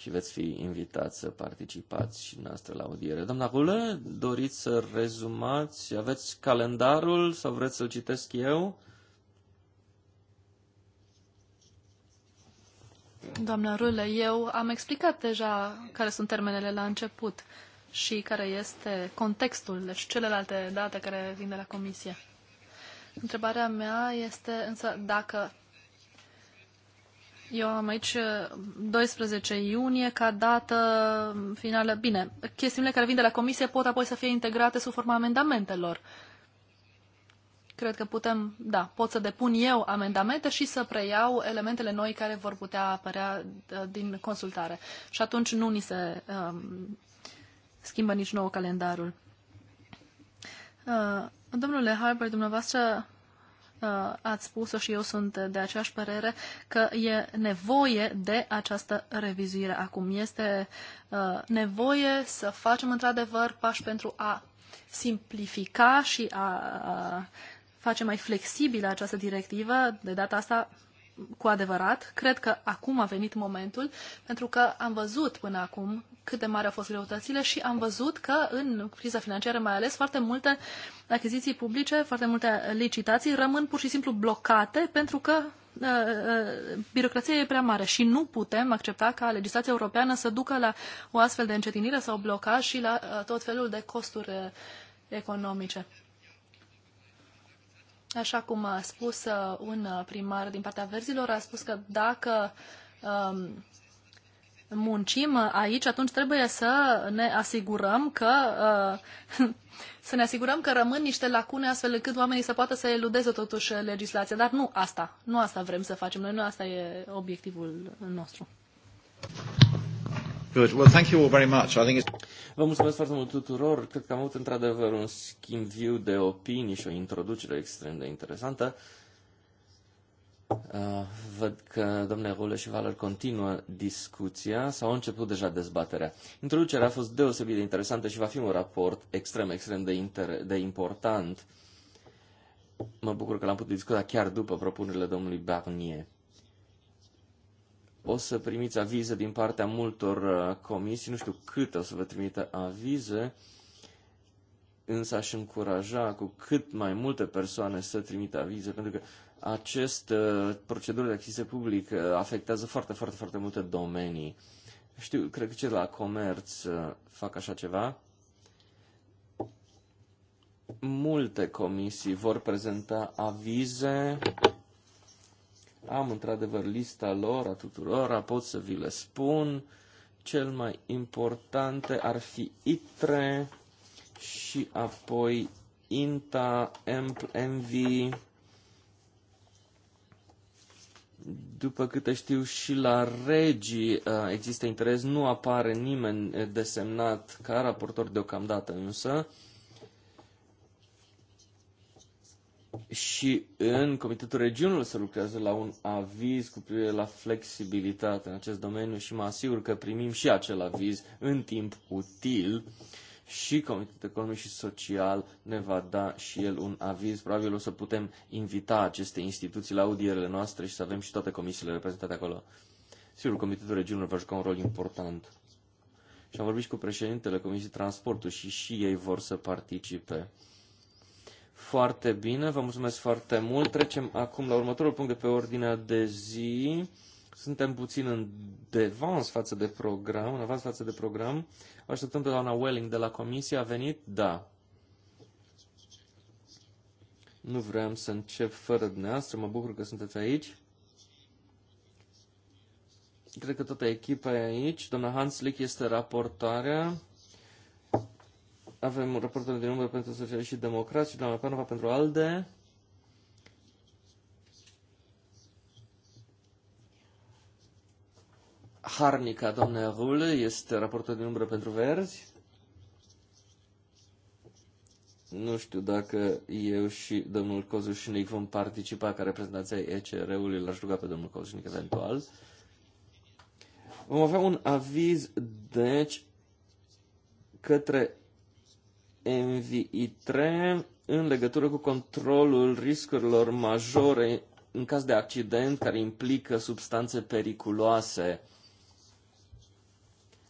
și veți fi invitați să participați și noastră la audiere. Doamna Rulă, doriți să rezumați? Aveți calendarul sau vreți să-l citesc eu? Doamna Rule, eu am explicat deja care sunt termenele la început și care este contextul, deci celelalte date care vin de la comisie. Întrebarea mea este însă dacă eu am aici 12 uh, iunie ca dată um, finală. Bine, chestiunile care vin de la comisie pot apoi să fie integrate sub forma amendamentelor. Cred că putem, da, pot să depun eu amendamente și să preiau elementele noi care vor putea apărea uh, din consultare. Și atunci nu ni se um, schimbă nici nou calendarul. Uh, domnule Harper, dumneavoastră Uh, ați spus-o și eu sunt de aceeași părere că e nevoie de această revizuire acum. Este uh, nevoie să facem într-adevăr pași pentru a simplifica și a face mai flexibilă această directivă, de data asta cu adevărat. Cred că acum a venit momentul, pentru că am văzut până acum cât de mari au fost greutățile și am văzut că în criza financiară mai ales foarte multe achiziții publice, foarte multe licitații rămân pur și simplu blocate pentru că uh, uh, birocrația e prea mare și nu putem accepta ca legislația europeană să ducă la o astfel de încetinire sau blocaj și la uh, tot felul de costuri economice. Așa cum a spus uh, un uh, primar din partea verzilor, a spus că dacă um, muncim aici, atunci trebuie să ne asigurăm că uh, să ne asigurăm că rămân niște lacune astfel încât oamenii să poată să eludeze totuși legislația. Dar nu asta. Nu asta vrem să facem. Noi nu asta e obiectivul nostru. Good. Well, thank you all very much. I think it's... Vă mulțumesc foarte mult tuturor. Cred că am avut într-adevăr un schimb viu de opinii și o introducere extrem de interesantă. Uh, văd că domnule Rule și Valer continuă discuția sau au început deja dezbaterea. Introducerea a fost deosebit de interesantă și va fi un raport extrem, extrem de, inter- de important. Mă bucur că l-am putut discuta chiar după propunerile domnului Barnier o să primiți avize din partea multor uh, comisii, nu știu cât o să vă trimită avize, însă aș încuraja cu cât mai multe persoane să trimită avize, pentru că acest uh, procedură de achiziție publică afectează foarte, foarte, foarte multe domenii. Știu, cred că ce la comerț uh, fac așa ceva. Multe comisii vor prezenta avize am într-adevăr lista lor a tuturor. A pot să vi le spun. Cel mai importante ar fi ITRE și apoi INTA, MV. după câte știu și la regii uh, există interes, nu apare nimeni desemnat ca raportor deocamdată însă. și în Comitetul Regiunilor se lucrează la un aviz cu privire la flexibilitate în acest domeniu și mă asigur că primim și acel aviz în timp util și Comitetul Economic și Social ne va da și el un aviz. Probabil o să putem invita aceste instituții la audierele noastre și să avem și toate comisiile reprezentate acolo. Sigur, Comitetul Regiunilor va juca un rol important. Și am vorbit și cu președintele Comisiei Transportul și și ei vor să participe. Foarte bine, vă mulțumesc foarte mult. Trecem acum la următorul punct de pe ordinea de zi. Suntem puțin în devans față de program, în avans față de program. Așteptăm pe doamna Welling de la comisie. A venit? Da. Nu vreau să încep fără dumneavoastră. Mă bucur că sunteți aici. Cred că toată echipa e aici. Doamna Hanslick este raportarea avem raportul de număr pentru socialiști și democrați și doamna Panova pentru ALDE. Harnica, doamna Rule, este raportul de număr pentru verzi. Nu știu dacă eu și domnul Cozușnic vom participa ca reprezentanța ECR-ului, l-aș ruga pe domnul Cozușnic eventual. Vom avea un aviz, deci, către MVI3 în legătură cu controlul riscurilor majore în caz de accident care implică substanțe periculoase.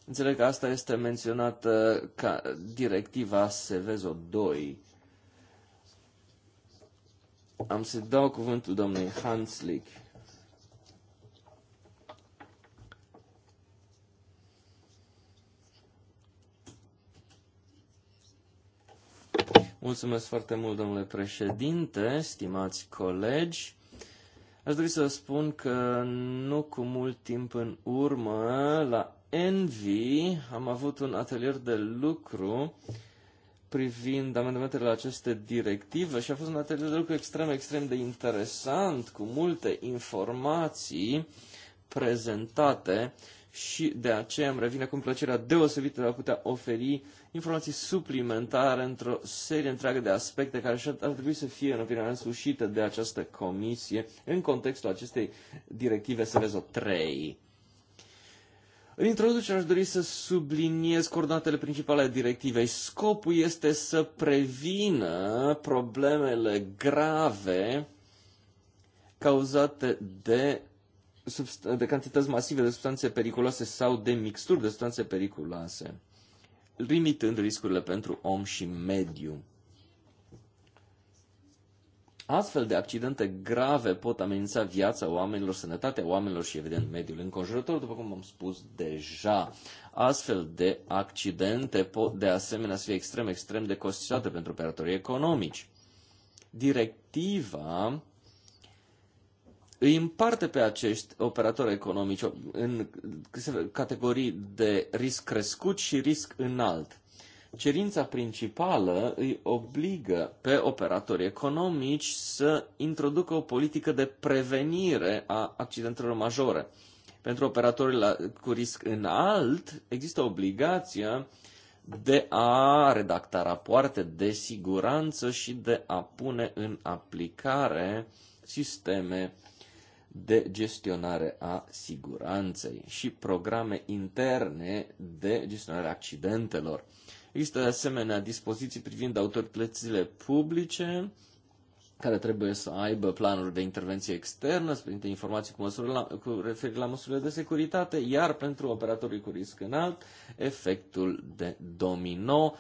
Înțeleg că asta este menționată ca directiva Sevezo 2. Am să dau cuvântul domnului Hanslick. Mulțumesc foarte mult, domnule președinte, stimați colegi. Aș dori să spun că nu cu mult timp în urmă, la Envy am avut un atelier de lucru privind amendamentele la aceste directive și a fost un atelier de lucru extrem, extrem de interesant, cu multe informații prezentate și de aceea îmi revine cu plăcerea deosebită de a putea oferi informații suplimentare într-o serie întreagă de aspecte care ar trebui să fie, în opinia însușită de această comisie în contextul acestei directive SVZO 3. În introducere aș dori să subliniez coordonatele principale ale directivei. Scopul este să prevină problemele grave cauzate de de cantități masive de substanțe periculoase sau de mixturi de substanțe periculoase, limitând riscurile pentru om și mediu. Astfel de accidente grave pot amenința viața oamenilor, sănătatea oamenilor și, evident, mediul înconjurător, după cum am spus deja. Astfel de accidente pot, de asemenea, să fie extrem, extrem de costisitoare pentru operatorii economici. Directiva îi împarte pe acești operatori economici în categorii de risc crescut și risc înalt. Cerința principală îi obligă pe operatorii economici să introducă o politică de prevenire a accidentelor majore. Pentru operatorii la, cu risc înalt există obligația de a redacta rapoarte de siguranță și de a pune în aplicare sisteme de gestionare a siguranței și programe interne de gestionare a accidentelor. Există de asemenea dispoziții privind autoritățile publice care trebuie să aibă planuri de intervenție externă, să prinde informații cu, măsuri la, cu referire la măsurile de securitate, iar pentru operatorii cu risc înalt, efectul de domino,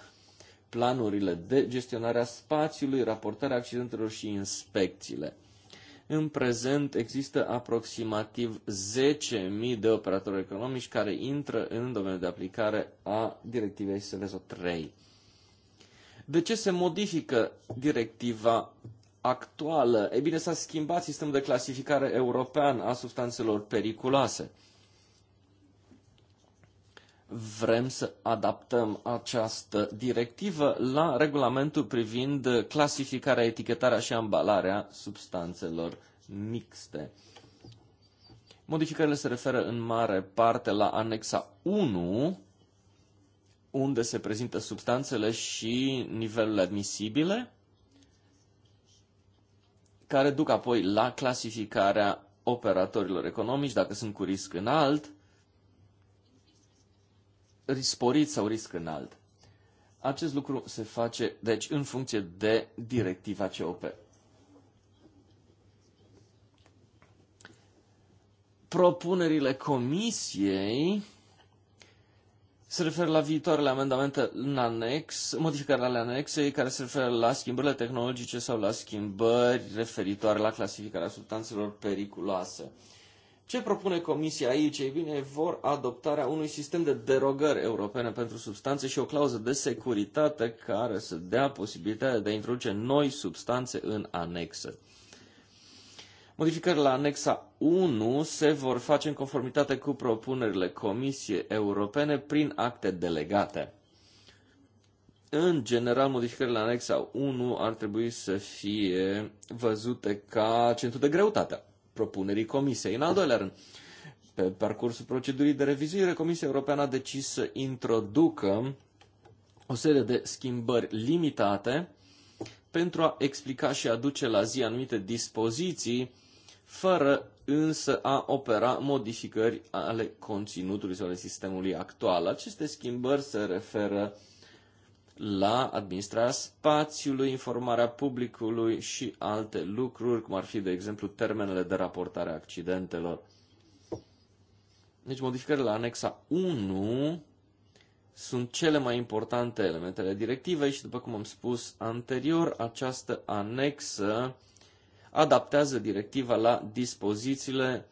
planurile de gestionare a spațiului, raportarea accidentelor și inspecțiile. În prezent există aproximativ 10.000 de operatori economici care intră în domeniul de aplicare a directivei SLSO 3. De ce se modifică directiva actuală? E bine, s-a schimbat sistemul de clasificare european a substanțelor periculoase vrem să adaptăm această directivă la regulamentul privind clasificarea, etichetarea și ambalarea substanțelor mixte. Modificările se referă în mare parte la anexa 1, unde se prezintă substanțele și nivelurile admisibile, care duc apoi la clasificarea operatorilor economici, dacă sunt cu risc înalt, sporit sau risc înalt. Acest lucru se face, deci, în funcție de directiva COP. Propunerile comisiei se referă la viitoarele amendamente în anex, modificarea ale anexei care se referă la schimbările tehnologice sau la schimbări referitoare la clasificarea substanțelor periculoase. Ce propune Comisia aici? Ei bine, vor adoptarea unui sistem de derogări europene pentru substanțe și o clauză de securitate care să dea posibilitatea de a introduce noi substanțe în anexă. Modificările la anexa 1 se vor face în conformitate cu propunerile Comisiei Europene prin acte delegate. În general, modificările la anexa 1 ar trebui să fie văzute ca centru de greutate propunerii Comisiei. În al doilea rând, pe parcursul procedurii de revizuire, Comisia Europeană a decis să introducă o serie de schimbări limitate pentru a explica și aduce la zi anumite dispoziții, fără însă a opera modificări ale conținutului sau ale sistemului actual. Aceste schimbări se referă la administrarea spațiului, informarea publicului și alte lucruri, cum ar fi, de exemplu, termenele de raportare a accidentelor. Deci, modificările la anexa 1 sunt cele mai importante elementele directivei și, după cum am spus anterior, această anexă adaptează directiva la dispozițiile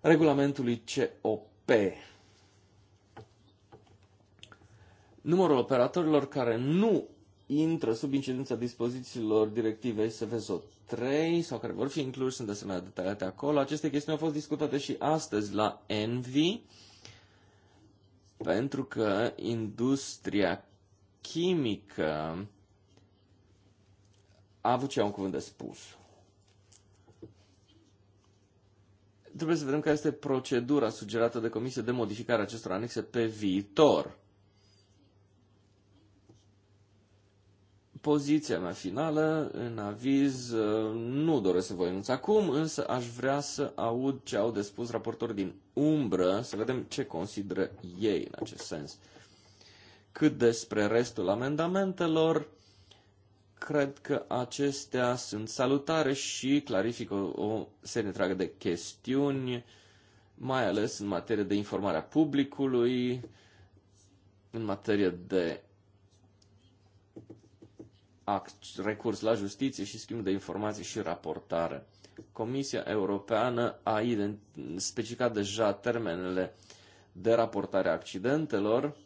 regulamentului COP. numărul operatorilor care nu intră sub incidența dispozițiilor directivei SVZO 3 sau care vor fi incluși sunt asemenea detaliate acolo. Aceste chestiuni au fost discutate și astăzi la Envi pentru că industria chimică a avut și un cuvânt de spus. Trebuie să vedem care este procedura sugerată de Comisie de modificare a acestor anexe pe viitor. Poziția mea finală în aviz uh, nu doresc să vă enunț acum, însă aș vrea să aud ce au de spus raportori din umbră, să vedem ce consideră ei în acest sens. Cât despre restul amendamentelor, cred că acestea sunt salutare și clarifică o serie întreagă de chestiuni, mai ales în materie de informare a publicului, în materie de recurs la justiție și schimb de informații și raportare. Comisia Europeană a specificat deja termenele de raportare a accidentelor,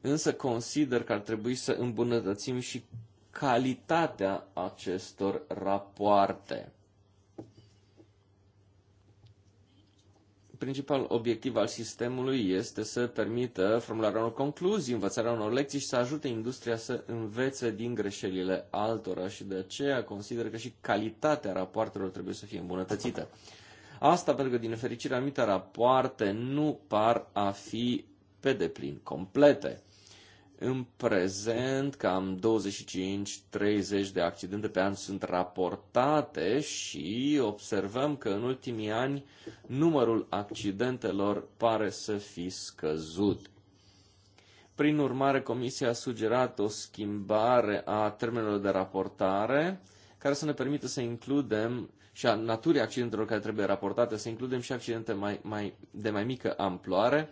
însă consider că ar trebui să îmbunătățim și calitatea acestor rapoarte. principal obiectiv al sistemului este să permită formularea unor concluzii, învățarea unor lecții și să ajute industria să învețe din greșelile altora și de aceea consider că și calitatea rapoartelor trebuie să fie îmbunătățită. Asta pentru că, din nefericire, anumite rapoarte nu par a fi pe deplin complete. În prezent, cam 25-30 de accidente pe an sunt raportate și observăm că în ultimii ani numărul accidentelor pare să fi scăzut. Prin urmare, Comisia a sugerat o schimbare a termenelor de raportare care să ne permită să includem și a naturii accidentelor care trebuie raportate, să includem și accidente mai, mai, de mai mică amploare,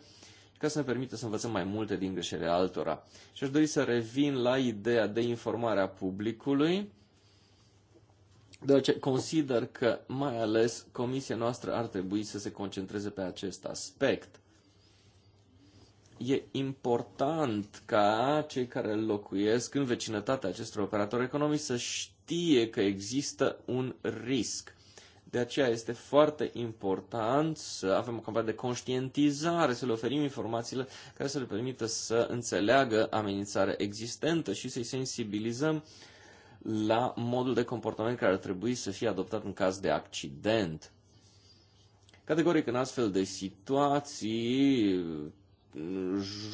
ca să ne permită să învățăm mai multe din greșelile altora. Și aș dori să revin la ideea de informare a publicului, deoarece consider că mai ales comisia noastră ar trebui să se concentreze pe acest aspect. E important ca cei care locuiesc în vecinătatea acestor operatori economici să știe că există un risc de aceea este foarte important să avem o campanie de conștientizare, să le oferim informațiile care să le permită să înțeleagă amenințarea existentă și să-i sensibilizăm la modul de comportament care ar trebui să fie adoptat în caz de accident. Categoric, în astfel de situații,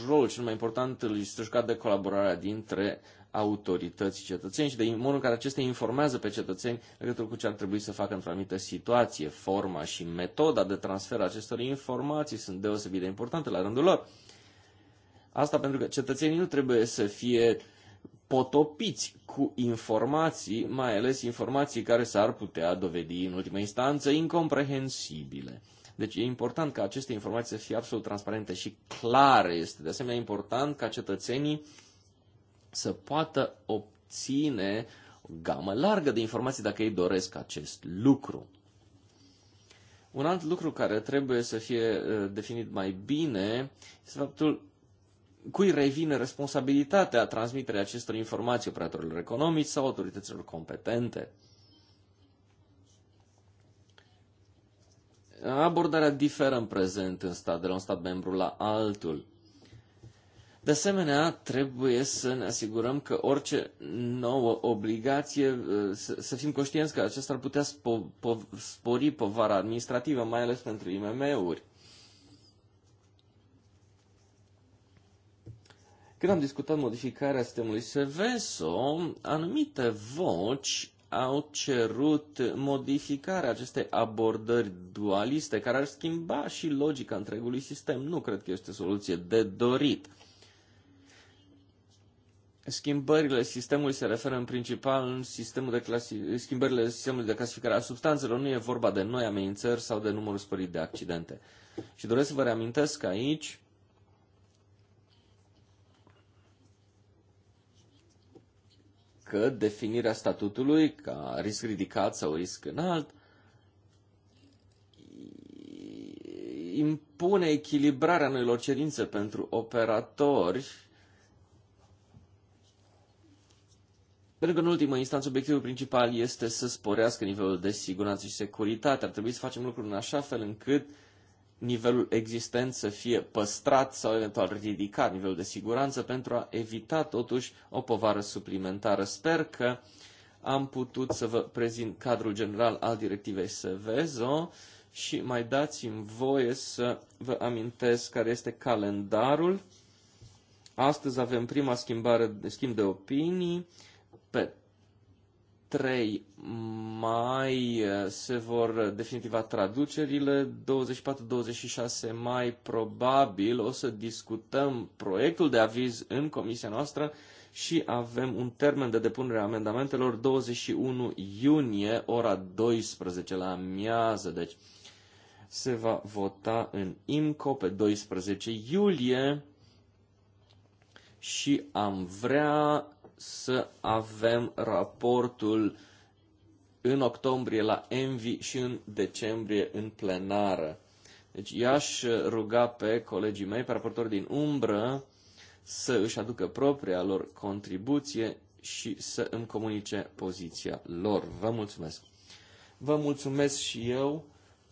rolul cel mai important este jucat de colaborarea dintre autorități cetățeni și de modul în care acestea informează pe cetățeni legătură cu ce ar trebui să facă într-o anumită situație. Forma și metoda de transfer a acestor informații sunt deosebit de importante la rândul lor. Asta pentru că cetățenii nu trebuie să fie potopiți cu informații, mai ales informații care s-ar putea dovedi în ultima instanță incomprehensibile. Deci e important ca aceste informații să fie absolut transparente și clare. Este de asemenea important ca cetățenii să poată obține o gamă largă de informații dacă ei doresc acest lucru. Un alt lucru care trebuie să fie uh, definit mai bine este faptul cui revine responsabilitatea transmiterii acestor informații operatorilor economici sau autorităților competente. Abordarea diferă în prezent în stat, de la un stat membru la altul. De asemenea, trebuie să ne asigurăm că orice nouă obligație, uh, să, fim conștienți că acesta ar putea spo, po, spori povara administrativă, mai ales pentru IMM-uri. Când am discutat modificarea sistemului SEVESO, anumite voci au cerut modificarea acestei abordări dualiste, care ar schimba și logica întregului sistem. Nu cred că este o soluție de dorit. Schimbările sistemului se referă în principal în sistemul de clasi- schimbările sistemului de clasificare a substanțelor. Nu e vorba de noi amenințări sau de numărul sporit de accidente. Și doresc să vă reamintesc că aici că definirea statutului ca risc ridicat sau risc înalt impune echilibrarea noilor cerințe pentru operatori Pentru că, în ultima instanță, obiectivul principal este să sporească nivelul de siguranță și securitate. Ar trebui să facem lucruri în așa fel încât nivelul existent să fie păstrat sau eventual ridicat nivelul de siguranță pentru a evita totuși o povară suplimentară. Sper că am putut să vă prezint cadrul general al directivei SVEZO și mai dați-mi voie să vă amintesc care este calendarul. Astăzi avem prima schimbare, schimb de opinii pe 3 mai eh, se vor definitiva traducerile, 24-26 mai probabil o să discutăm proiectul de aviz în comisia noastră și avem un termen de depunere a amendamentelor 21 iunie, ora 12 la amiază, deci se va vota în IMCO pe 12 iulie și am vrea să avem raportul în octombrie la Envi și în decembrie în plenară. Deci i-aș ruga pe colegii mei, pe raportori din umbră, să își aducă propria lor contribuție și să îmi comunice poziția lor. Vă mulțumesc! Vă mulțumesc și eu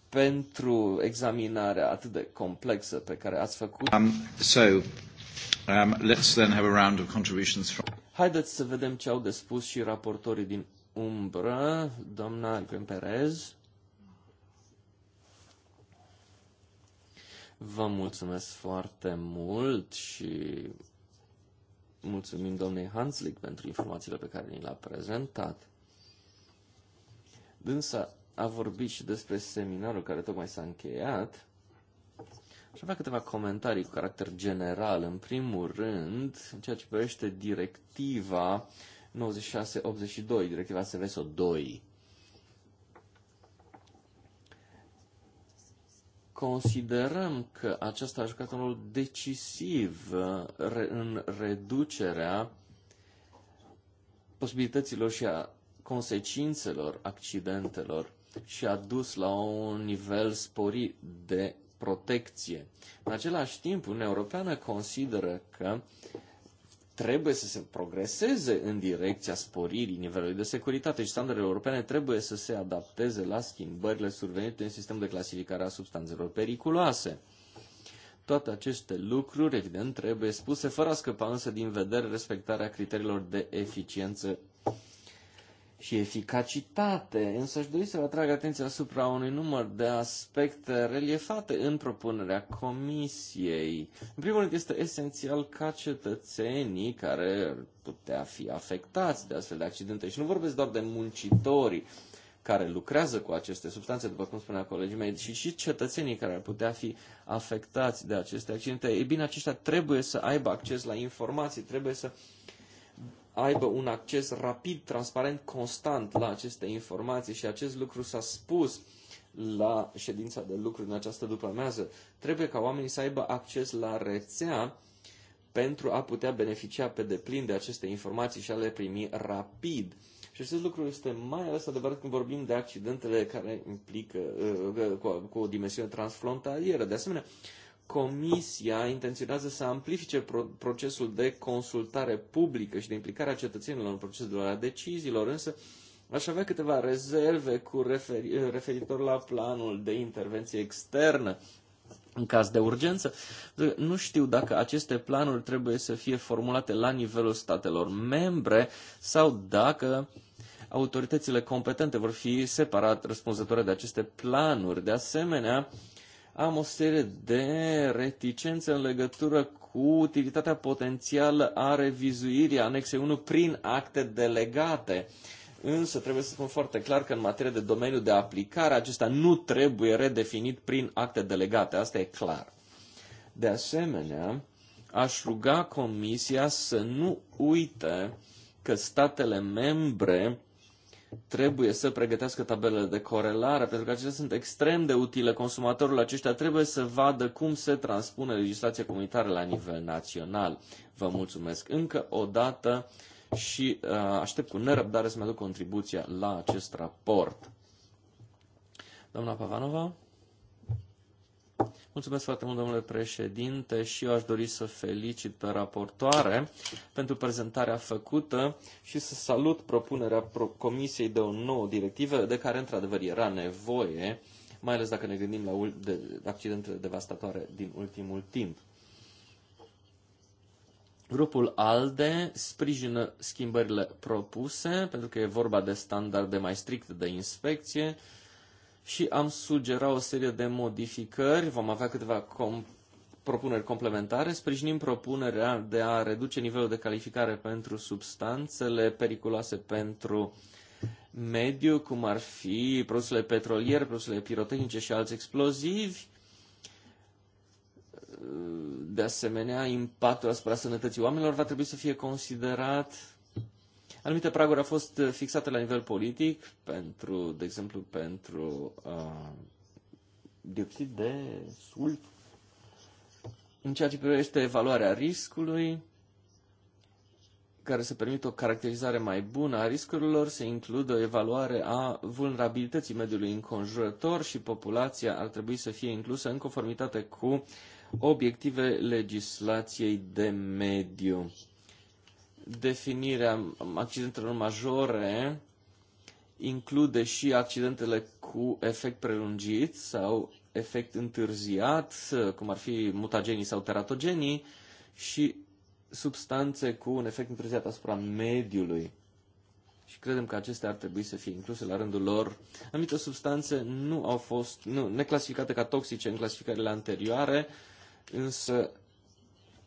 pentru examinarea atât de complexă pe care ați făcut. Um, so, um, let's then have a round of contributions from... Haideți să vedem ce au de spus și raportorii din umbră, doamna Alpen Perez. Vă mulțumesc foarte mult și mulțumim doamnei Hanslick pentru informațiile pe care ni le-a prezentat. Dânsa a vorbit și despre seminarul care tocmai s-a încheiat și avea câteva comentarii cu caracter general. În primul rând, în ceea ce privește directiva 9682, directiva SVSO 2. Considerăm că aceasta a jucat un rol decisiv în reducerea posibilităților și a consecințelor accidentelor și a dus la un nivel sporit de protecție. În același timp, Uniunea Europeană consideră că trebuie să se progreseze în direcția sporirii nivelului de securitate și standardele europene trebuie să se adapteze la schimbările survenite în sistemul de clasificare a substanțelor periculoase. Toate aceste lucruri, evident, trebuie spuse fără a scăpa însă din vedere respectarea criteriilor de eficiență și eficacitate, însă aș dori să vă atrag atenția asupra unui număr de aspecte reliefate în propunerea comisiei. În primul rând, este esențial ca cetățenii care putea fi afectați de astfel de accidente, și nu vorbesc doar de muncitorii care lucrează cu aceste substanțe, după cum spunea colegii mei, și și cetățenii care ar putea fi afectați de aceste accidente, e bine, aceștia trebuie să aibă acces la informații, trebuie să uh, aibă un acces rapid, transparent, constant la aceste informații și acest lucru s-a spus la ședința de lucru în această după-amiază. Trebuie ca oamenii să aibă acces la rețea pentru a putea beneficia pe deplin de aceste informații și a le primi rapid. Și acest lucru este mai ales adevărat când vorbim de accidentele care implică uh, cu, o dimensiune transfrontalieră. De asemenea, Comisia intenționează să amplifice procesul de consultare publică și de implicare a cetățenilor în procesul de luare a deciziilor, însă aș avea câteva rezerve cu referi referitor la planul de intervenție externă în caz de urgență. Nu știu dacă aceste planuri trebuie să fie formulate la nivelul statelor membre sau dacă autoritățile competente vor fi separat răspunzătoare de aceste planuri. De asemenea, uh, am o serie de reticențe în legătură cu utilitatea potențială a revizuirii anexei 1 prin acte delegate. Însă trebuie să spun foarte clar că în materie de domeniu de aplicare acesta nu trebuie redefinit prin acte delegate. Asta e clar. De asemenea, aș ruga Comisia să nu uite că statele membre trebuie să pregătească tabelele de corelare, pentru că acestea sunt extrem de utile. Consumatorul Acestea trebuie să vadă cum se transpune legislația comunitară la nivel național. Vă mulțumesc încă o dată și uh, aștept cu nerăbdare să-mi aduc contribuția la acest raport. Doamna Pavanova? Mulțumesc foarte mult, domnule președinte, și eu aș dori să felicit pe raportoare pentru prezentarea făcută și să salut propunerea Comisiei de o nouă directivă de care într-adevăr era nevoie, mai ales dacă ne gândim la accidentele devastatoare din ultimul timp. Grupul ALDE sprijină schimbările propuse pentru că e vorba de standarde mai stricte de inspecție, și am sugera o serie de modificări. Vom avea câteva com- propuneri complementare. Sprijinim propunerea de a reduce nivelul de calificare pentru substanțele periculoase pentru mediu, cum ar fi produsele petroliere, produsele pirotehnice și alți explozivi. De asemenea, impactul asupra sănătății oamenilor va trebui să fie considerat Anumite praguri au fost uh, fixate la nivel politic, pentru, de exemplu, pentru uh, dioxid de sulf. În ceea ce privește evaluarea riscului, care să permită o caracterizare mai bună a riscurilor, se include o evaluare a vulnerabilității mediului înconjurător și populația ar trebui să fie inclusă în conformitate cu obiective legislației de mediu definirea accidentelor majore include și accidentele cu efect prelungit sau efect întârziat, cum ar fi mutagenii sau teratogenii, și substanțe cu un efect întârziat asupra mediului. Și credem că acestea ar trebui să fie incluse la rândul lor. Anumite substanțe nu au fost nu, neclasificate ca toxice în clasificările anterioare, însă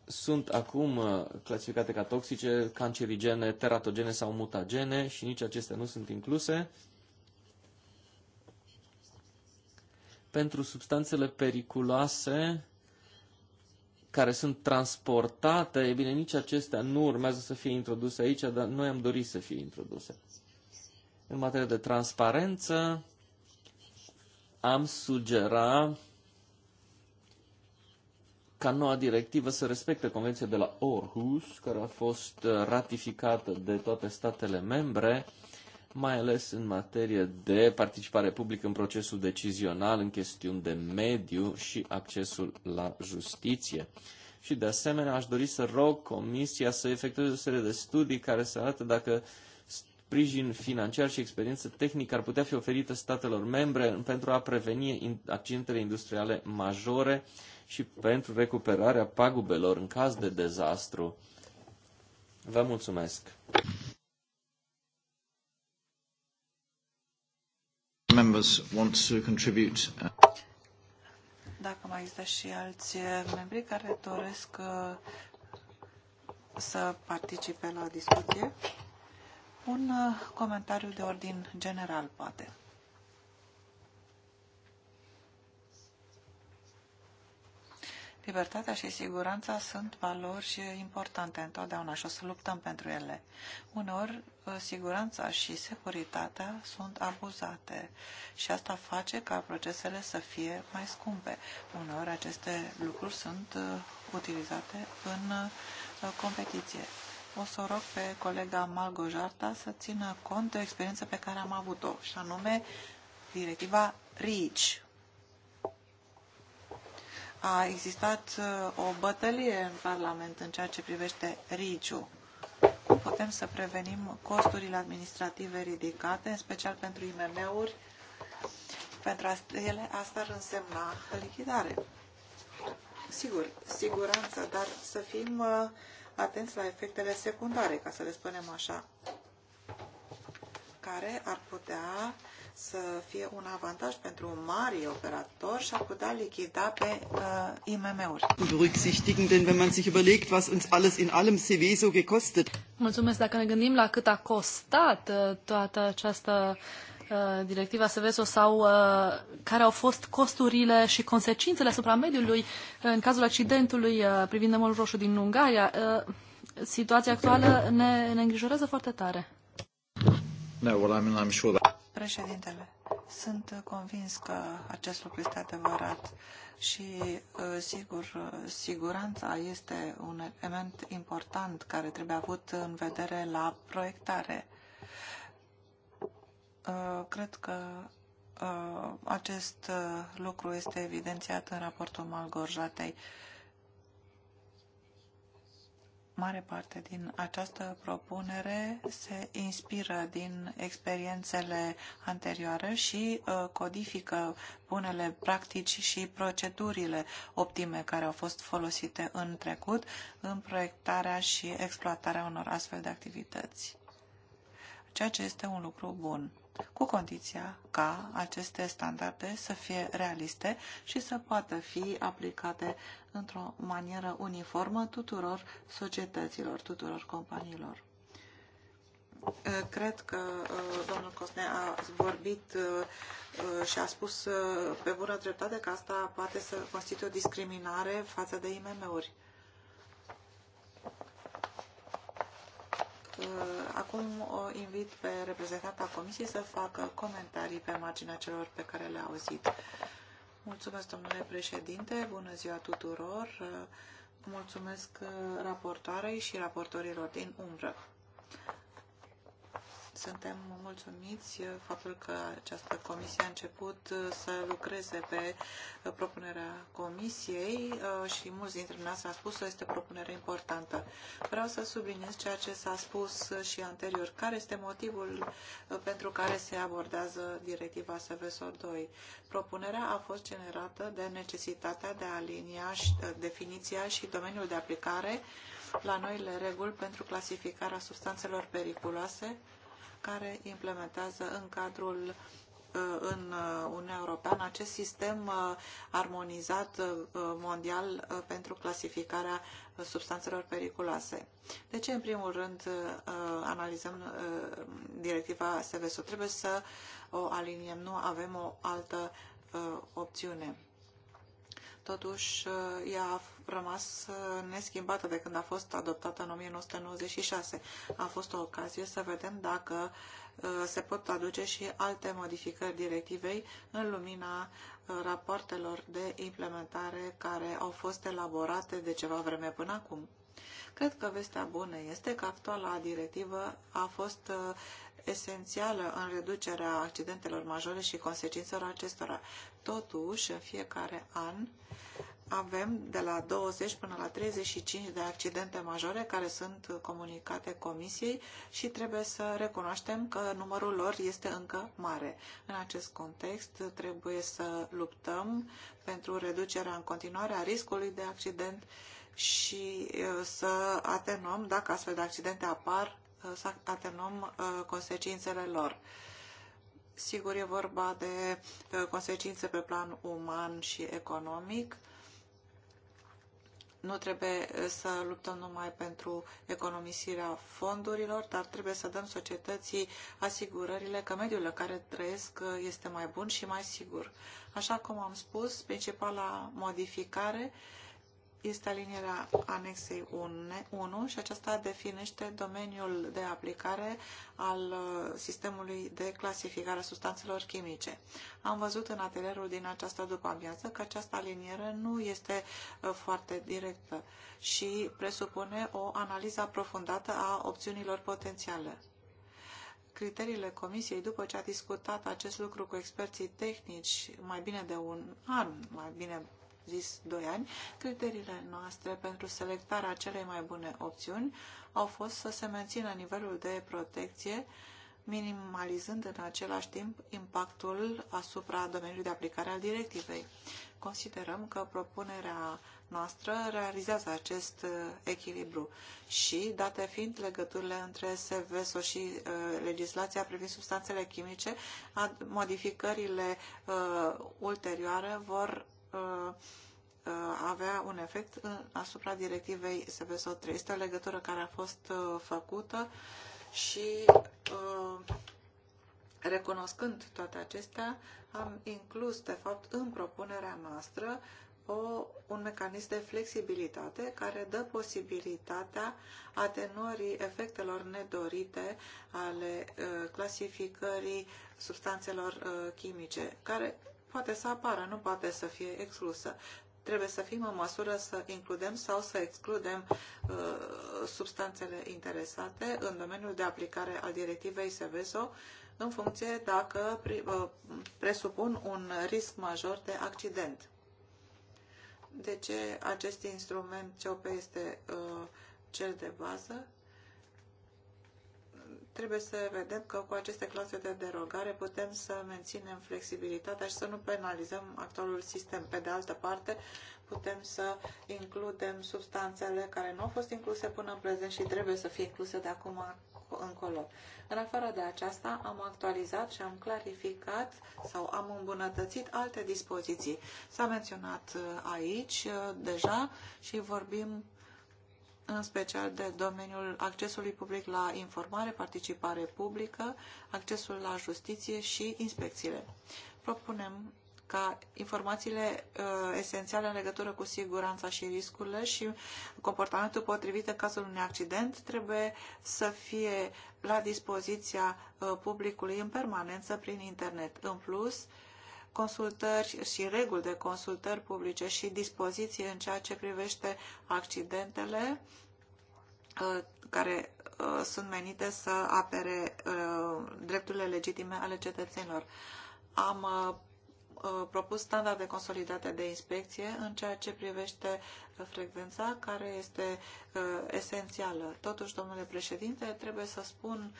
sunt acum uh, clasificate ca toxice, cancerigene, teratogene sau mutagene și nici acestea nu sunt incluse. Pentru substanțele periculoase care sunt transportate, e bine, nici acestea nu urmează să fie introduse aici, dar noi am dorit să fie introduse. În materie de transparență, am sugera ca noua directivă să respecte Convenția de la Aarhus, care a fost uh, ratificată de toate statele membre, mai ales în materie de participare publică în procesul decizional, în chestiuni de mediu și accesul la justiție. Și de asemenea aș dori să rog Comisia să efectueze o serie de studii care să arată dacă sprijin financiar și experiență tehnică ar putea fi oferită statelor membre pentru a preveni accidentele industriale majore și pentru recuperarea pagubelor în caz de dezastru. Vă mulțumesc! Uh, Dacă mai există și alți uh, membri care doresc uh, să participe la discuție, un comentariu de ordin general, poate. Libertatea și siguranța sunt valori importante întotdeauna și o să luptăm pentru ele. Uneori, uh, siguranța și securitatea sunt abuzate și asta face ca procesele să fie mai scumpe. Uneori, aceste lucruri sunt uh, utilizate în uh, competiție. O să rog pe colega Malgojarta să țină cont de o experiență pe care am avut-o, și anume directiva REACH, a existat uh, o bătălie în Parlament în ceea ce privește RIGIU. Cum putem să prevenim costurile administrative ridicate, în special pentru IMM-uri? Pentru ele asta ar însemna lichidare. Sigur, siguranță, dar să fim uh, atenți la efectele secundare, ca să le spunem așa, care ar putea să fie un avantaj pentru mari operatori și a putea lichida pe uh, IMM-uri. Berücksichtigen, denn wenn man sich überlegt, was uns alles in allem CV so gekostet. Mulțumesc dacă ne gândim la cât a costat uh, toată această uh, directiva SVSO sau uh, care au fost costurile și consecințele asupra mediului uh, în cazul accidentului uh, privind demolul roșu din Ungaria. Uh, situația actuală ne, ne îngrijorează foarte tare. No, well, I mean, I'm sure that... Președintele, sunt convins că acest lucru este adevărat și, uh, sigur, siguranța este un element important care trebuie avut în vedere la proiectare. Uh, cred că uh, acest lucru este evidențiat în raportul Malgorjatei mare parte din această propunere se inspiră din experiențele anterioare și uh, codifică bunele practici și procedurile optime care au fost folosite în trecut în proiectarea și exploatarea unor astfel de activități. Ceea ce este un lucru bun cu condiția ca aceste standarde să fie realiste și să poată fi aplicate într-o manieră uniformă tuturor societăților, tuturor companiilor. Uh, cred că uh, domnul Cosne a vorbit uh, și a spus pe bună dreptate că asta poate să constituie o discriminare față de IMM-uri. Acum o invit pe reprezentanta Comisiei să facă comentarii pe marginea celor pe care le-a auzit. Mulțumesc, domnule președinte, bună ziua tuturor. Mulțumesc raportoarei și raportorilor din umbră. Suntem mulțumiți uh, faptul că această comisie a început uh, să lucreze pe uh, propunerea comisiei și mulți dintre noi s a spus că este o propunere importantă. Vreau să subliniez ceea ce s-a spus și anterior. Care este motivul pentru care se abordează directiva SVSOR 2? Propunerea a fost generată de necesitatea de a alinia definiția și domeniul de aplicare la noile reguli pentru clasificarea substanțelor periculoase care implementează în cadrul uh, în uh, Uniunea Europeană acest sistem uh, armonizat mondial pentru clasificarea substanțelor periculoase. De ce, în primul rând, analizăm directiva SVSO? Trebuie să o aliniem, nu avem o altă opțiune totuși uh, ea a rămas uh, neschimbată de când a fost adoptată în 1996. A fost o ocazie să vedem dacă uh, se pot aduce și alte modificări directivei în lumina rapoartelor de implementare care au fost elaborate de ceva vreme până acum. Cred că vestea bună este că actuala directivă a fost uh, esențială în reducerea accidentelor majore și consecințelor acestora. Totuși, în fiecare an avem de la 20 până la 35 de accidente majore care sunt comunicate comisiei și trebuie să recunoaștem că numărul lor este încă mare. În acest context trebuie să luptăm pentru reducerea în continuare a riscului de accident și să atenuăm, dacă astfel de accidente apar, să atenuăm consecințele lor. Sigur, e vorba de consecințe pe plan uman și economic. Nu trebuie să luptăm numai pentru economisirea fondurilor, dar trebuie să dăm societății asigurările că mediul în care trăiesc este mai bun și mai sigur. Așa cum am spus, principala modificare uh, este alinierea anexei 1 și aceasta definește domeniul de aplicare al uh, sistemului de clasificare a substanțelor chimice. Am văzut în atelierul din această după-amiază că această aliniere nu este uh, foarte directă și presupune o analiză aprofundată a opțiunilor potențiale criteriile comisiei, după ce a discutat acest lucru cu experții tehnici mai bine de un an, mai bine zis 2 ani, criteriile noastre pentru selectarea celei mai bune opțiuni au fost să se mențină nivelul de protecție, minimalizând în același timp impactul asupra domeniului de aplicare al directivei. Considerăm că propunerea noastră realizează acest uh, echilibru și, date fiind legăturile între SVSO și uh, legislația privind substanțele chimice, modificările uh, ulterioare vor Uh, avea un efect asupra directivei SBSO3. Este o legătură care a fost uh, făcută și uh, recunoscând toate acestea, am inclus, de fapt, în propunerea noastră o, un mecanism de flexibilitate care dă posibilitatea atenuării efectelor nedorite ale uh, clasificării substanțelor uh, chimice, care poate să apară, nu poate să fie exclusă. Trebuie să fim în măsură să includem sau să excludem uh, substanțele interesate în domeniul de aplicare al directivei SEVESO în funcție dacă uh, presupun un risc major de accident. De ce acest instrument COP este uh, cel de bază? trebuie să vedem că cu aceste clase de derogare putem să menținem flexibilitatea și să nu penalizăm actualul sistem. Pe de altă parte, putem să includem substanțele care nu au fost incluse până în prezent și trebuie să fie incluse de acum încolo. În afară de aceasta, am actualizat și am clarificat sau am îmbunătățit alte dispoziții. S-a menționat uh, aici uh, deja și vorbim în special de domeniul accesului public la informare, participare publică, accesul la justiție și inspecțiile. Propunem ca informațiile uh, esențiale în legătură cu siguranța și riscurile și comportamentul potrivit în cazul unui accident trebuie să fie la dispoziția uh, publicului în permanență prin internet. În plus, uh, consultări și reguli de consultări publice și dispoziție în ceea ce privește accidentele uh, care uh, sunt menite să apere uh, drepturile legitime ale cetățenilor. Am propus standarde consolidate de inspecție în ceea ce privește frecvența, care este esențială. Totuși, domnule președinte, trebuie să spun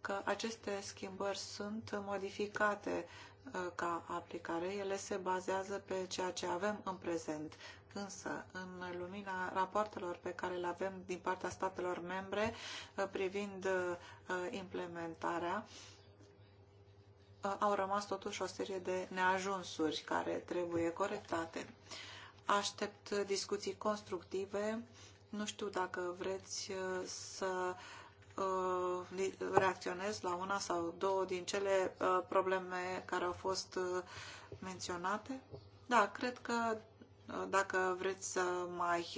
că aceste schimbări sunt modificate Uh, ca aplicare, ele se bazează pe ceea ce avem în prezent. Însă, în lumina rapoartelor pe care le avem din partea statelor membre uh, privind uh, implementarea, au rămas totuși o serie de neajunsuri care trebuie corectate. Aștept discuții constructive. Nu știu dacă vreți să uh, Uh, reacționez la una sau două din cele uh, probleme care au fost uh, menționate. Da, cred că dacă vreți să mai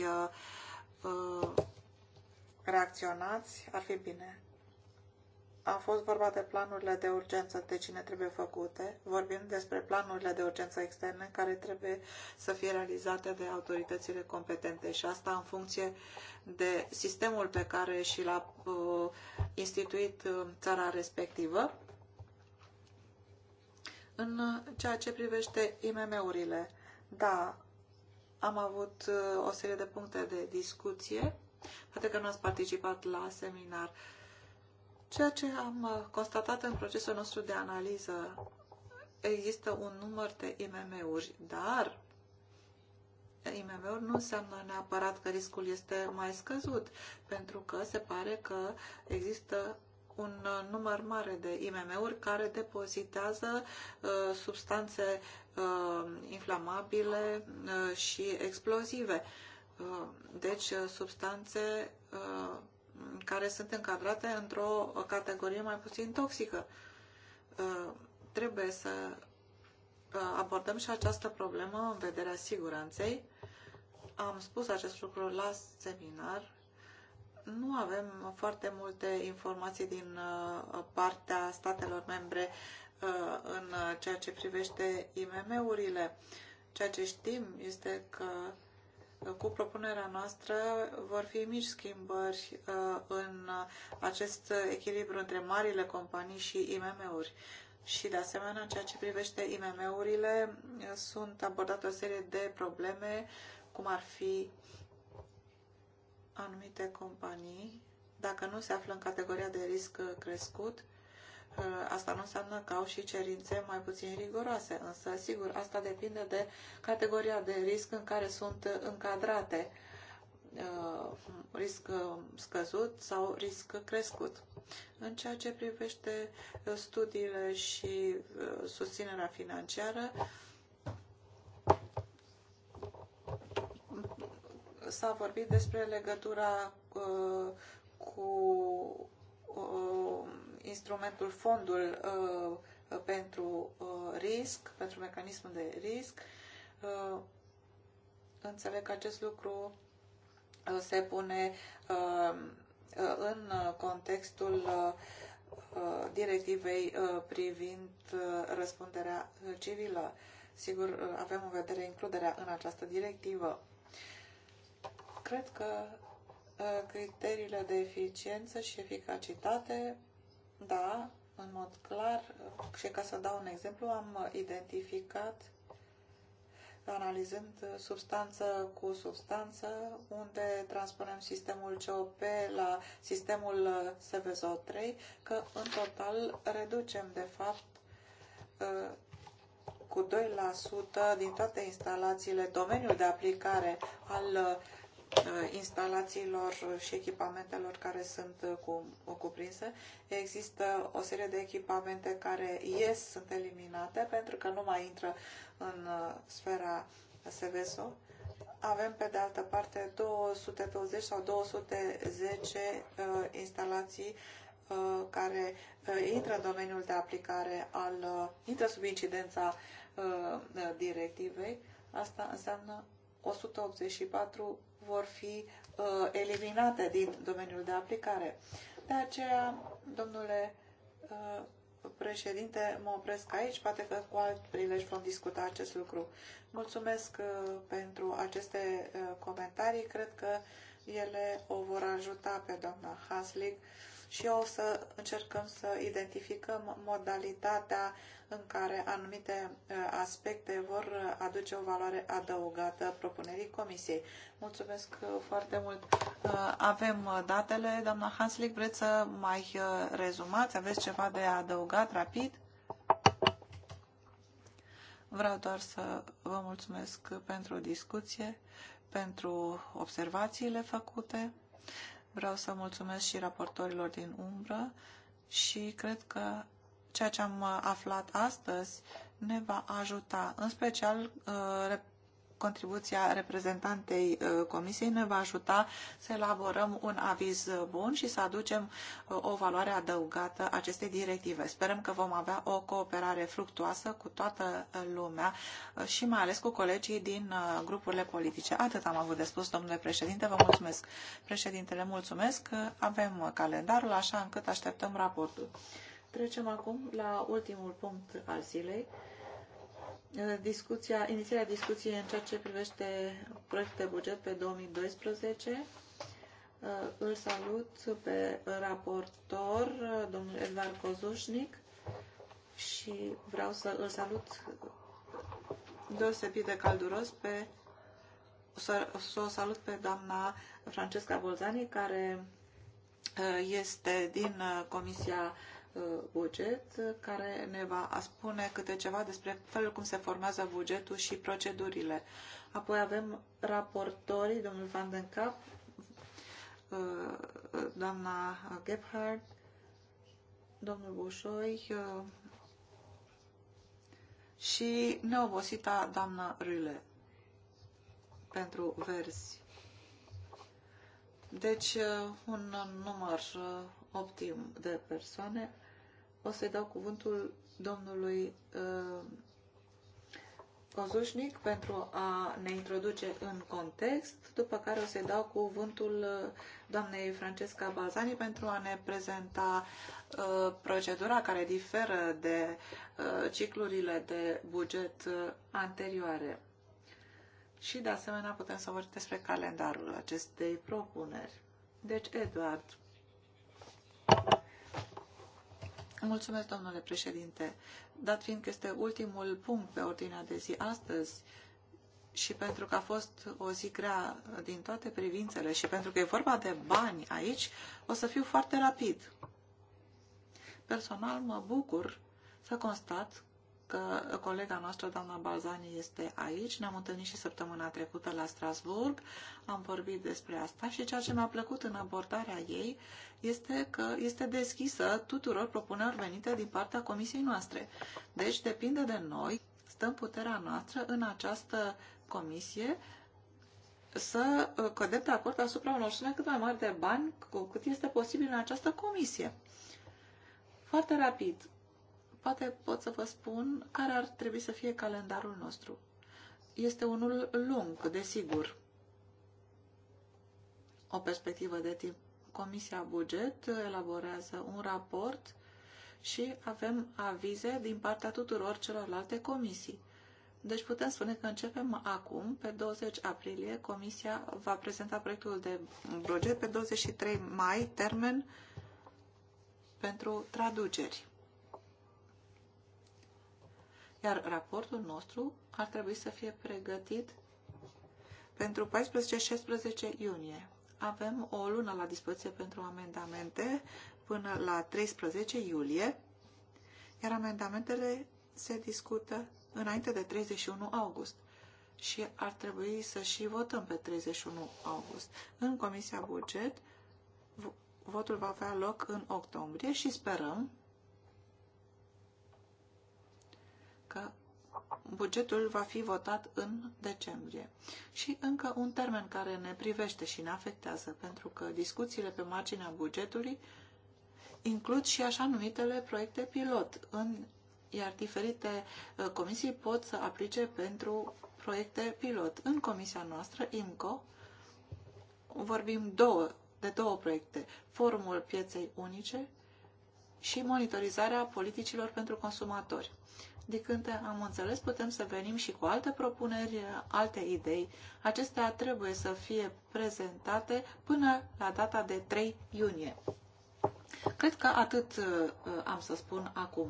reacționați, ar fi bine a fost vorba de planurile de urgență, de cine trebuie făcute. Vorbim despre planurile de urgență externe care trebuie să fie realizate de autoritățile competente și asta în funcție de sistemul pe care și l-a uh, instituit uh, țara respectivă. În ceea ce privește IMM-urile, da, am avut uh, o serie de puncte de discuție. Poate că nu ați participat la seminar. Uh, Ceea ce am uh, constatat în procesul nostru de analiză, există un număr de IMM-uri, dar IMM-uri nu înseamnă neapărat că riscul este mai scăzut, pentru că se pare că există un uh, număr mare de IMM-uri care depozitează uh, substanțe uh, inflamabile uh, și explozive. Uh, deci, uh, substanțe uh, care sunt încadrate într-o categorie mai puțin toxică. Uh, trebuie să uh, abordăm și această problemă în vederea siguranței. Am spus acest lucru la seminar. Nu avem foarte multe informații din uh, partea statelor membre în ceea ce privește IMM-urile. Ceea ce știm este că cu propunerea noastră vor fi mici schimbări uh, în acest echilibru între marile companii și IMM-uri. Și, de asemenea, în ceea ce privește IMM-urile, sunt abordate o serie de probleme, cum ar fi anumite companii, dacă nu se află în categoria de risc crescut, Ă, asta nu înseamnă că au și cerințe mai puțin riguroase, însă, sigur, asta depinde de categoria de risc în care sunt încadrate, ă, risc ă, scăzut sau risc crescut. În ceea ce privește studiile și susținerea financiară, s-a vorbit despre legătura cu, cu instrumentul, fondul uh, pentru uh, risc, pentru mecanismul de risc. Uh, înțeleg că acest lucru se pune în contextul directivei privind răspunderea civilă. Sigur, avem în vedere includerea în această directivă. Cred că criteriile de eficiență și eficacitate da, în mod clar, și ca să dau un exemplu, am identificat, analizând substanță cu substanță, unde transpunem sistemul COP la sistemul SVZO3, că în total reducem, de fapt, cu 2% din toate instalațiile, domeniul de aplicare al Uh, instalațiilor și echipamentelor care sunt uh, cu, uh, cuprinse. Există o serie de echipamente care ies, sunt eliminate pentru că nu mai intră în sfera SVSO. Avem, pe de altă parte, 220 sau 210 instalații care intră în domeniul de aplicare al, intră sub incidența directivei. Asta înseamnă 184 vor fi uh, eliminate din domeniul de aplicare. De aceea, domnule uh, președinte, mă opresc aici, poate că cu alt prilej vom discuta acest lucru. Mulțumesc uh, pentru aceste uh, comentarii, cred că ele o vor ajuta pe doamna Haslick și o să încercăm să identificăm modalitatea în care anumite uh, aspecte vor uh, aduce o valoare adăugată propunerii Comisiei. Mulțumesc uh, foarte mult. Avem datele. Doamna Hanslick, vreți să mai rezumați? Aveți ceva de adăugat rapid? Vreau doar să vă mulțumesc pentru discuție, pentru observațiile făcute. Vreau să mulțumesc și raportorilor din umbră și cred că ceea ce am uh, aflat astăzi ne va ajuta, în special uh, contribuția reprezentantei uh, Comisiei ne va ajuta să elaborăm un aviz bun și să aducem uh, o valoare adăugată acestei directive. Sperăm că vom avea o cooperare fructuoasă cu toată uh, lumea și mai ales cu colegii din grupurile politice. Atât am avut de spus, domnule președinte, vă mulțumesc. Președintele, mulțumesc. Avem calendarul așa încât așteptăm raportul. Trecem acum la ultimul punct al zilei. Eh, discuția, inițierea discuției în ceea ce privește proiectul de buget pe 2012. Eh, îl salut pe raportor, eh, domnul Edvard Cozușnic, și vreau să îl salut deosebit de calduros pe să, să o salut pe doamna Francesca Bolzani, care este din Comisia Uh, buget care ne va spune câte ceva despre felul cum se formează bugetul și procedurile. Apoi avem raportorii, domnul Van den Cap, uh, doamna Gebhardt, domnul Bușoi uh, și neobosita doamna Râle pentru verzi. Deci, un număr optim de persoane, o să-i dau cuvântul domnului uh, Cozușnic pentru a ne introduce în context, după care o să-i dau cuvântul uh, doamnei Francesca Balzani pentru a ne prezenta uh, procedura care diferă de uh, ciclurile de buget uh, anterioare. Și, de asemenea, putem să vorbim despre calendarul acestei propuneri. Deci, Eduard, Mulțumesc, domnule președinte. Dat fiind că este ultimul punct pe ordinea de zi astăzi și pentru că a fost o zi grea din toate privințele și pentru că e vorba de bani aici, o să fiu foarte rapid. Personal mă bucur să constat că colega noastră, doamna Balzani, este aici. Ne-am întâlnit și săptămâna trecută la Strasburg, am vorbit despre asta și ceea ce mi-a plăcut în abordarea ei este că este deschisă tuturor propuneri venite din partea comisiei noastre. Deci depinde de noi, stăm puterea noastră în această comisie să cădem de acord asupra unor sume cât mai mari de bani cu cât este posibil în această comisie. Foarte rapid, poate pot să vă spun care ar trebui să fie calendarul nostru. Este unul lung, desigur. O perspectivă de timp. Comisia Buget elaborează un raport și avem avize din partea tuturor celorlalte comisii. Deci putem spune că începem acum, pe 20 aprilie, Comisia va prezenta proiectul de buget pe 23 mai, termen pentru traduceri. Iar raportul nostru ar trebui să fie pregătit pentru 14-16 iunie. Avem o lună la dispoziție pentru amendamente până la 13 iulie, iar amendamentele se discută înainte de 31 august și ar trebui să și votăm pe 31 august. În Comisia Buget, votul va avea loc în octombrie și sperăm că bugetul va fi votat în decembrie. Și încă un termen care ne privește și ne afectează, pentru că discuțiile pe marginea bugetului includ și așa numitele proiecte pilot, în, iar diferite uh, comisii pot să aplice pentru proiecte pilot. În comisia noastră, IMCO, vorbim două, de două proiecte, formul Pieței Unice și monitorizarea politicilor pentru consumatori. De când am înțeles, putem să venim și cu alte propuneri, alte idei. Acestea trebuie să fie prezentate până la data de 3 iunie. Cred că atât uh, am să spun acum.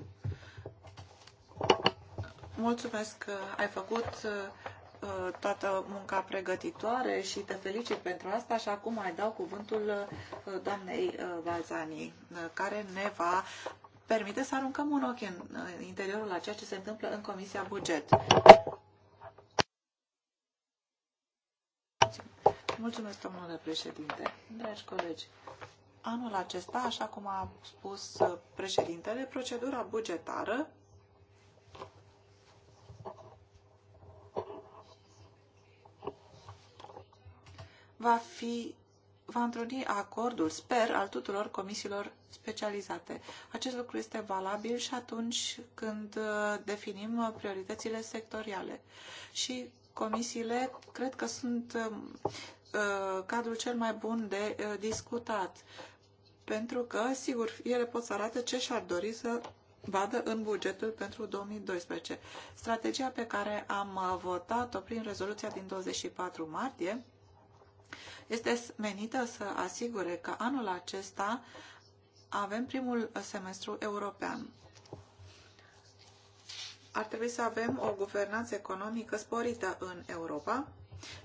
Mulțumesc că ai făcut uh, uh, toată munca pregătitoare și te felicit pentru asta și acum mai dau cuvântul doamnei Valzani, care ne va permite să aruncăm un ochi în interiorul la ceea ce se întâmplă în Comisia Buget. Mulțumesc, domnule președinte. Dragi colegi, anul acesta, așa cum a spus președintele, procedura bugetară va fi va întruni acordul, sper, al tuturor comisiilor specializate. Acest lucru este valabil și atunci când uh, definim uh, prioritățile sectoriale. Și comisiile cred că sunt um, uh, cadrul cel mai bun de uh, discutat. Pentru că, sigur, ele pot să arate ce și-ar dori să vadă în bugetul pentru 2012. Strategia pe care am uh, votat-o prin rezoluția din 24 martie este menită să asigure că anul acesta avem primul semestru european. Ar trebui să avem o guvernanță economică sporită în Europa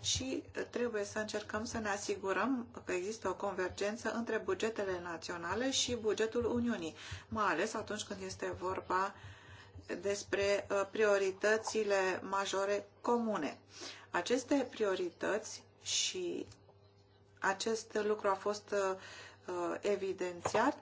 și trebuie să încercăm să ne asigurăm că există o convergență între bugetele naționale și bugetul Uniunii, mai ales atunci când este vorba despre uh, prioritățile majore comune. Aceste priorități și acest lucru a fost uh, uh, evidențiat,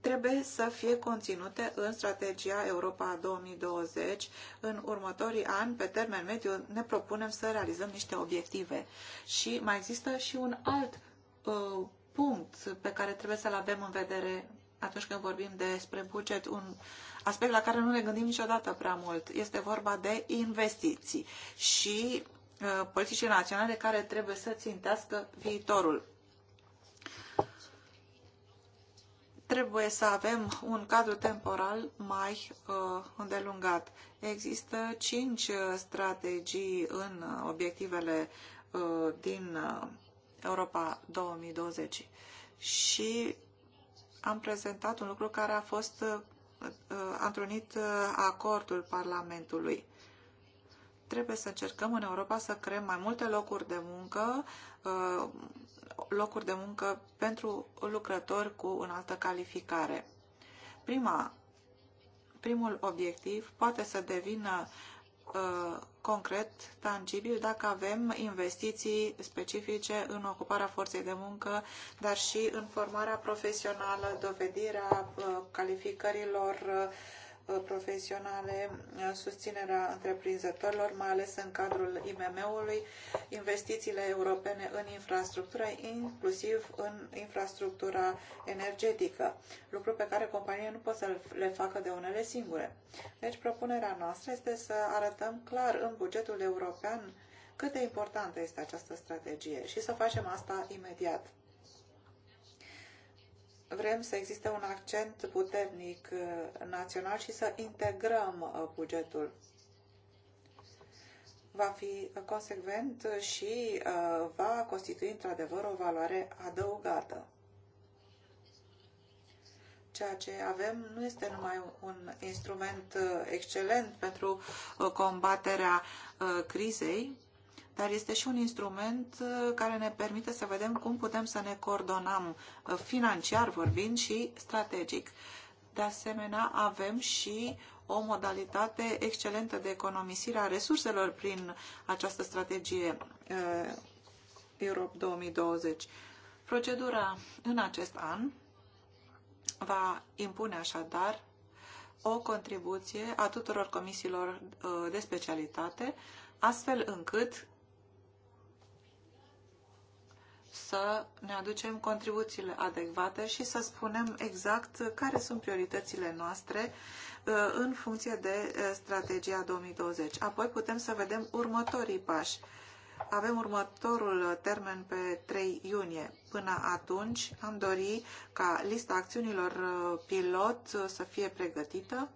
trebuie să fie conținute în strategia Europa 2020. În următorii ani, pe termen mediu, ne propunem să realizăm niște obiective. Și mai există și un alt uh, punct pe care trebuie să-l avem în vedere atunci când vorbim despre buget, un aspect la care nu ne gândim niciodată prea mult. Este vorba de investiții și Uh, politicii naționale care trebuie să țintească viitorul. Trebuie să avem un cadru temporal mai uh, îndelungat. Există cinci uh, strategii în uh, obiectivele uh, din Europa 2020 și am prezentat un lucru care a fost uh, întrunit acordul Parlamentului Trebuie să încercăm în Europa să creăm mai multe locuri de muncă, uh, locuri de muncă pentru lucrători cu înaltă calificare. Prima, primul obiectiv poate să devină uh, concret, tangibil, dacă avem investiții specifice în ocuparea forței de muncă, dar și în formarea profesională, dovedirea uh, calificărilor, Uh, profesionale, uh, susținerea întreprinzătorilor, mai ales în cadrul IMM-ului, investițiile europene în infrastructură, inclusiv în infrastructura energetică, lucru pe care companiile nu pot să le facă de unele singure. Deci propunerea noastră este să arătăm clar în bugetul european cât de importantă este această strategie și să facem asta imediat vrem să existe un accent puternic uh, național și să integrăm uh, bugetul. Va fi consecvent și uh, va constitui într-adevăr o valoare adăugată. Ceea ce avem nu este numai un instrument excelent pentru combaterea crizei, dar este și un instrument uh, care ne permite să vedem cum putem să ne coordonăm uh, financiar vorbind și strategic. De asemenea, avem și o modalitate excelentă de economisire a resurselor prin această strategie uh, Europe 2020. Procedura în acest an va impune așadar o contribuție a tuturor comisiilor de specialitate, astfel încât să ne aducem contribuțiile adecvate și să spunem exact care sunt prioritățile noastre uh, în funcție de uh, strategia 2020. Apoi putem să vedem următorii pași. Avem următorul termen pe 3 iunie. Până atunci am dori ca lista acțiunilor uh, pilot să fie pregătită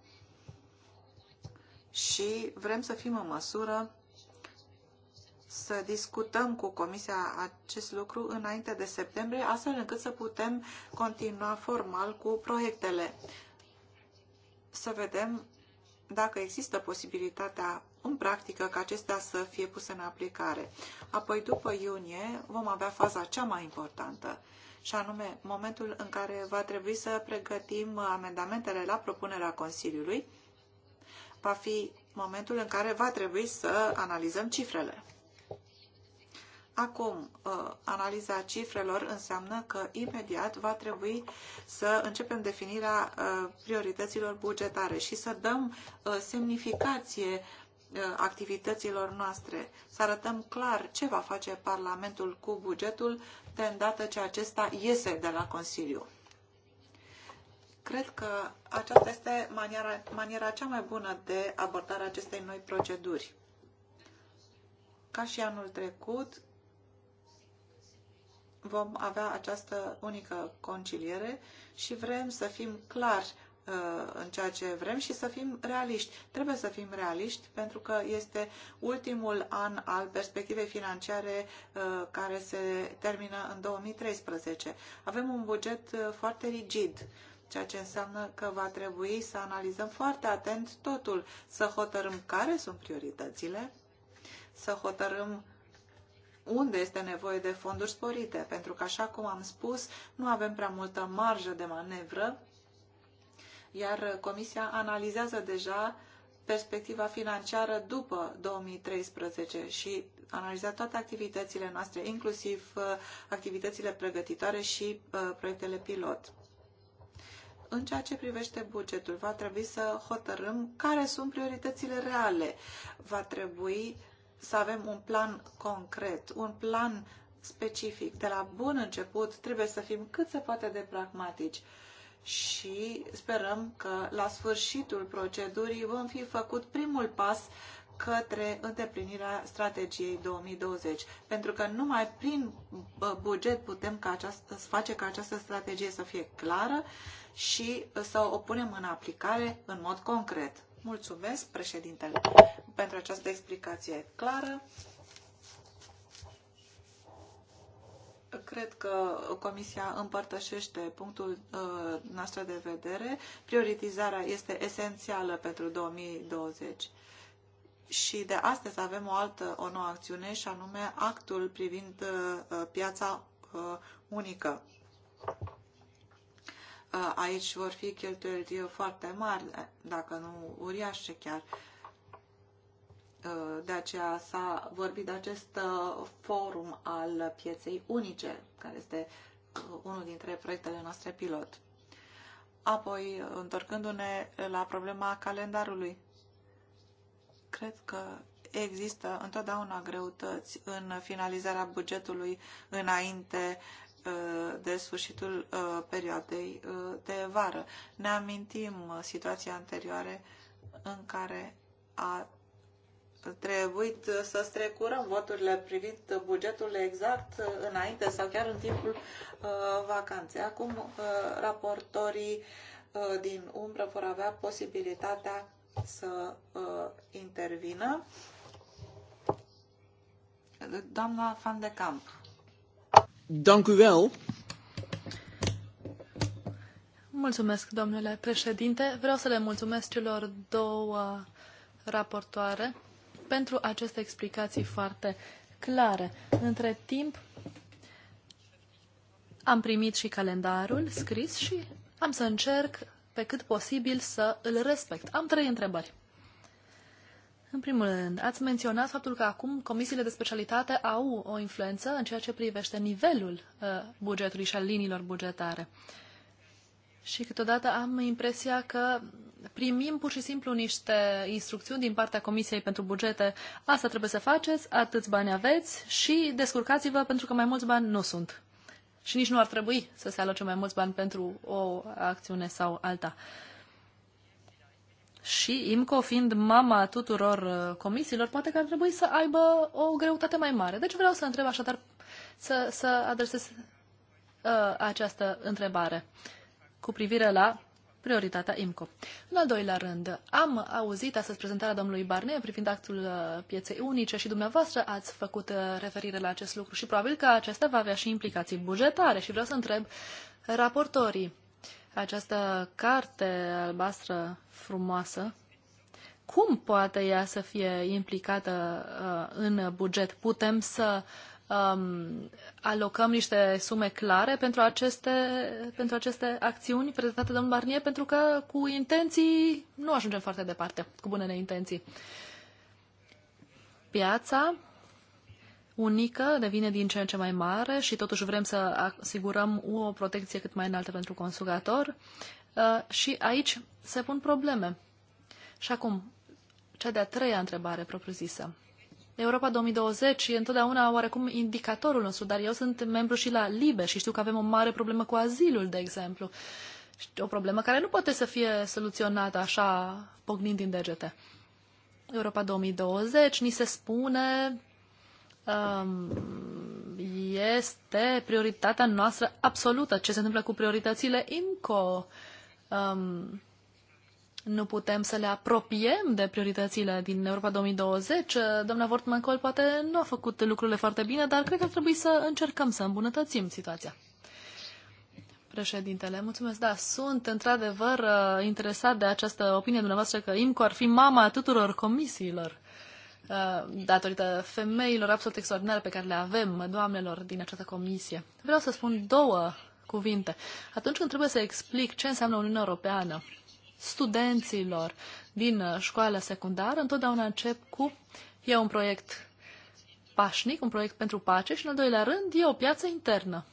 și vrem să fim în măsură să discutăm cu Comisia acest lucru înainte de septembrie, astfel încât să putem continua formal cu proiectele. Să vedem dacă există posibilitatea în practică ca acestea să fie puse în aplicare. Apoi, după iunie, vom avea faza cea mai importantă, și anume momentul în care va trebui să pregătim amendamentele la propunerea Consiliului. Va fi momentul în care va trebui să analizăm cifrele. Acum, uh, analiza cifrelor înseamnă că imediat va trebui să începem definirea uh, priorităților bugetare și să dăm uh, semnificație activităților noastre, să arătăm clar ce va face Parlamentul cu bugetul de îndată ce acesta iese de la Consiliu. Cred că aceasta este maniera, maniera cea mai bună de abordare acestei noi proceduri. Ca și anul trecut, vom avea această unică conciliere și vrem să fim clari uh, în ceea ce vrem și să fim realiști. Trebuie să fim realiști pentru că este ultimul an al perspectivei financiare uh, care se termină în 2013. Avem un buget uh, foarte rigid, ceea ce înseamnă că va trebui să analizăm foarte atent totul, să hotărâm care sunt prioritățile, să hotărâm unde este nevoie de fonduri sporite, pentru că, așa cum am spus, nu avem prea multă marjă de manevră, iar Comisia analizează deja perspectiva financiară după 2013 și analiza toate activitățile noastre, inclusiv uh, activitățile pregătitoare și uh, proiectele pilot. În ceea ce privește bugetul, va trebui să hotărâm care sunt prioritățile reale. Va trebui să avem un plan concret, un plan specific. De la bun început trebuie să fim cât se poate de pragmatici și sperăm că la sfârșitul procedurii vom fi făcut primul pas către îndeplinirea strategiei 2020, pentru că numai prin buget putem ca această, face ca această strategie să fie clară și să o punem în aplicare în mod concret. Mulțumesc, președintele, pentru această explicație clară. Cred că Comisia împărtășește punctul uh, nostru de vedere. Prioritizarea este esențială pentru 2020. Și de astăzi avem o altă, o nouă acțiune și anume actul privind uh, piața uh, unică aici vor fi cheltuieli foarte mari, dacă nu uriașe chiar. Uh, de aceea s-a vorbit de acest uh, forum al pieței unice, care este uh, unul dintre proiectele noastre pilot. Apoi, întorcându-ne la problema calendarului, cred că există întotdeauna greutăți în finalizarea bugetului înainte Uh, de sfârșitul uh, perioadei uh, de vară. Ne amintim situația anterioare în care a trebuit să strecurăm voturile privind bugetul exact înainte sau chiar în timpul vacanței. Acum raportorii din umbră vor avea posibilitatea să intervină. Doamna van de Camp. Dank u wel. Mulțumesc, domnule președinte. Vreau să le mulțumesc celor două raportoare pentru aceste explicații foarte clare. Între timp, am primit și calendarul scris și am să încerc pe cât posibil să îl respect. Am trei întrebări. În primul rând, ați menționat faptul că acum comisiile de specialitate au o influență în ceea ce privește nivelul uh, bugetului și al liniilor bugetare. Și câteodată am impresia că primim pur și simplu niște instrucțiuni din partea Comisiei pentru Bugete. Asta trebuie să faceți, atâți bani aveți și descurcați-vă pentru că mai mulți bani nu sunt. Și nici nu ar trebui să se aloce mai mulți bani pentru o acțiune sau alta. Uh, și IMCO fiind mama tuturor uh, comisiilor, poate că ar trebui să aibă o greutate mai mare. Deci vreau să întreb așadar, să, să adresez uh, această întrebare cu privire la prioritatea IMCO. În al doilea rând, am auzit astăzi prezentarea domnului Barnier privind actul uh, pieței unice și dumneavoastră ați făcut uh, referire la acest lucru și probabil că acesta va avea și implicații bugetare și vreau să întreb raportorii această carte albastră frumoasă, cum poate ea să fie implicată uh, în buget? Putem să um, alocăm niște sume clare pentru aceste, pentru aceste acțiuni prezentate de domnul Barnier, pentru că cu intenții nu ajungem foarte departe, cu bunele intenții. Piața unică devine din ce în ce mai mare și totuși vrem să asigurăm o protecție cât mai înaltă pentru consumator. Uh, și aici se pun probleme. Și acum, cea de-a treia întrebare propriu-zisă. Europa 2020 e întotdeauna oarecum indicatorul nostru, dar eu sunt membru și la LIBE și știu că avem o mare problemă cu azilul, de exemplu. O problemă care nu poate să fie soluționată așa, pognind din degete. Europa 2020 ni se spune este prioritatea noastră absolută. Ce se întâmplă cu prioritățile INCO? Um, nu putem să le apropiem de prioritățile din Europa 2020. Doamna Vortmancol poate nu a făcut lucrurile foarte bine, dar cred că ar trebui să încercăm să îmbunătățim situația. Președintele, mulțumesc. Da, sunt într-adevăr uh, interesat de această opinie dumneavoastră că IMCO ar fi mama tuturor comisiilor. Uh, datorită femeilor absolut extraordinare pe care le avem, doamnelor din această comisie. Vreau să spun două cuvinte. Atunci când trebuie să explic ce înseamnă Uniunea Europeană studenților din școala secundară, întotdeauna încep cu e un proiect pașnic, un proiect pentru pace și, în al doilea rând, e o piață internă.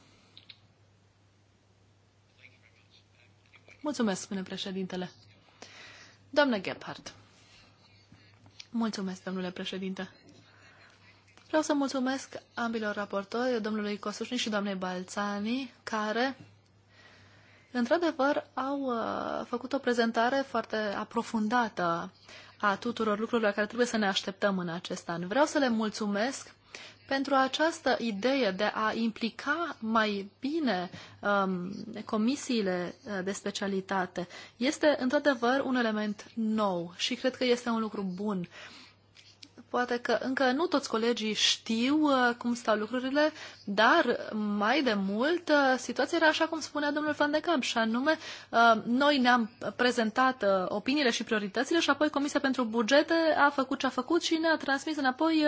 Mulțumesc, spune președintele. Doamnă Gebhardt. Mulțumesc, domnule președinte. Vreau să mulțumesc ambilor raportori, domnului Cosușni și doamnei Balțani, care, într-adevăr, au uh, făcut o prezentare foarte aprofundată a tuturor lucrurilor care trebuie să ne așteptăm în acest an. Vreau să le mulțumesc pentru această idee de a implica mai bine um, comisiile uh, de specialitate este într-adevăr un element nou și cred că este un lucru bun. Uh, Poate că încă nu toți colegii știu uh, cum stau lucrurile, dar mai de mult uh, situația era așa cum spunea domnul Van de Camp, și anume uh, noi ne-am prezentat opiniile și prioritățile și apoi Comisia pentru Bugete a făcut ce a făcut și ne-a transmis înapoi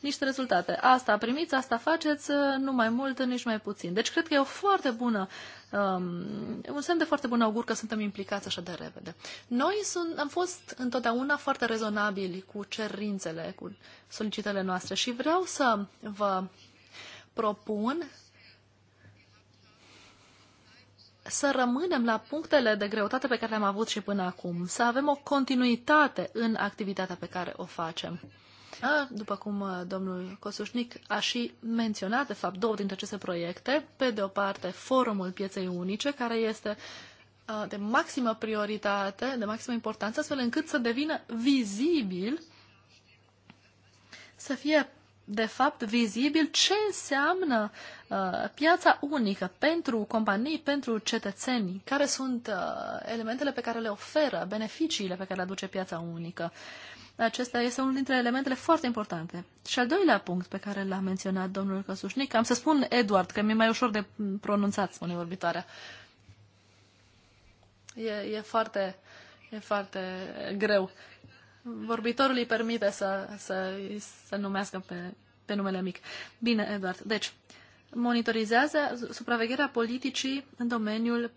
niște rezultate. Asta primiți, asta faceți, nu mai mult, nici mai puțin. Deci cred că e o foarte bună um, un semn de foarte bun augur că suntem implicați așa de repede. Noi sunt, am fost întotdeauna foarte rezonabili cu cerințele, cu solicitările noastre și vreau să vă propun să rămânem la punctele de greutate pe care le-am avut și până acum, să avem o continuitate în activitatea pe care o facem după cum uh, domnul Cosușnic a și menționat, de fapt, două dintre aceste proiecte. Pe de o parte, Forumul Pieței Unice, care este uh, de maximă prioritate, de maximă importanță, astfel încât să devină vizibil, să fie de fapt vizibil ce înseamnă uh, piața unică pentru companii, pentru cetățenii, care sunt uh, elementele pe care le oferă, beneficiile pe care le aduce piața unică. Uh, acesta este unul dintre elementele foarte importante. Și al doilea punct pe care l-a menționat domnul Căsușnic, am să spun Eduard, că mi-e mai ușor de pronunțat, spune vorbitoarea. E, e, foarte, e foarte greu. Vorbitorul îi permite să, să, să numească pe, pe numele mic. Bine, Eduard. Deci, monitorizează supravegherea politicii în domeniul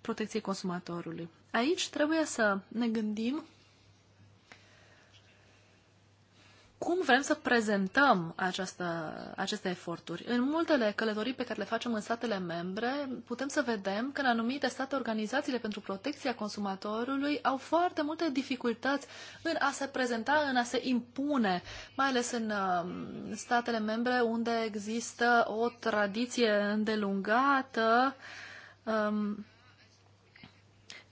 protecției consumatorului. Aici trebuie să ne gândim cum vrem să prezentăm această, aceste eforturi. În multele călătorii pe care le facem în statele membre, putem să vedem că în anumite state organizațiile pentru protecția consumatorului au foarte multe dificultăți în a se prezenta, în a se impune, mai ales în um, statele membre unde există o tradiție îndelungată um,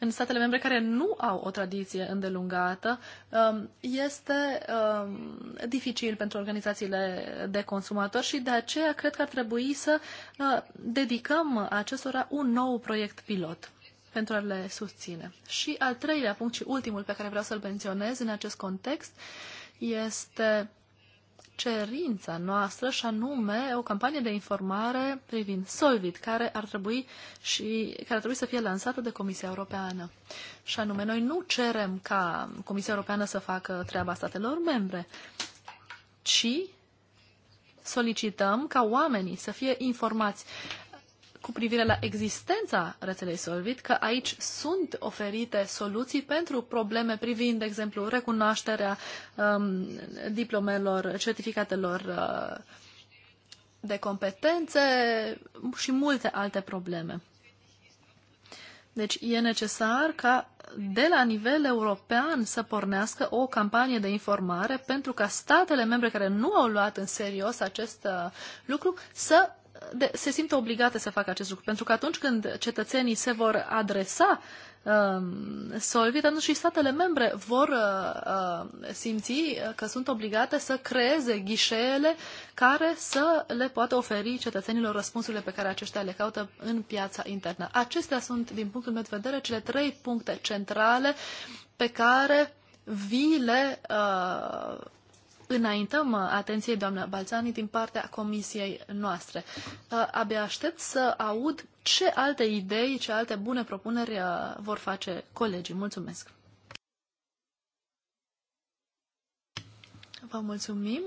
în statele membre care nu au o tradiție îndelungată, um, este um, dificil pentru organizațiile de consumatori și de aceea cred că ar trebui să uh, dedicăm acestora un nou proiect pilot pentru a le susține. Și al treilea punct și ultimul pe care vreau să-l menționez în acest context este cerința noastră și anume o campanie de informare privind Solvit, care ar trebui și care ar trebui să fie lansată de Comisia Europeană. Și anume, noi nu cerem ca Comisia Europeană să facă treaba statelor membre, ci solicităm ca oamenii să fie informați cu privire la existența rețelei Solvit, că aici sunt oferite soluții pentru probleme privind, de exemplu, recunoașterea um, diplomelor, certificatelor uh, de competențe și multe alte probleme. Deci e necesar ca de la nivel european să pornească o campanie de informare pentru ca statele membre care nu au luat în serios acest uh, lucru să de, se simtă obligate să facă acest lucru, pentru că atunci când cetățenii se vor adresa um, Solvit, atunci și statele membre vor uh, uh, simți că sunt obligate să creeze ghișeele care să le poată oferi cetățenilor răspunsurile pe care aceștia le caută în piața internă. Acestea sunt, din punctul meu de vedere, cele trei puncte centrale pe care vi le uh, înaintăm uh, atenției doamnă Balțani din partea comisiei noastre. Uh, abia aștept să aud ce alte idei, ce alte bune propuneri uh, vor face colegii. Mulțumesc! Vă mulțumim!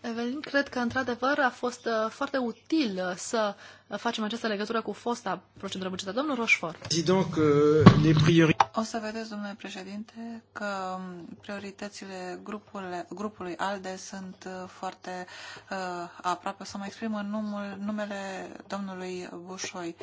Evelin, cred că într-adevăr a fost foarte util să facem această legătură cu fosta procedură bugetară. Domnul Roșfort. Uh, o să vedeți, domnule președinte, că um, prioritățile grupului, ALDE sunt uh, foarte uh, aproape. să mă exprim în numul, numele domnului Bușoi.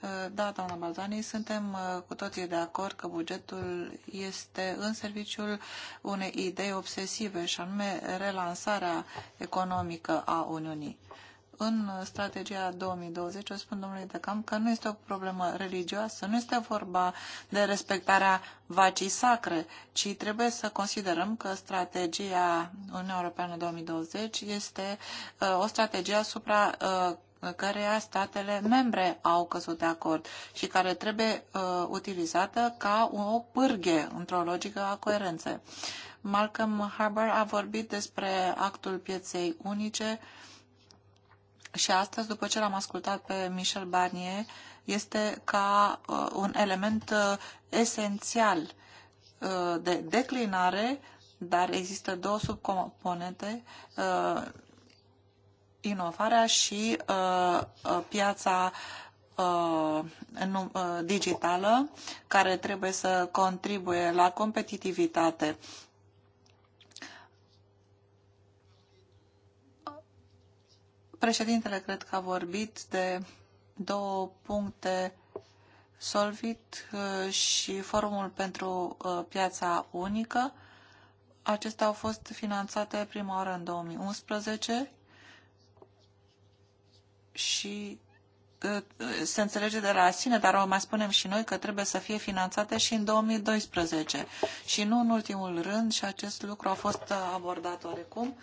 Uh, da, doamna Balzani, suntem uh, cu toții de acord că bugetul este în serviciul unei idei obsesive și anume relansarea economică a Uniunii. Uh, în strategia 2020, o spun domnului Decam, că nu este o problemă religioasă, nu este vorba de respectarea vacii sacre, ci trebuie să considerăm că strategia Uniunea Europeană 2020 este uh, o strategie asupra uh, căreia statele membre au căzut de acord și care trebuie uh, utilizată ca o pârghe într-o logică a coerenței. Malcolm Harbour a vorbit despre actul pieței unice uh, și astăzi, după ce l-am ascultat pe Michel Barnier, este ca uh, un element uh, esențial uh, de declinare, dar există două subcomponente, uh, inovarea și uh, uh piața uh, uh, digitală, care trebuie să contribuie la competitivitate. Uh, Președintele cred că a vorbit de două puncte Solvit uh, și Forumul pentru uh, Piața Unică. Acestea au fost finanțate prima oară în 2011 și uh, se înțelege de la sine, dar o mai spunem și noi că trebuie să fie finanțate și în 2012. Și nu în ultimul rând, și acest lucru a fost abordat oarecum,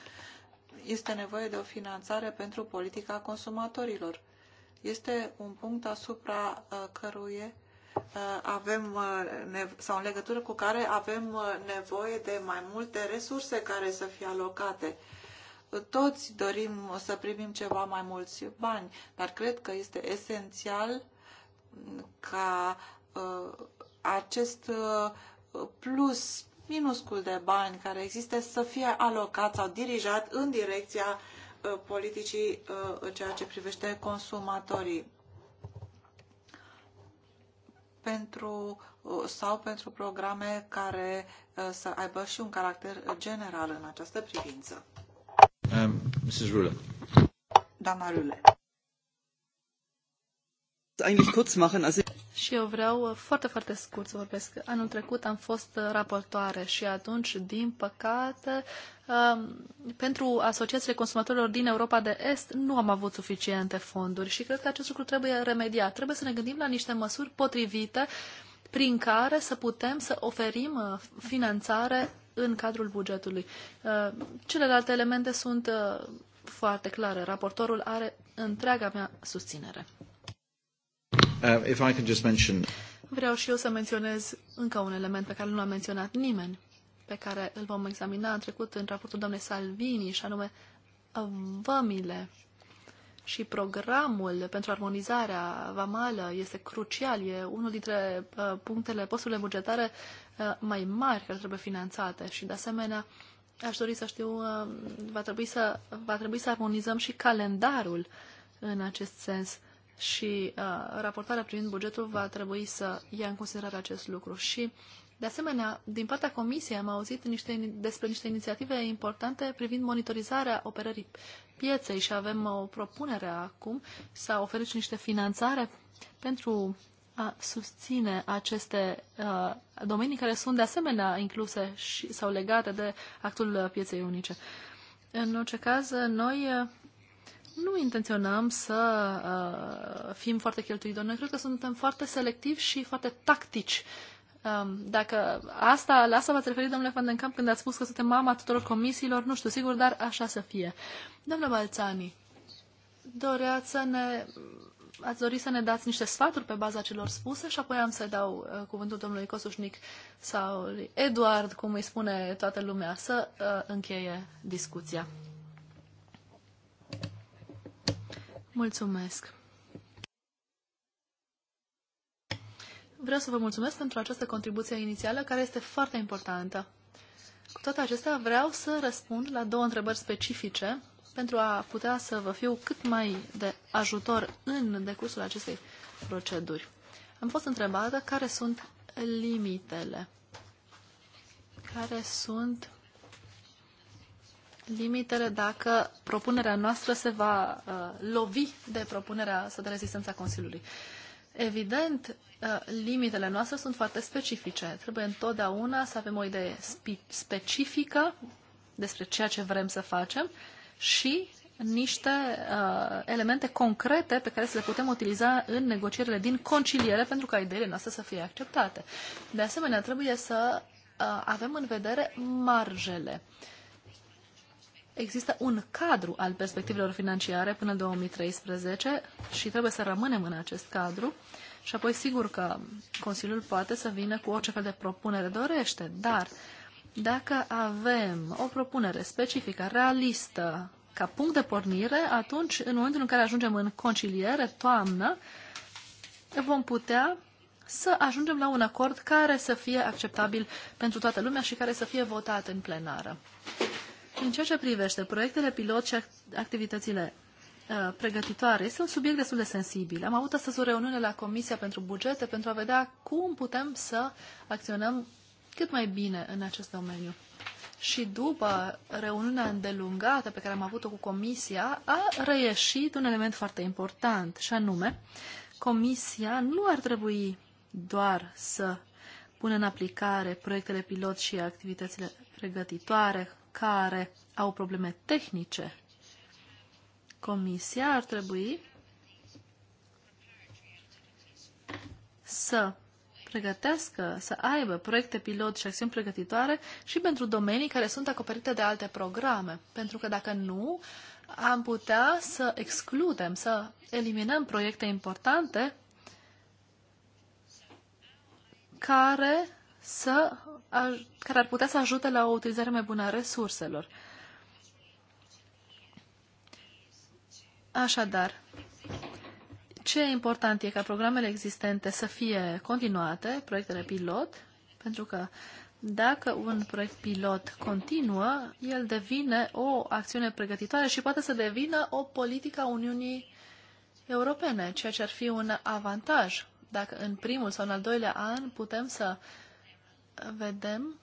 este nevoie de o finanțare pentru politica consumatorilor. Este un punct asupra uh, căruie uh, avem uh, sau în legătură cu care avem nevoie de mai multe resurse care să fie alocate. Toți dorim să primim ceva mai mulți bani, dar cred că este esențial ca acest plus minuscul de bani care există să fie alocat sau dirijat în direcția uh, politicii uh, în ceea ce privește consumatorii pentru, uh, sau pentru programe care să aibă și un caracter general în această privință. Um, Mrs. Rule. Doamna Rule eigentlich kurz machen. Also... Și eu vreau uh, foarte, foarte scurt să vorbesc. Anul trecut am fost uh, raportoare și atunci, din păcate, um, pentru asociațiile consumatorilor din Europa de Est nu am avut suficiente fonduri și cred că acest lucru trebuie remediat. Trebuie să ne gândim la niște măsuri potrivite prin care să putem să oferim uh, finanțare în cadrul bugetului. Celelalte elemente sunt foarte clare. Raportorul are întreaga mea susținere. Uh, if I can just mention... Vreau și eu să menționez încă un element pe care nu l-a menționat nimeni, pe care îl vom examina în trecut în raportul doamnei Salvini, și anume vămile și programul pentru armonizarea vamală este crucial, e unul dintre uh, punctele, posturile bugetare uh, mai mari care trebuie finanțate și de asemenea aș dori să știu, va trebui să, va trebui să armonizăm și calendarul în acest sens. Uh, și uh, raportarea privind bugetul va trebui să ia în considerare acest lucru. Și, de asemenea, din partea Comisiei am auzit niște, despre niște inițiative importante privind monitorizarea operării pieței și avem o propunere acum, să oferim și niște finanțare pentru a susține aceste uh, domenii care sunt de asemenea incluse și, sau legate de actul pieței unice. În orice caz, noi uh, nu intenționăm să uh, fim foarte cheltuitori. Noi cred că suntem foarte selectivi și foarte tactici. Um, dacă asta, la asta v-ați referit, domnule Van den Camp, când ați spus că suntem mama tuturor comisiilor, nu știu sigur, dar așa să fie. Domnule Balțani, doreați să ne... Ați dori să ne dați niște sfaturi pe baza celor spuse și apoi am să dau uh, cuvântul domnului Cosușnic sau Eduard, cum îi spune toată lumea, să uh, încheie discuția. Mulțumesc! Vreau să vă mulțumesc pentru această contribuție inițială, care este foarte importantă. Cu toate acestea, vreau să răspund la două întrebări specifice pentru a putea să vă fiu cât mai de ajutor în decursul acestei proceduri. Am fost întrebată care sunt limitele, care sunt limitele dacă propunerea noastră se va uh, lovi de propunerea sau de rezistența Consiliului. Evident, uh, limitele noastre sunt foarte specifice. Trebuie întotdeauna să avem o idee specifică despre ceea ce vrem să facem și niște uh, elemente concrete pe care să le putem utiliza în negocierile din conciliere pentru ca ideile noastre să fie acceptate. De asemenea, trebuie să uh, avem în vedere marjele. Uh, există un cadru al perspectivelor financiare până 2013 și trebuie să rămânem în acest cadru. Și apoi, sigur că Consiliul poate să vină cu orice fel de propunere dorește, dar dacă avem o propunere specifică, realistă, ca punct de pornire, atunci, în momentul în care ajungem în conciliere, toamnă, vom putea să ajungem la un acord care să fie acceptabil pentru toată lumea și care să fie votat în plenară. În ceea ce privește proiectele pilot și activitățile uh, pregătitoare, este un subiect destul de sensibil. Am avut astăzi o reuniune la Comisia pentru Bugete pentru a vedea cum putem să acționăm cât mai bine în acest domeniu. Și după reuniunea îndelungată pe care am avut-o cu Comisia, a reieșit un element foarte important, și anume, Comisia nu ar trebui doar să pună în aplicare proiectele pilot și activitățile pregătitoare care au probleme tehnice, Comisia ar trebui să pregătească, să aibă proiecte pilot și acțiuni pregătitoare și pentru domenii care sunt acoperite de alte programe. Pentru că dacă nu, am putea să excludem, să eliminăm proiecte importante care să, care ar putea să ajute la o utilizare mai bună a resurselor. Așadar, ce important e ca programele existente să fie continuate, proiectele pilot, pentru că dacă un proiect pilot continuă, el devine o acțiune pregătitoare și poate să devină o politică a Uniunii Europene, ceea ce ar fi un avantaj dacă în primul sau în al doilea an putem să vedem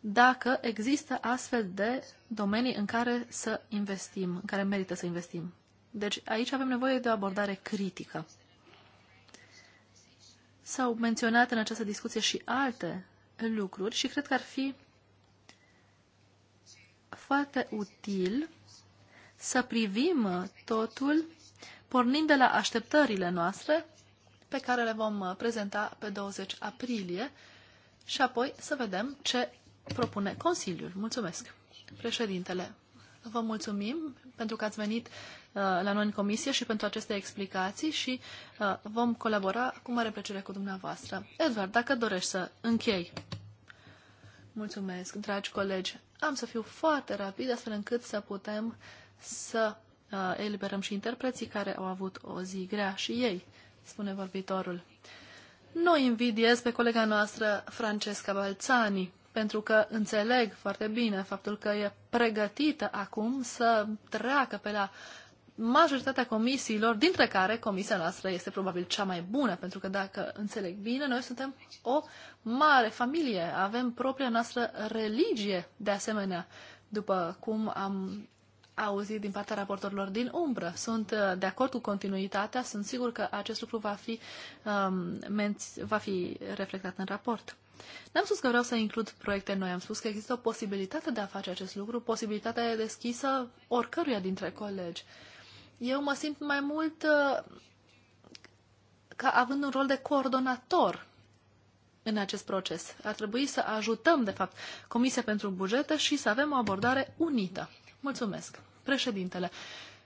dacă există astfel de domenii în care să investim, în care merită să investim. Deci aici avem nevoie de o abordare critică. S-au menționat în această discuție și alte lucruri și cred că ar fi foarte util să privim totul pornind de la așteptările noastre pe care le vom uh, prezenta pe 20 aprilie și apoi să vedem ce propune Consiliul. Mulțumesc, președintele. Vă mulțumim pentru că ați venit uh, la noi în comisie și pentru aceste explicații și uh, vom colabora cu mare plăcere cu dumneavoastră. Edward, dacă dorești să închei. Mulțumesc, dragi colegi. Am să fiu foarte rapid astfel încât să putem să eliberăm și interpreții care au avut o zi grea și ei spune vorbitorul. Nu invidiez pe colega noastră, Francesca Balțani, pentru că înțeleg foarte bine faptul că e pregătită acum să treacă pe la majoritatea comisiilor, dintre care comisia noastră este probabil cea mai bună, pentru că dacă înțeleg bine, noi suntem o mare familie, avem propria noastră religie de asemenea, după cum am auzit din partea raportorilor din umbră. Sunt uh, de acord cu continuitatea, sunt sigur că acest lucru va fi, um, va fi reflectat în raport. N-am spus că vreau să includ proiecte noi, am spus că există o posibilitate de a face acest lucru, posibilitatea e deschisă oricăruia dintre colegi. Eu mă simt mai mult uh, ca având un rol de coordonator în acest proces. Ar trebui să ajutăm, de fapt, Comisia pentru Bugete și să avem o abordare unită. Mulțumesc. Președintele,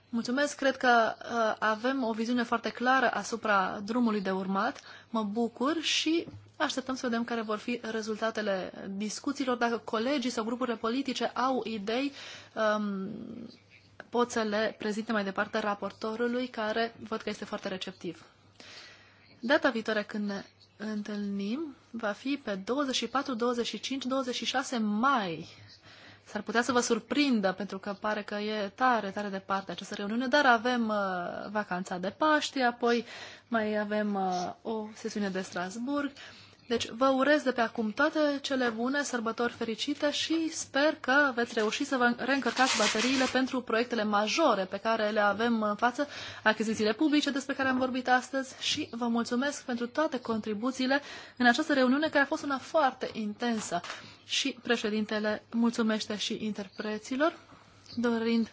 mulțumesc. Cred că uh, avem o viziune foarte clară asupra drumului de urmat. Mă bucur și așteptăm să vedem care vor fi rezultatele discuțiilor. Dacă colegii sau grupurile politice au idei, um, pot să le prezinte mai departe raportorului, care văd că este foarte receptiv. Data viitoare când ne întâlnim va fi pe 24, 25, 26 mai S-ar putea să vă surprindă, pentru că pare că e tare, tare departe această reuniune, dar avem uh, vacanța de Paști, apoi mai avem uh, o sesiune de Strasburg. Uh, deci vă urez de pe acum toate cele bune, sărbători fericite și sper că veți reuși să vă reîncărcați bateriile pentru proiectele majore pe care le avem în față, achizițiile publice despre care am vorbit astăzi și vă mulțumesc pentru toate contribuțiile în această reuniune care a fost una foarte intensă. Și președintele mulțumește și interpreților, dorind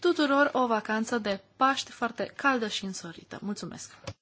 tuturor o vacanță de Paști foarte caldă și însorită. Mulțumesc!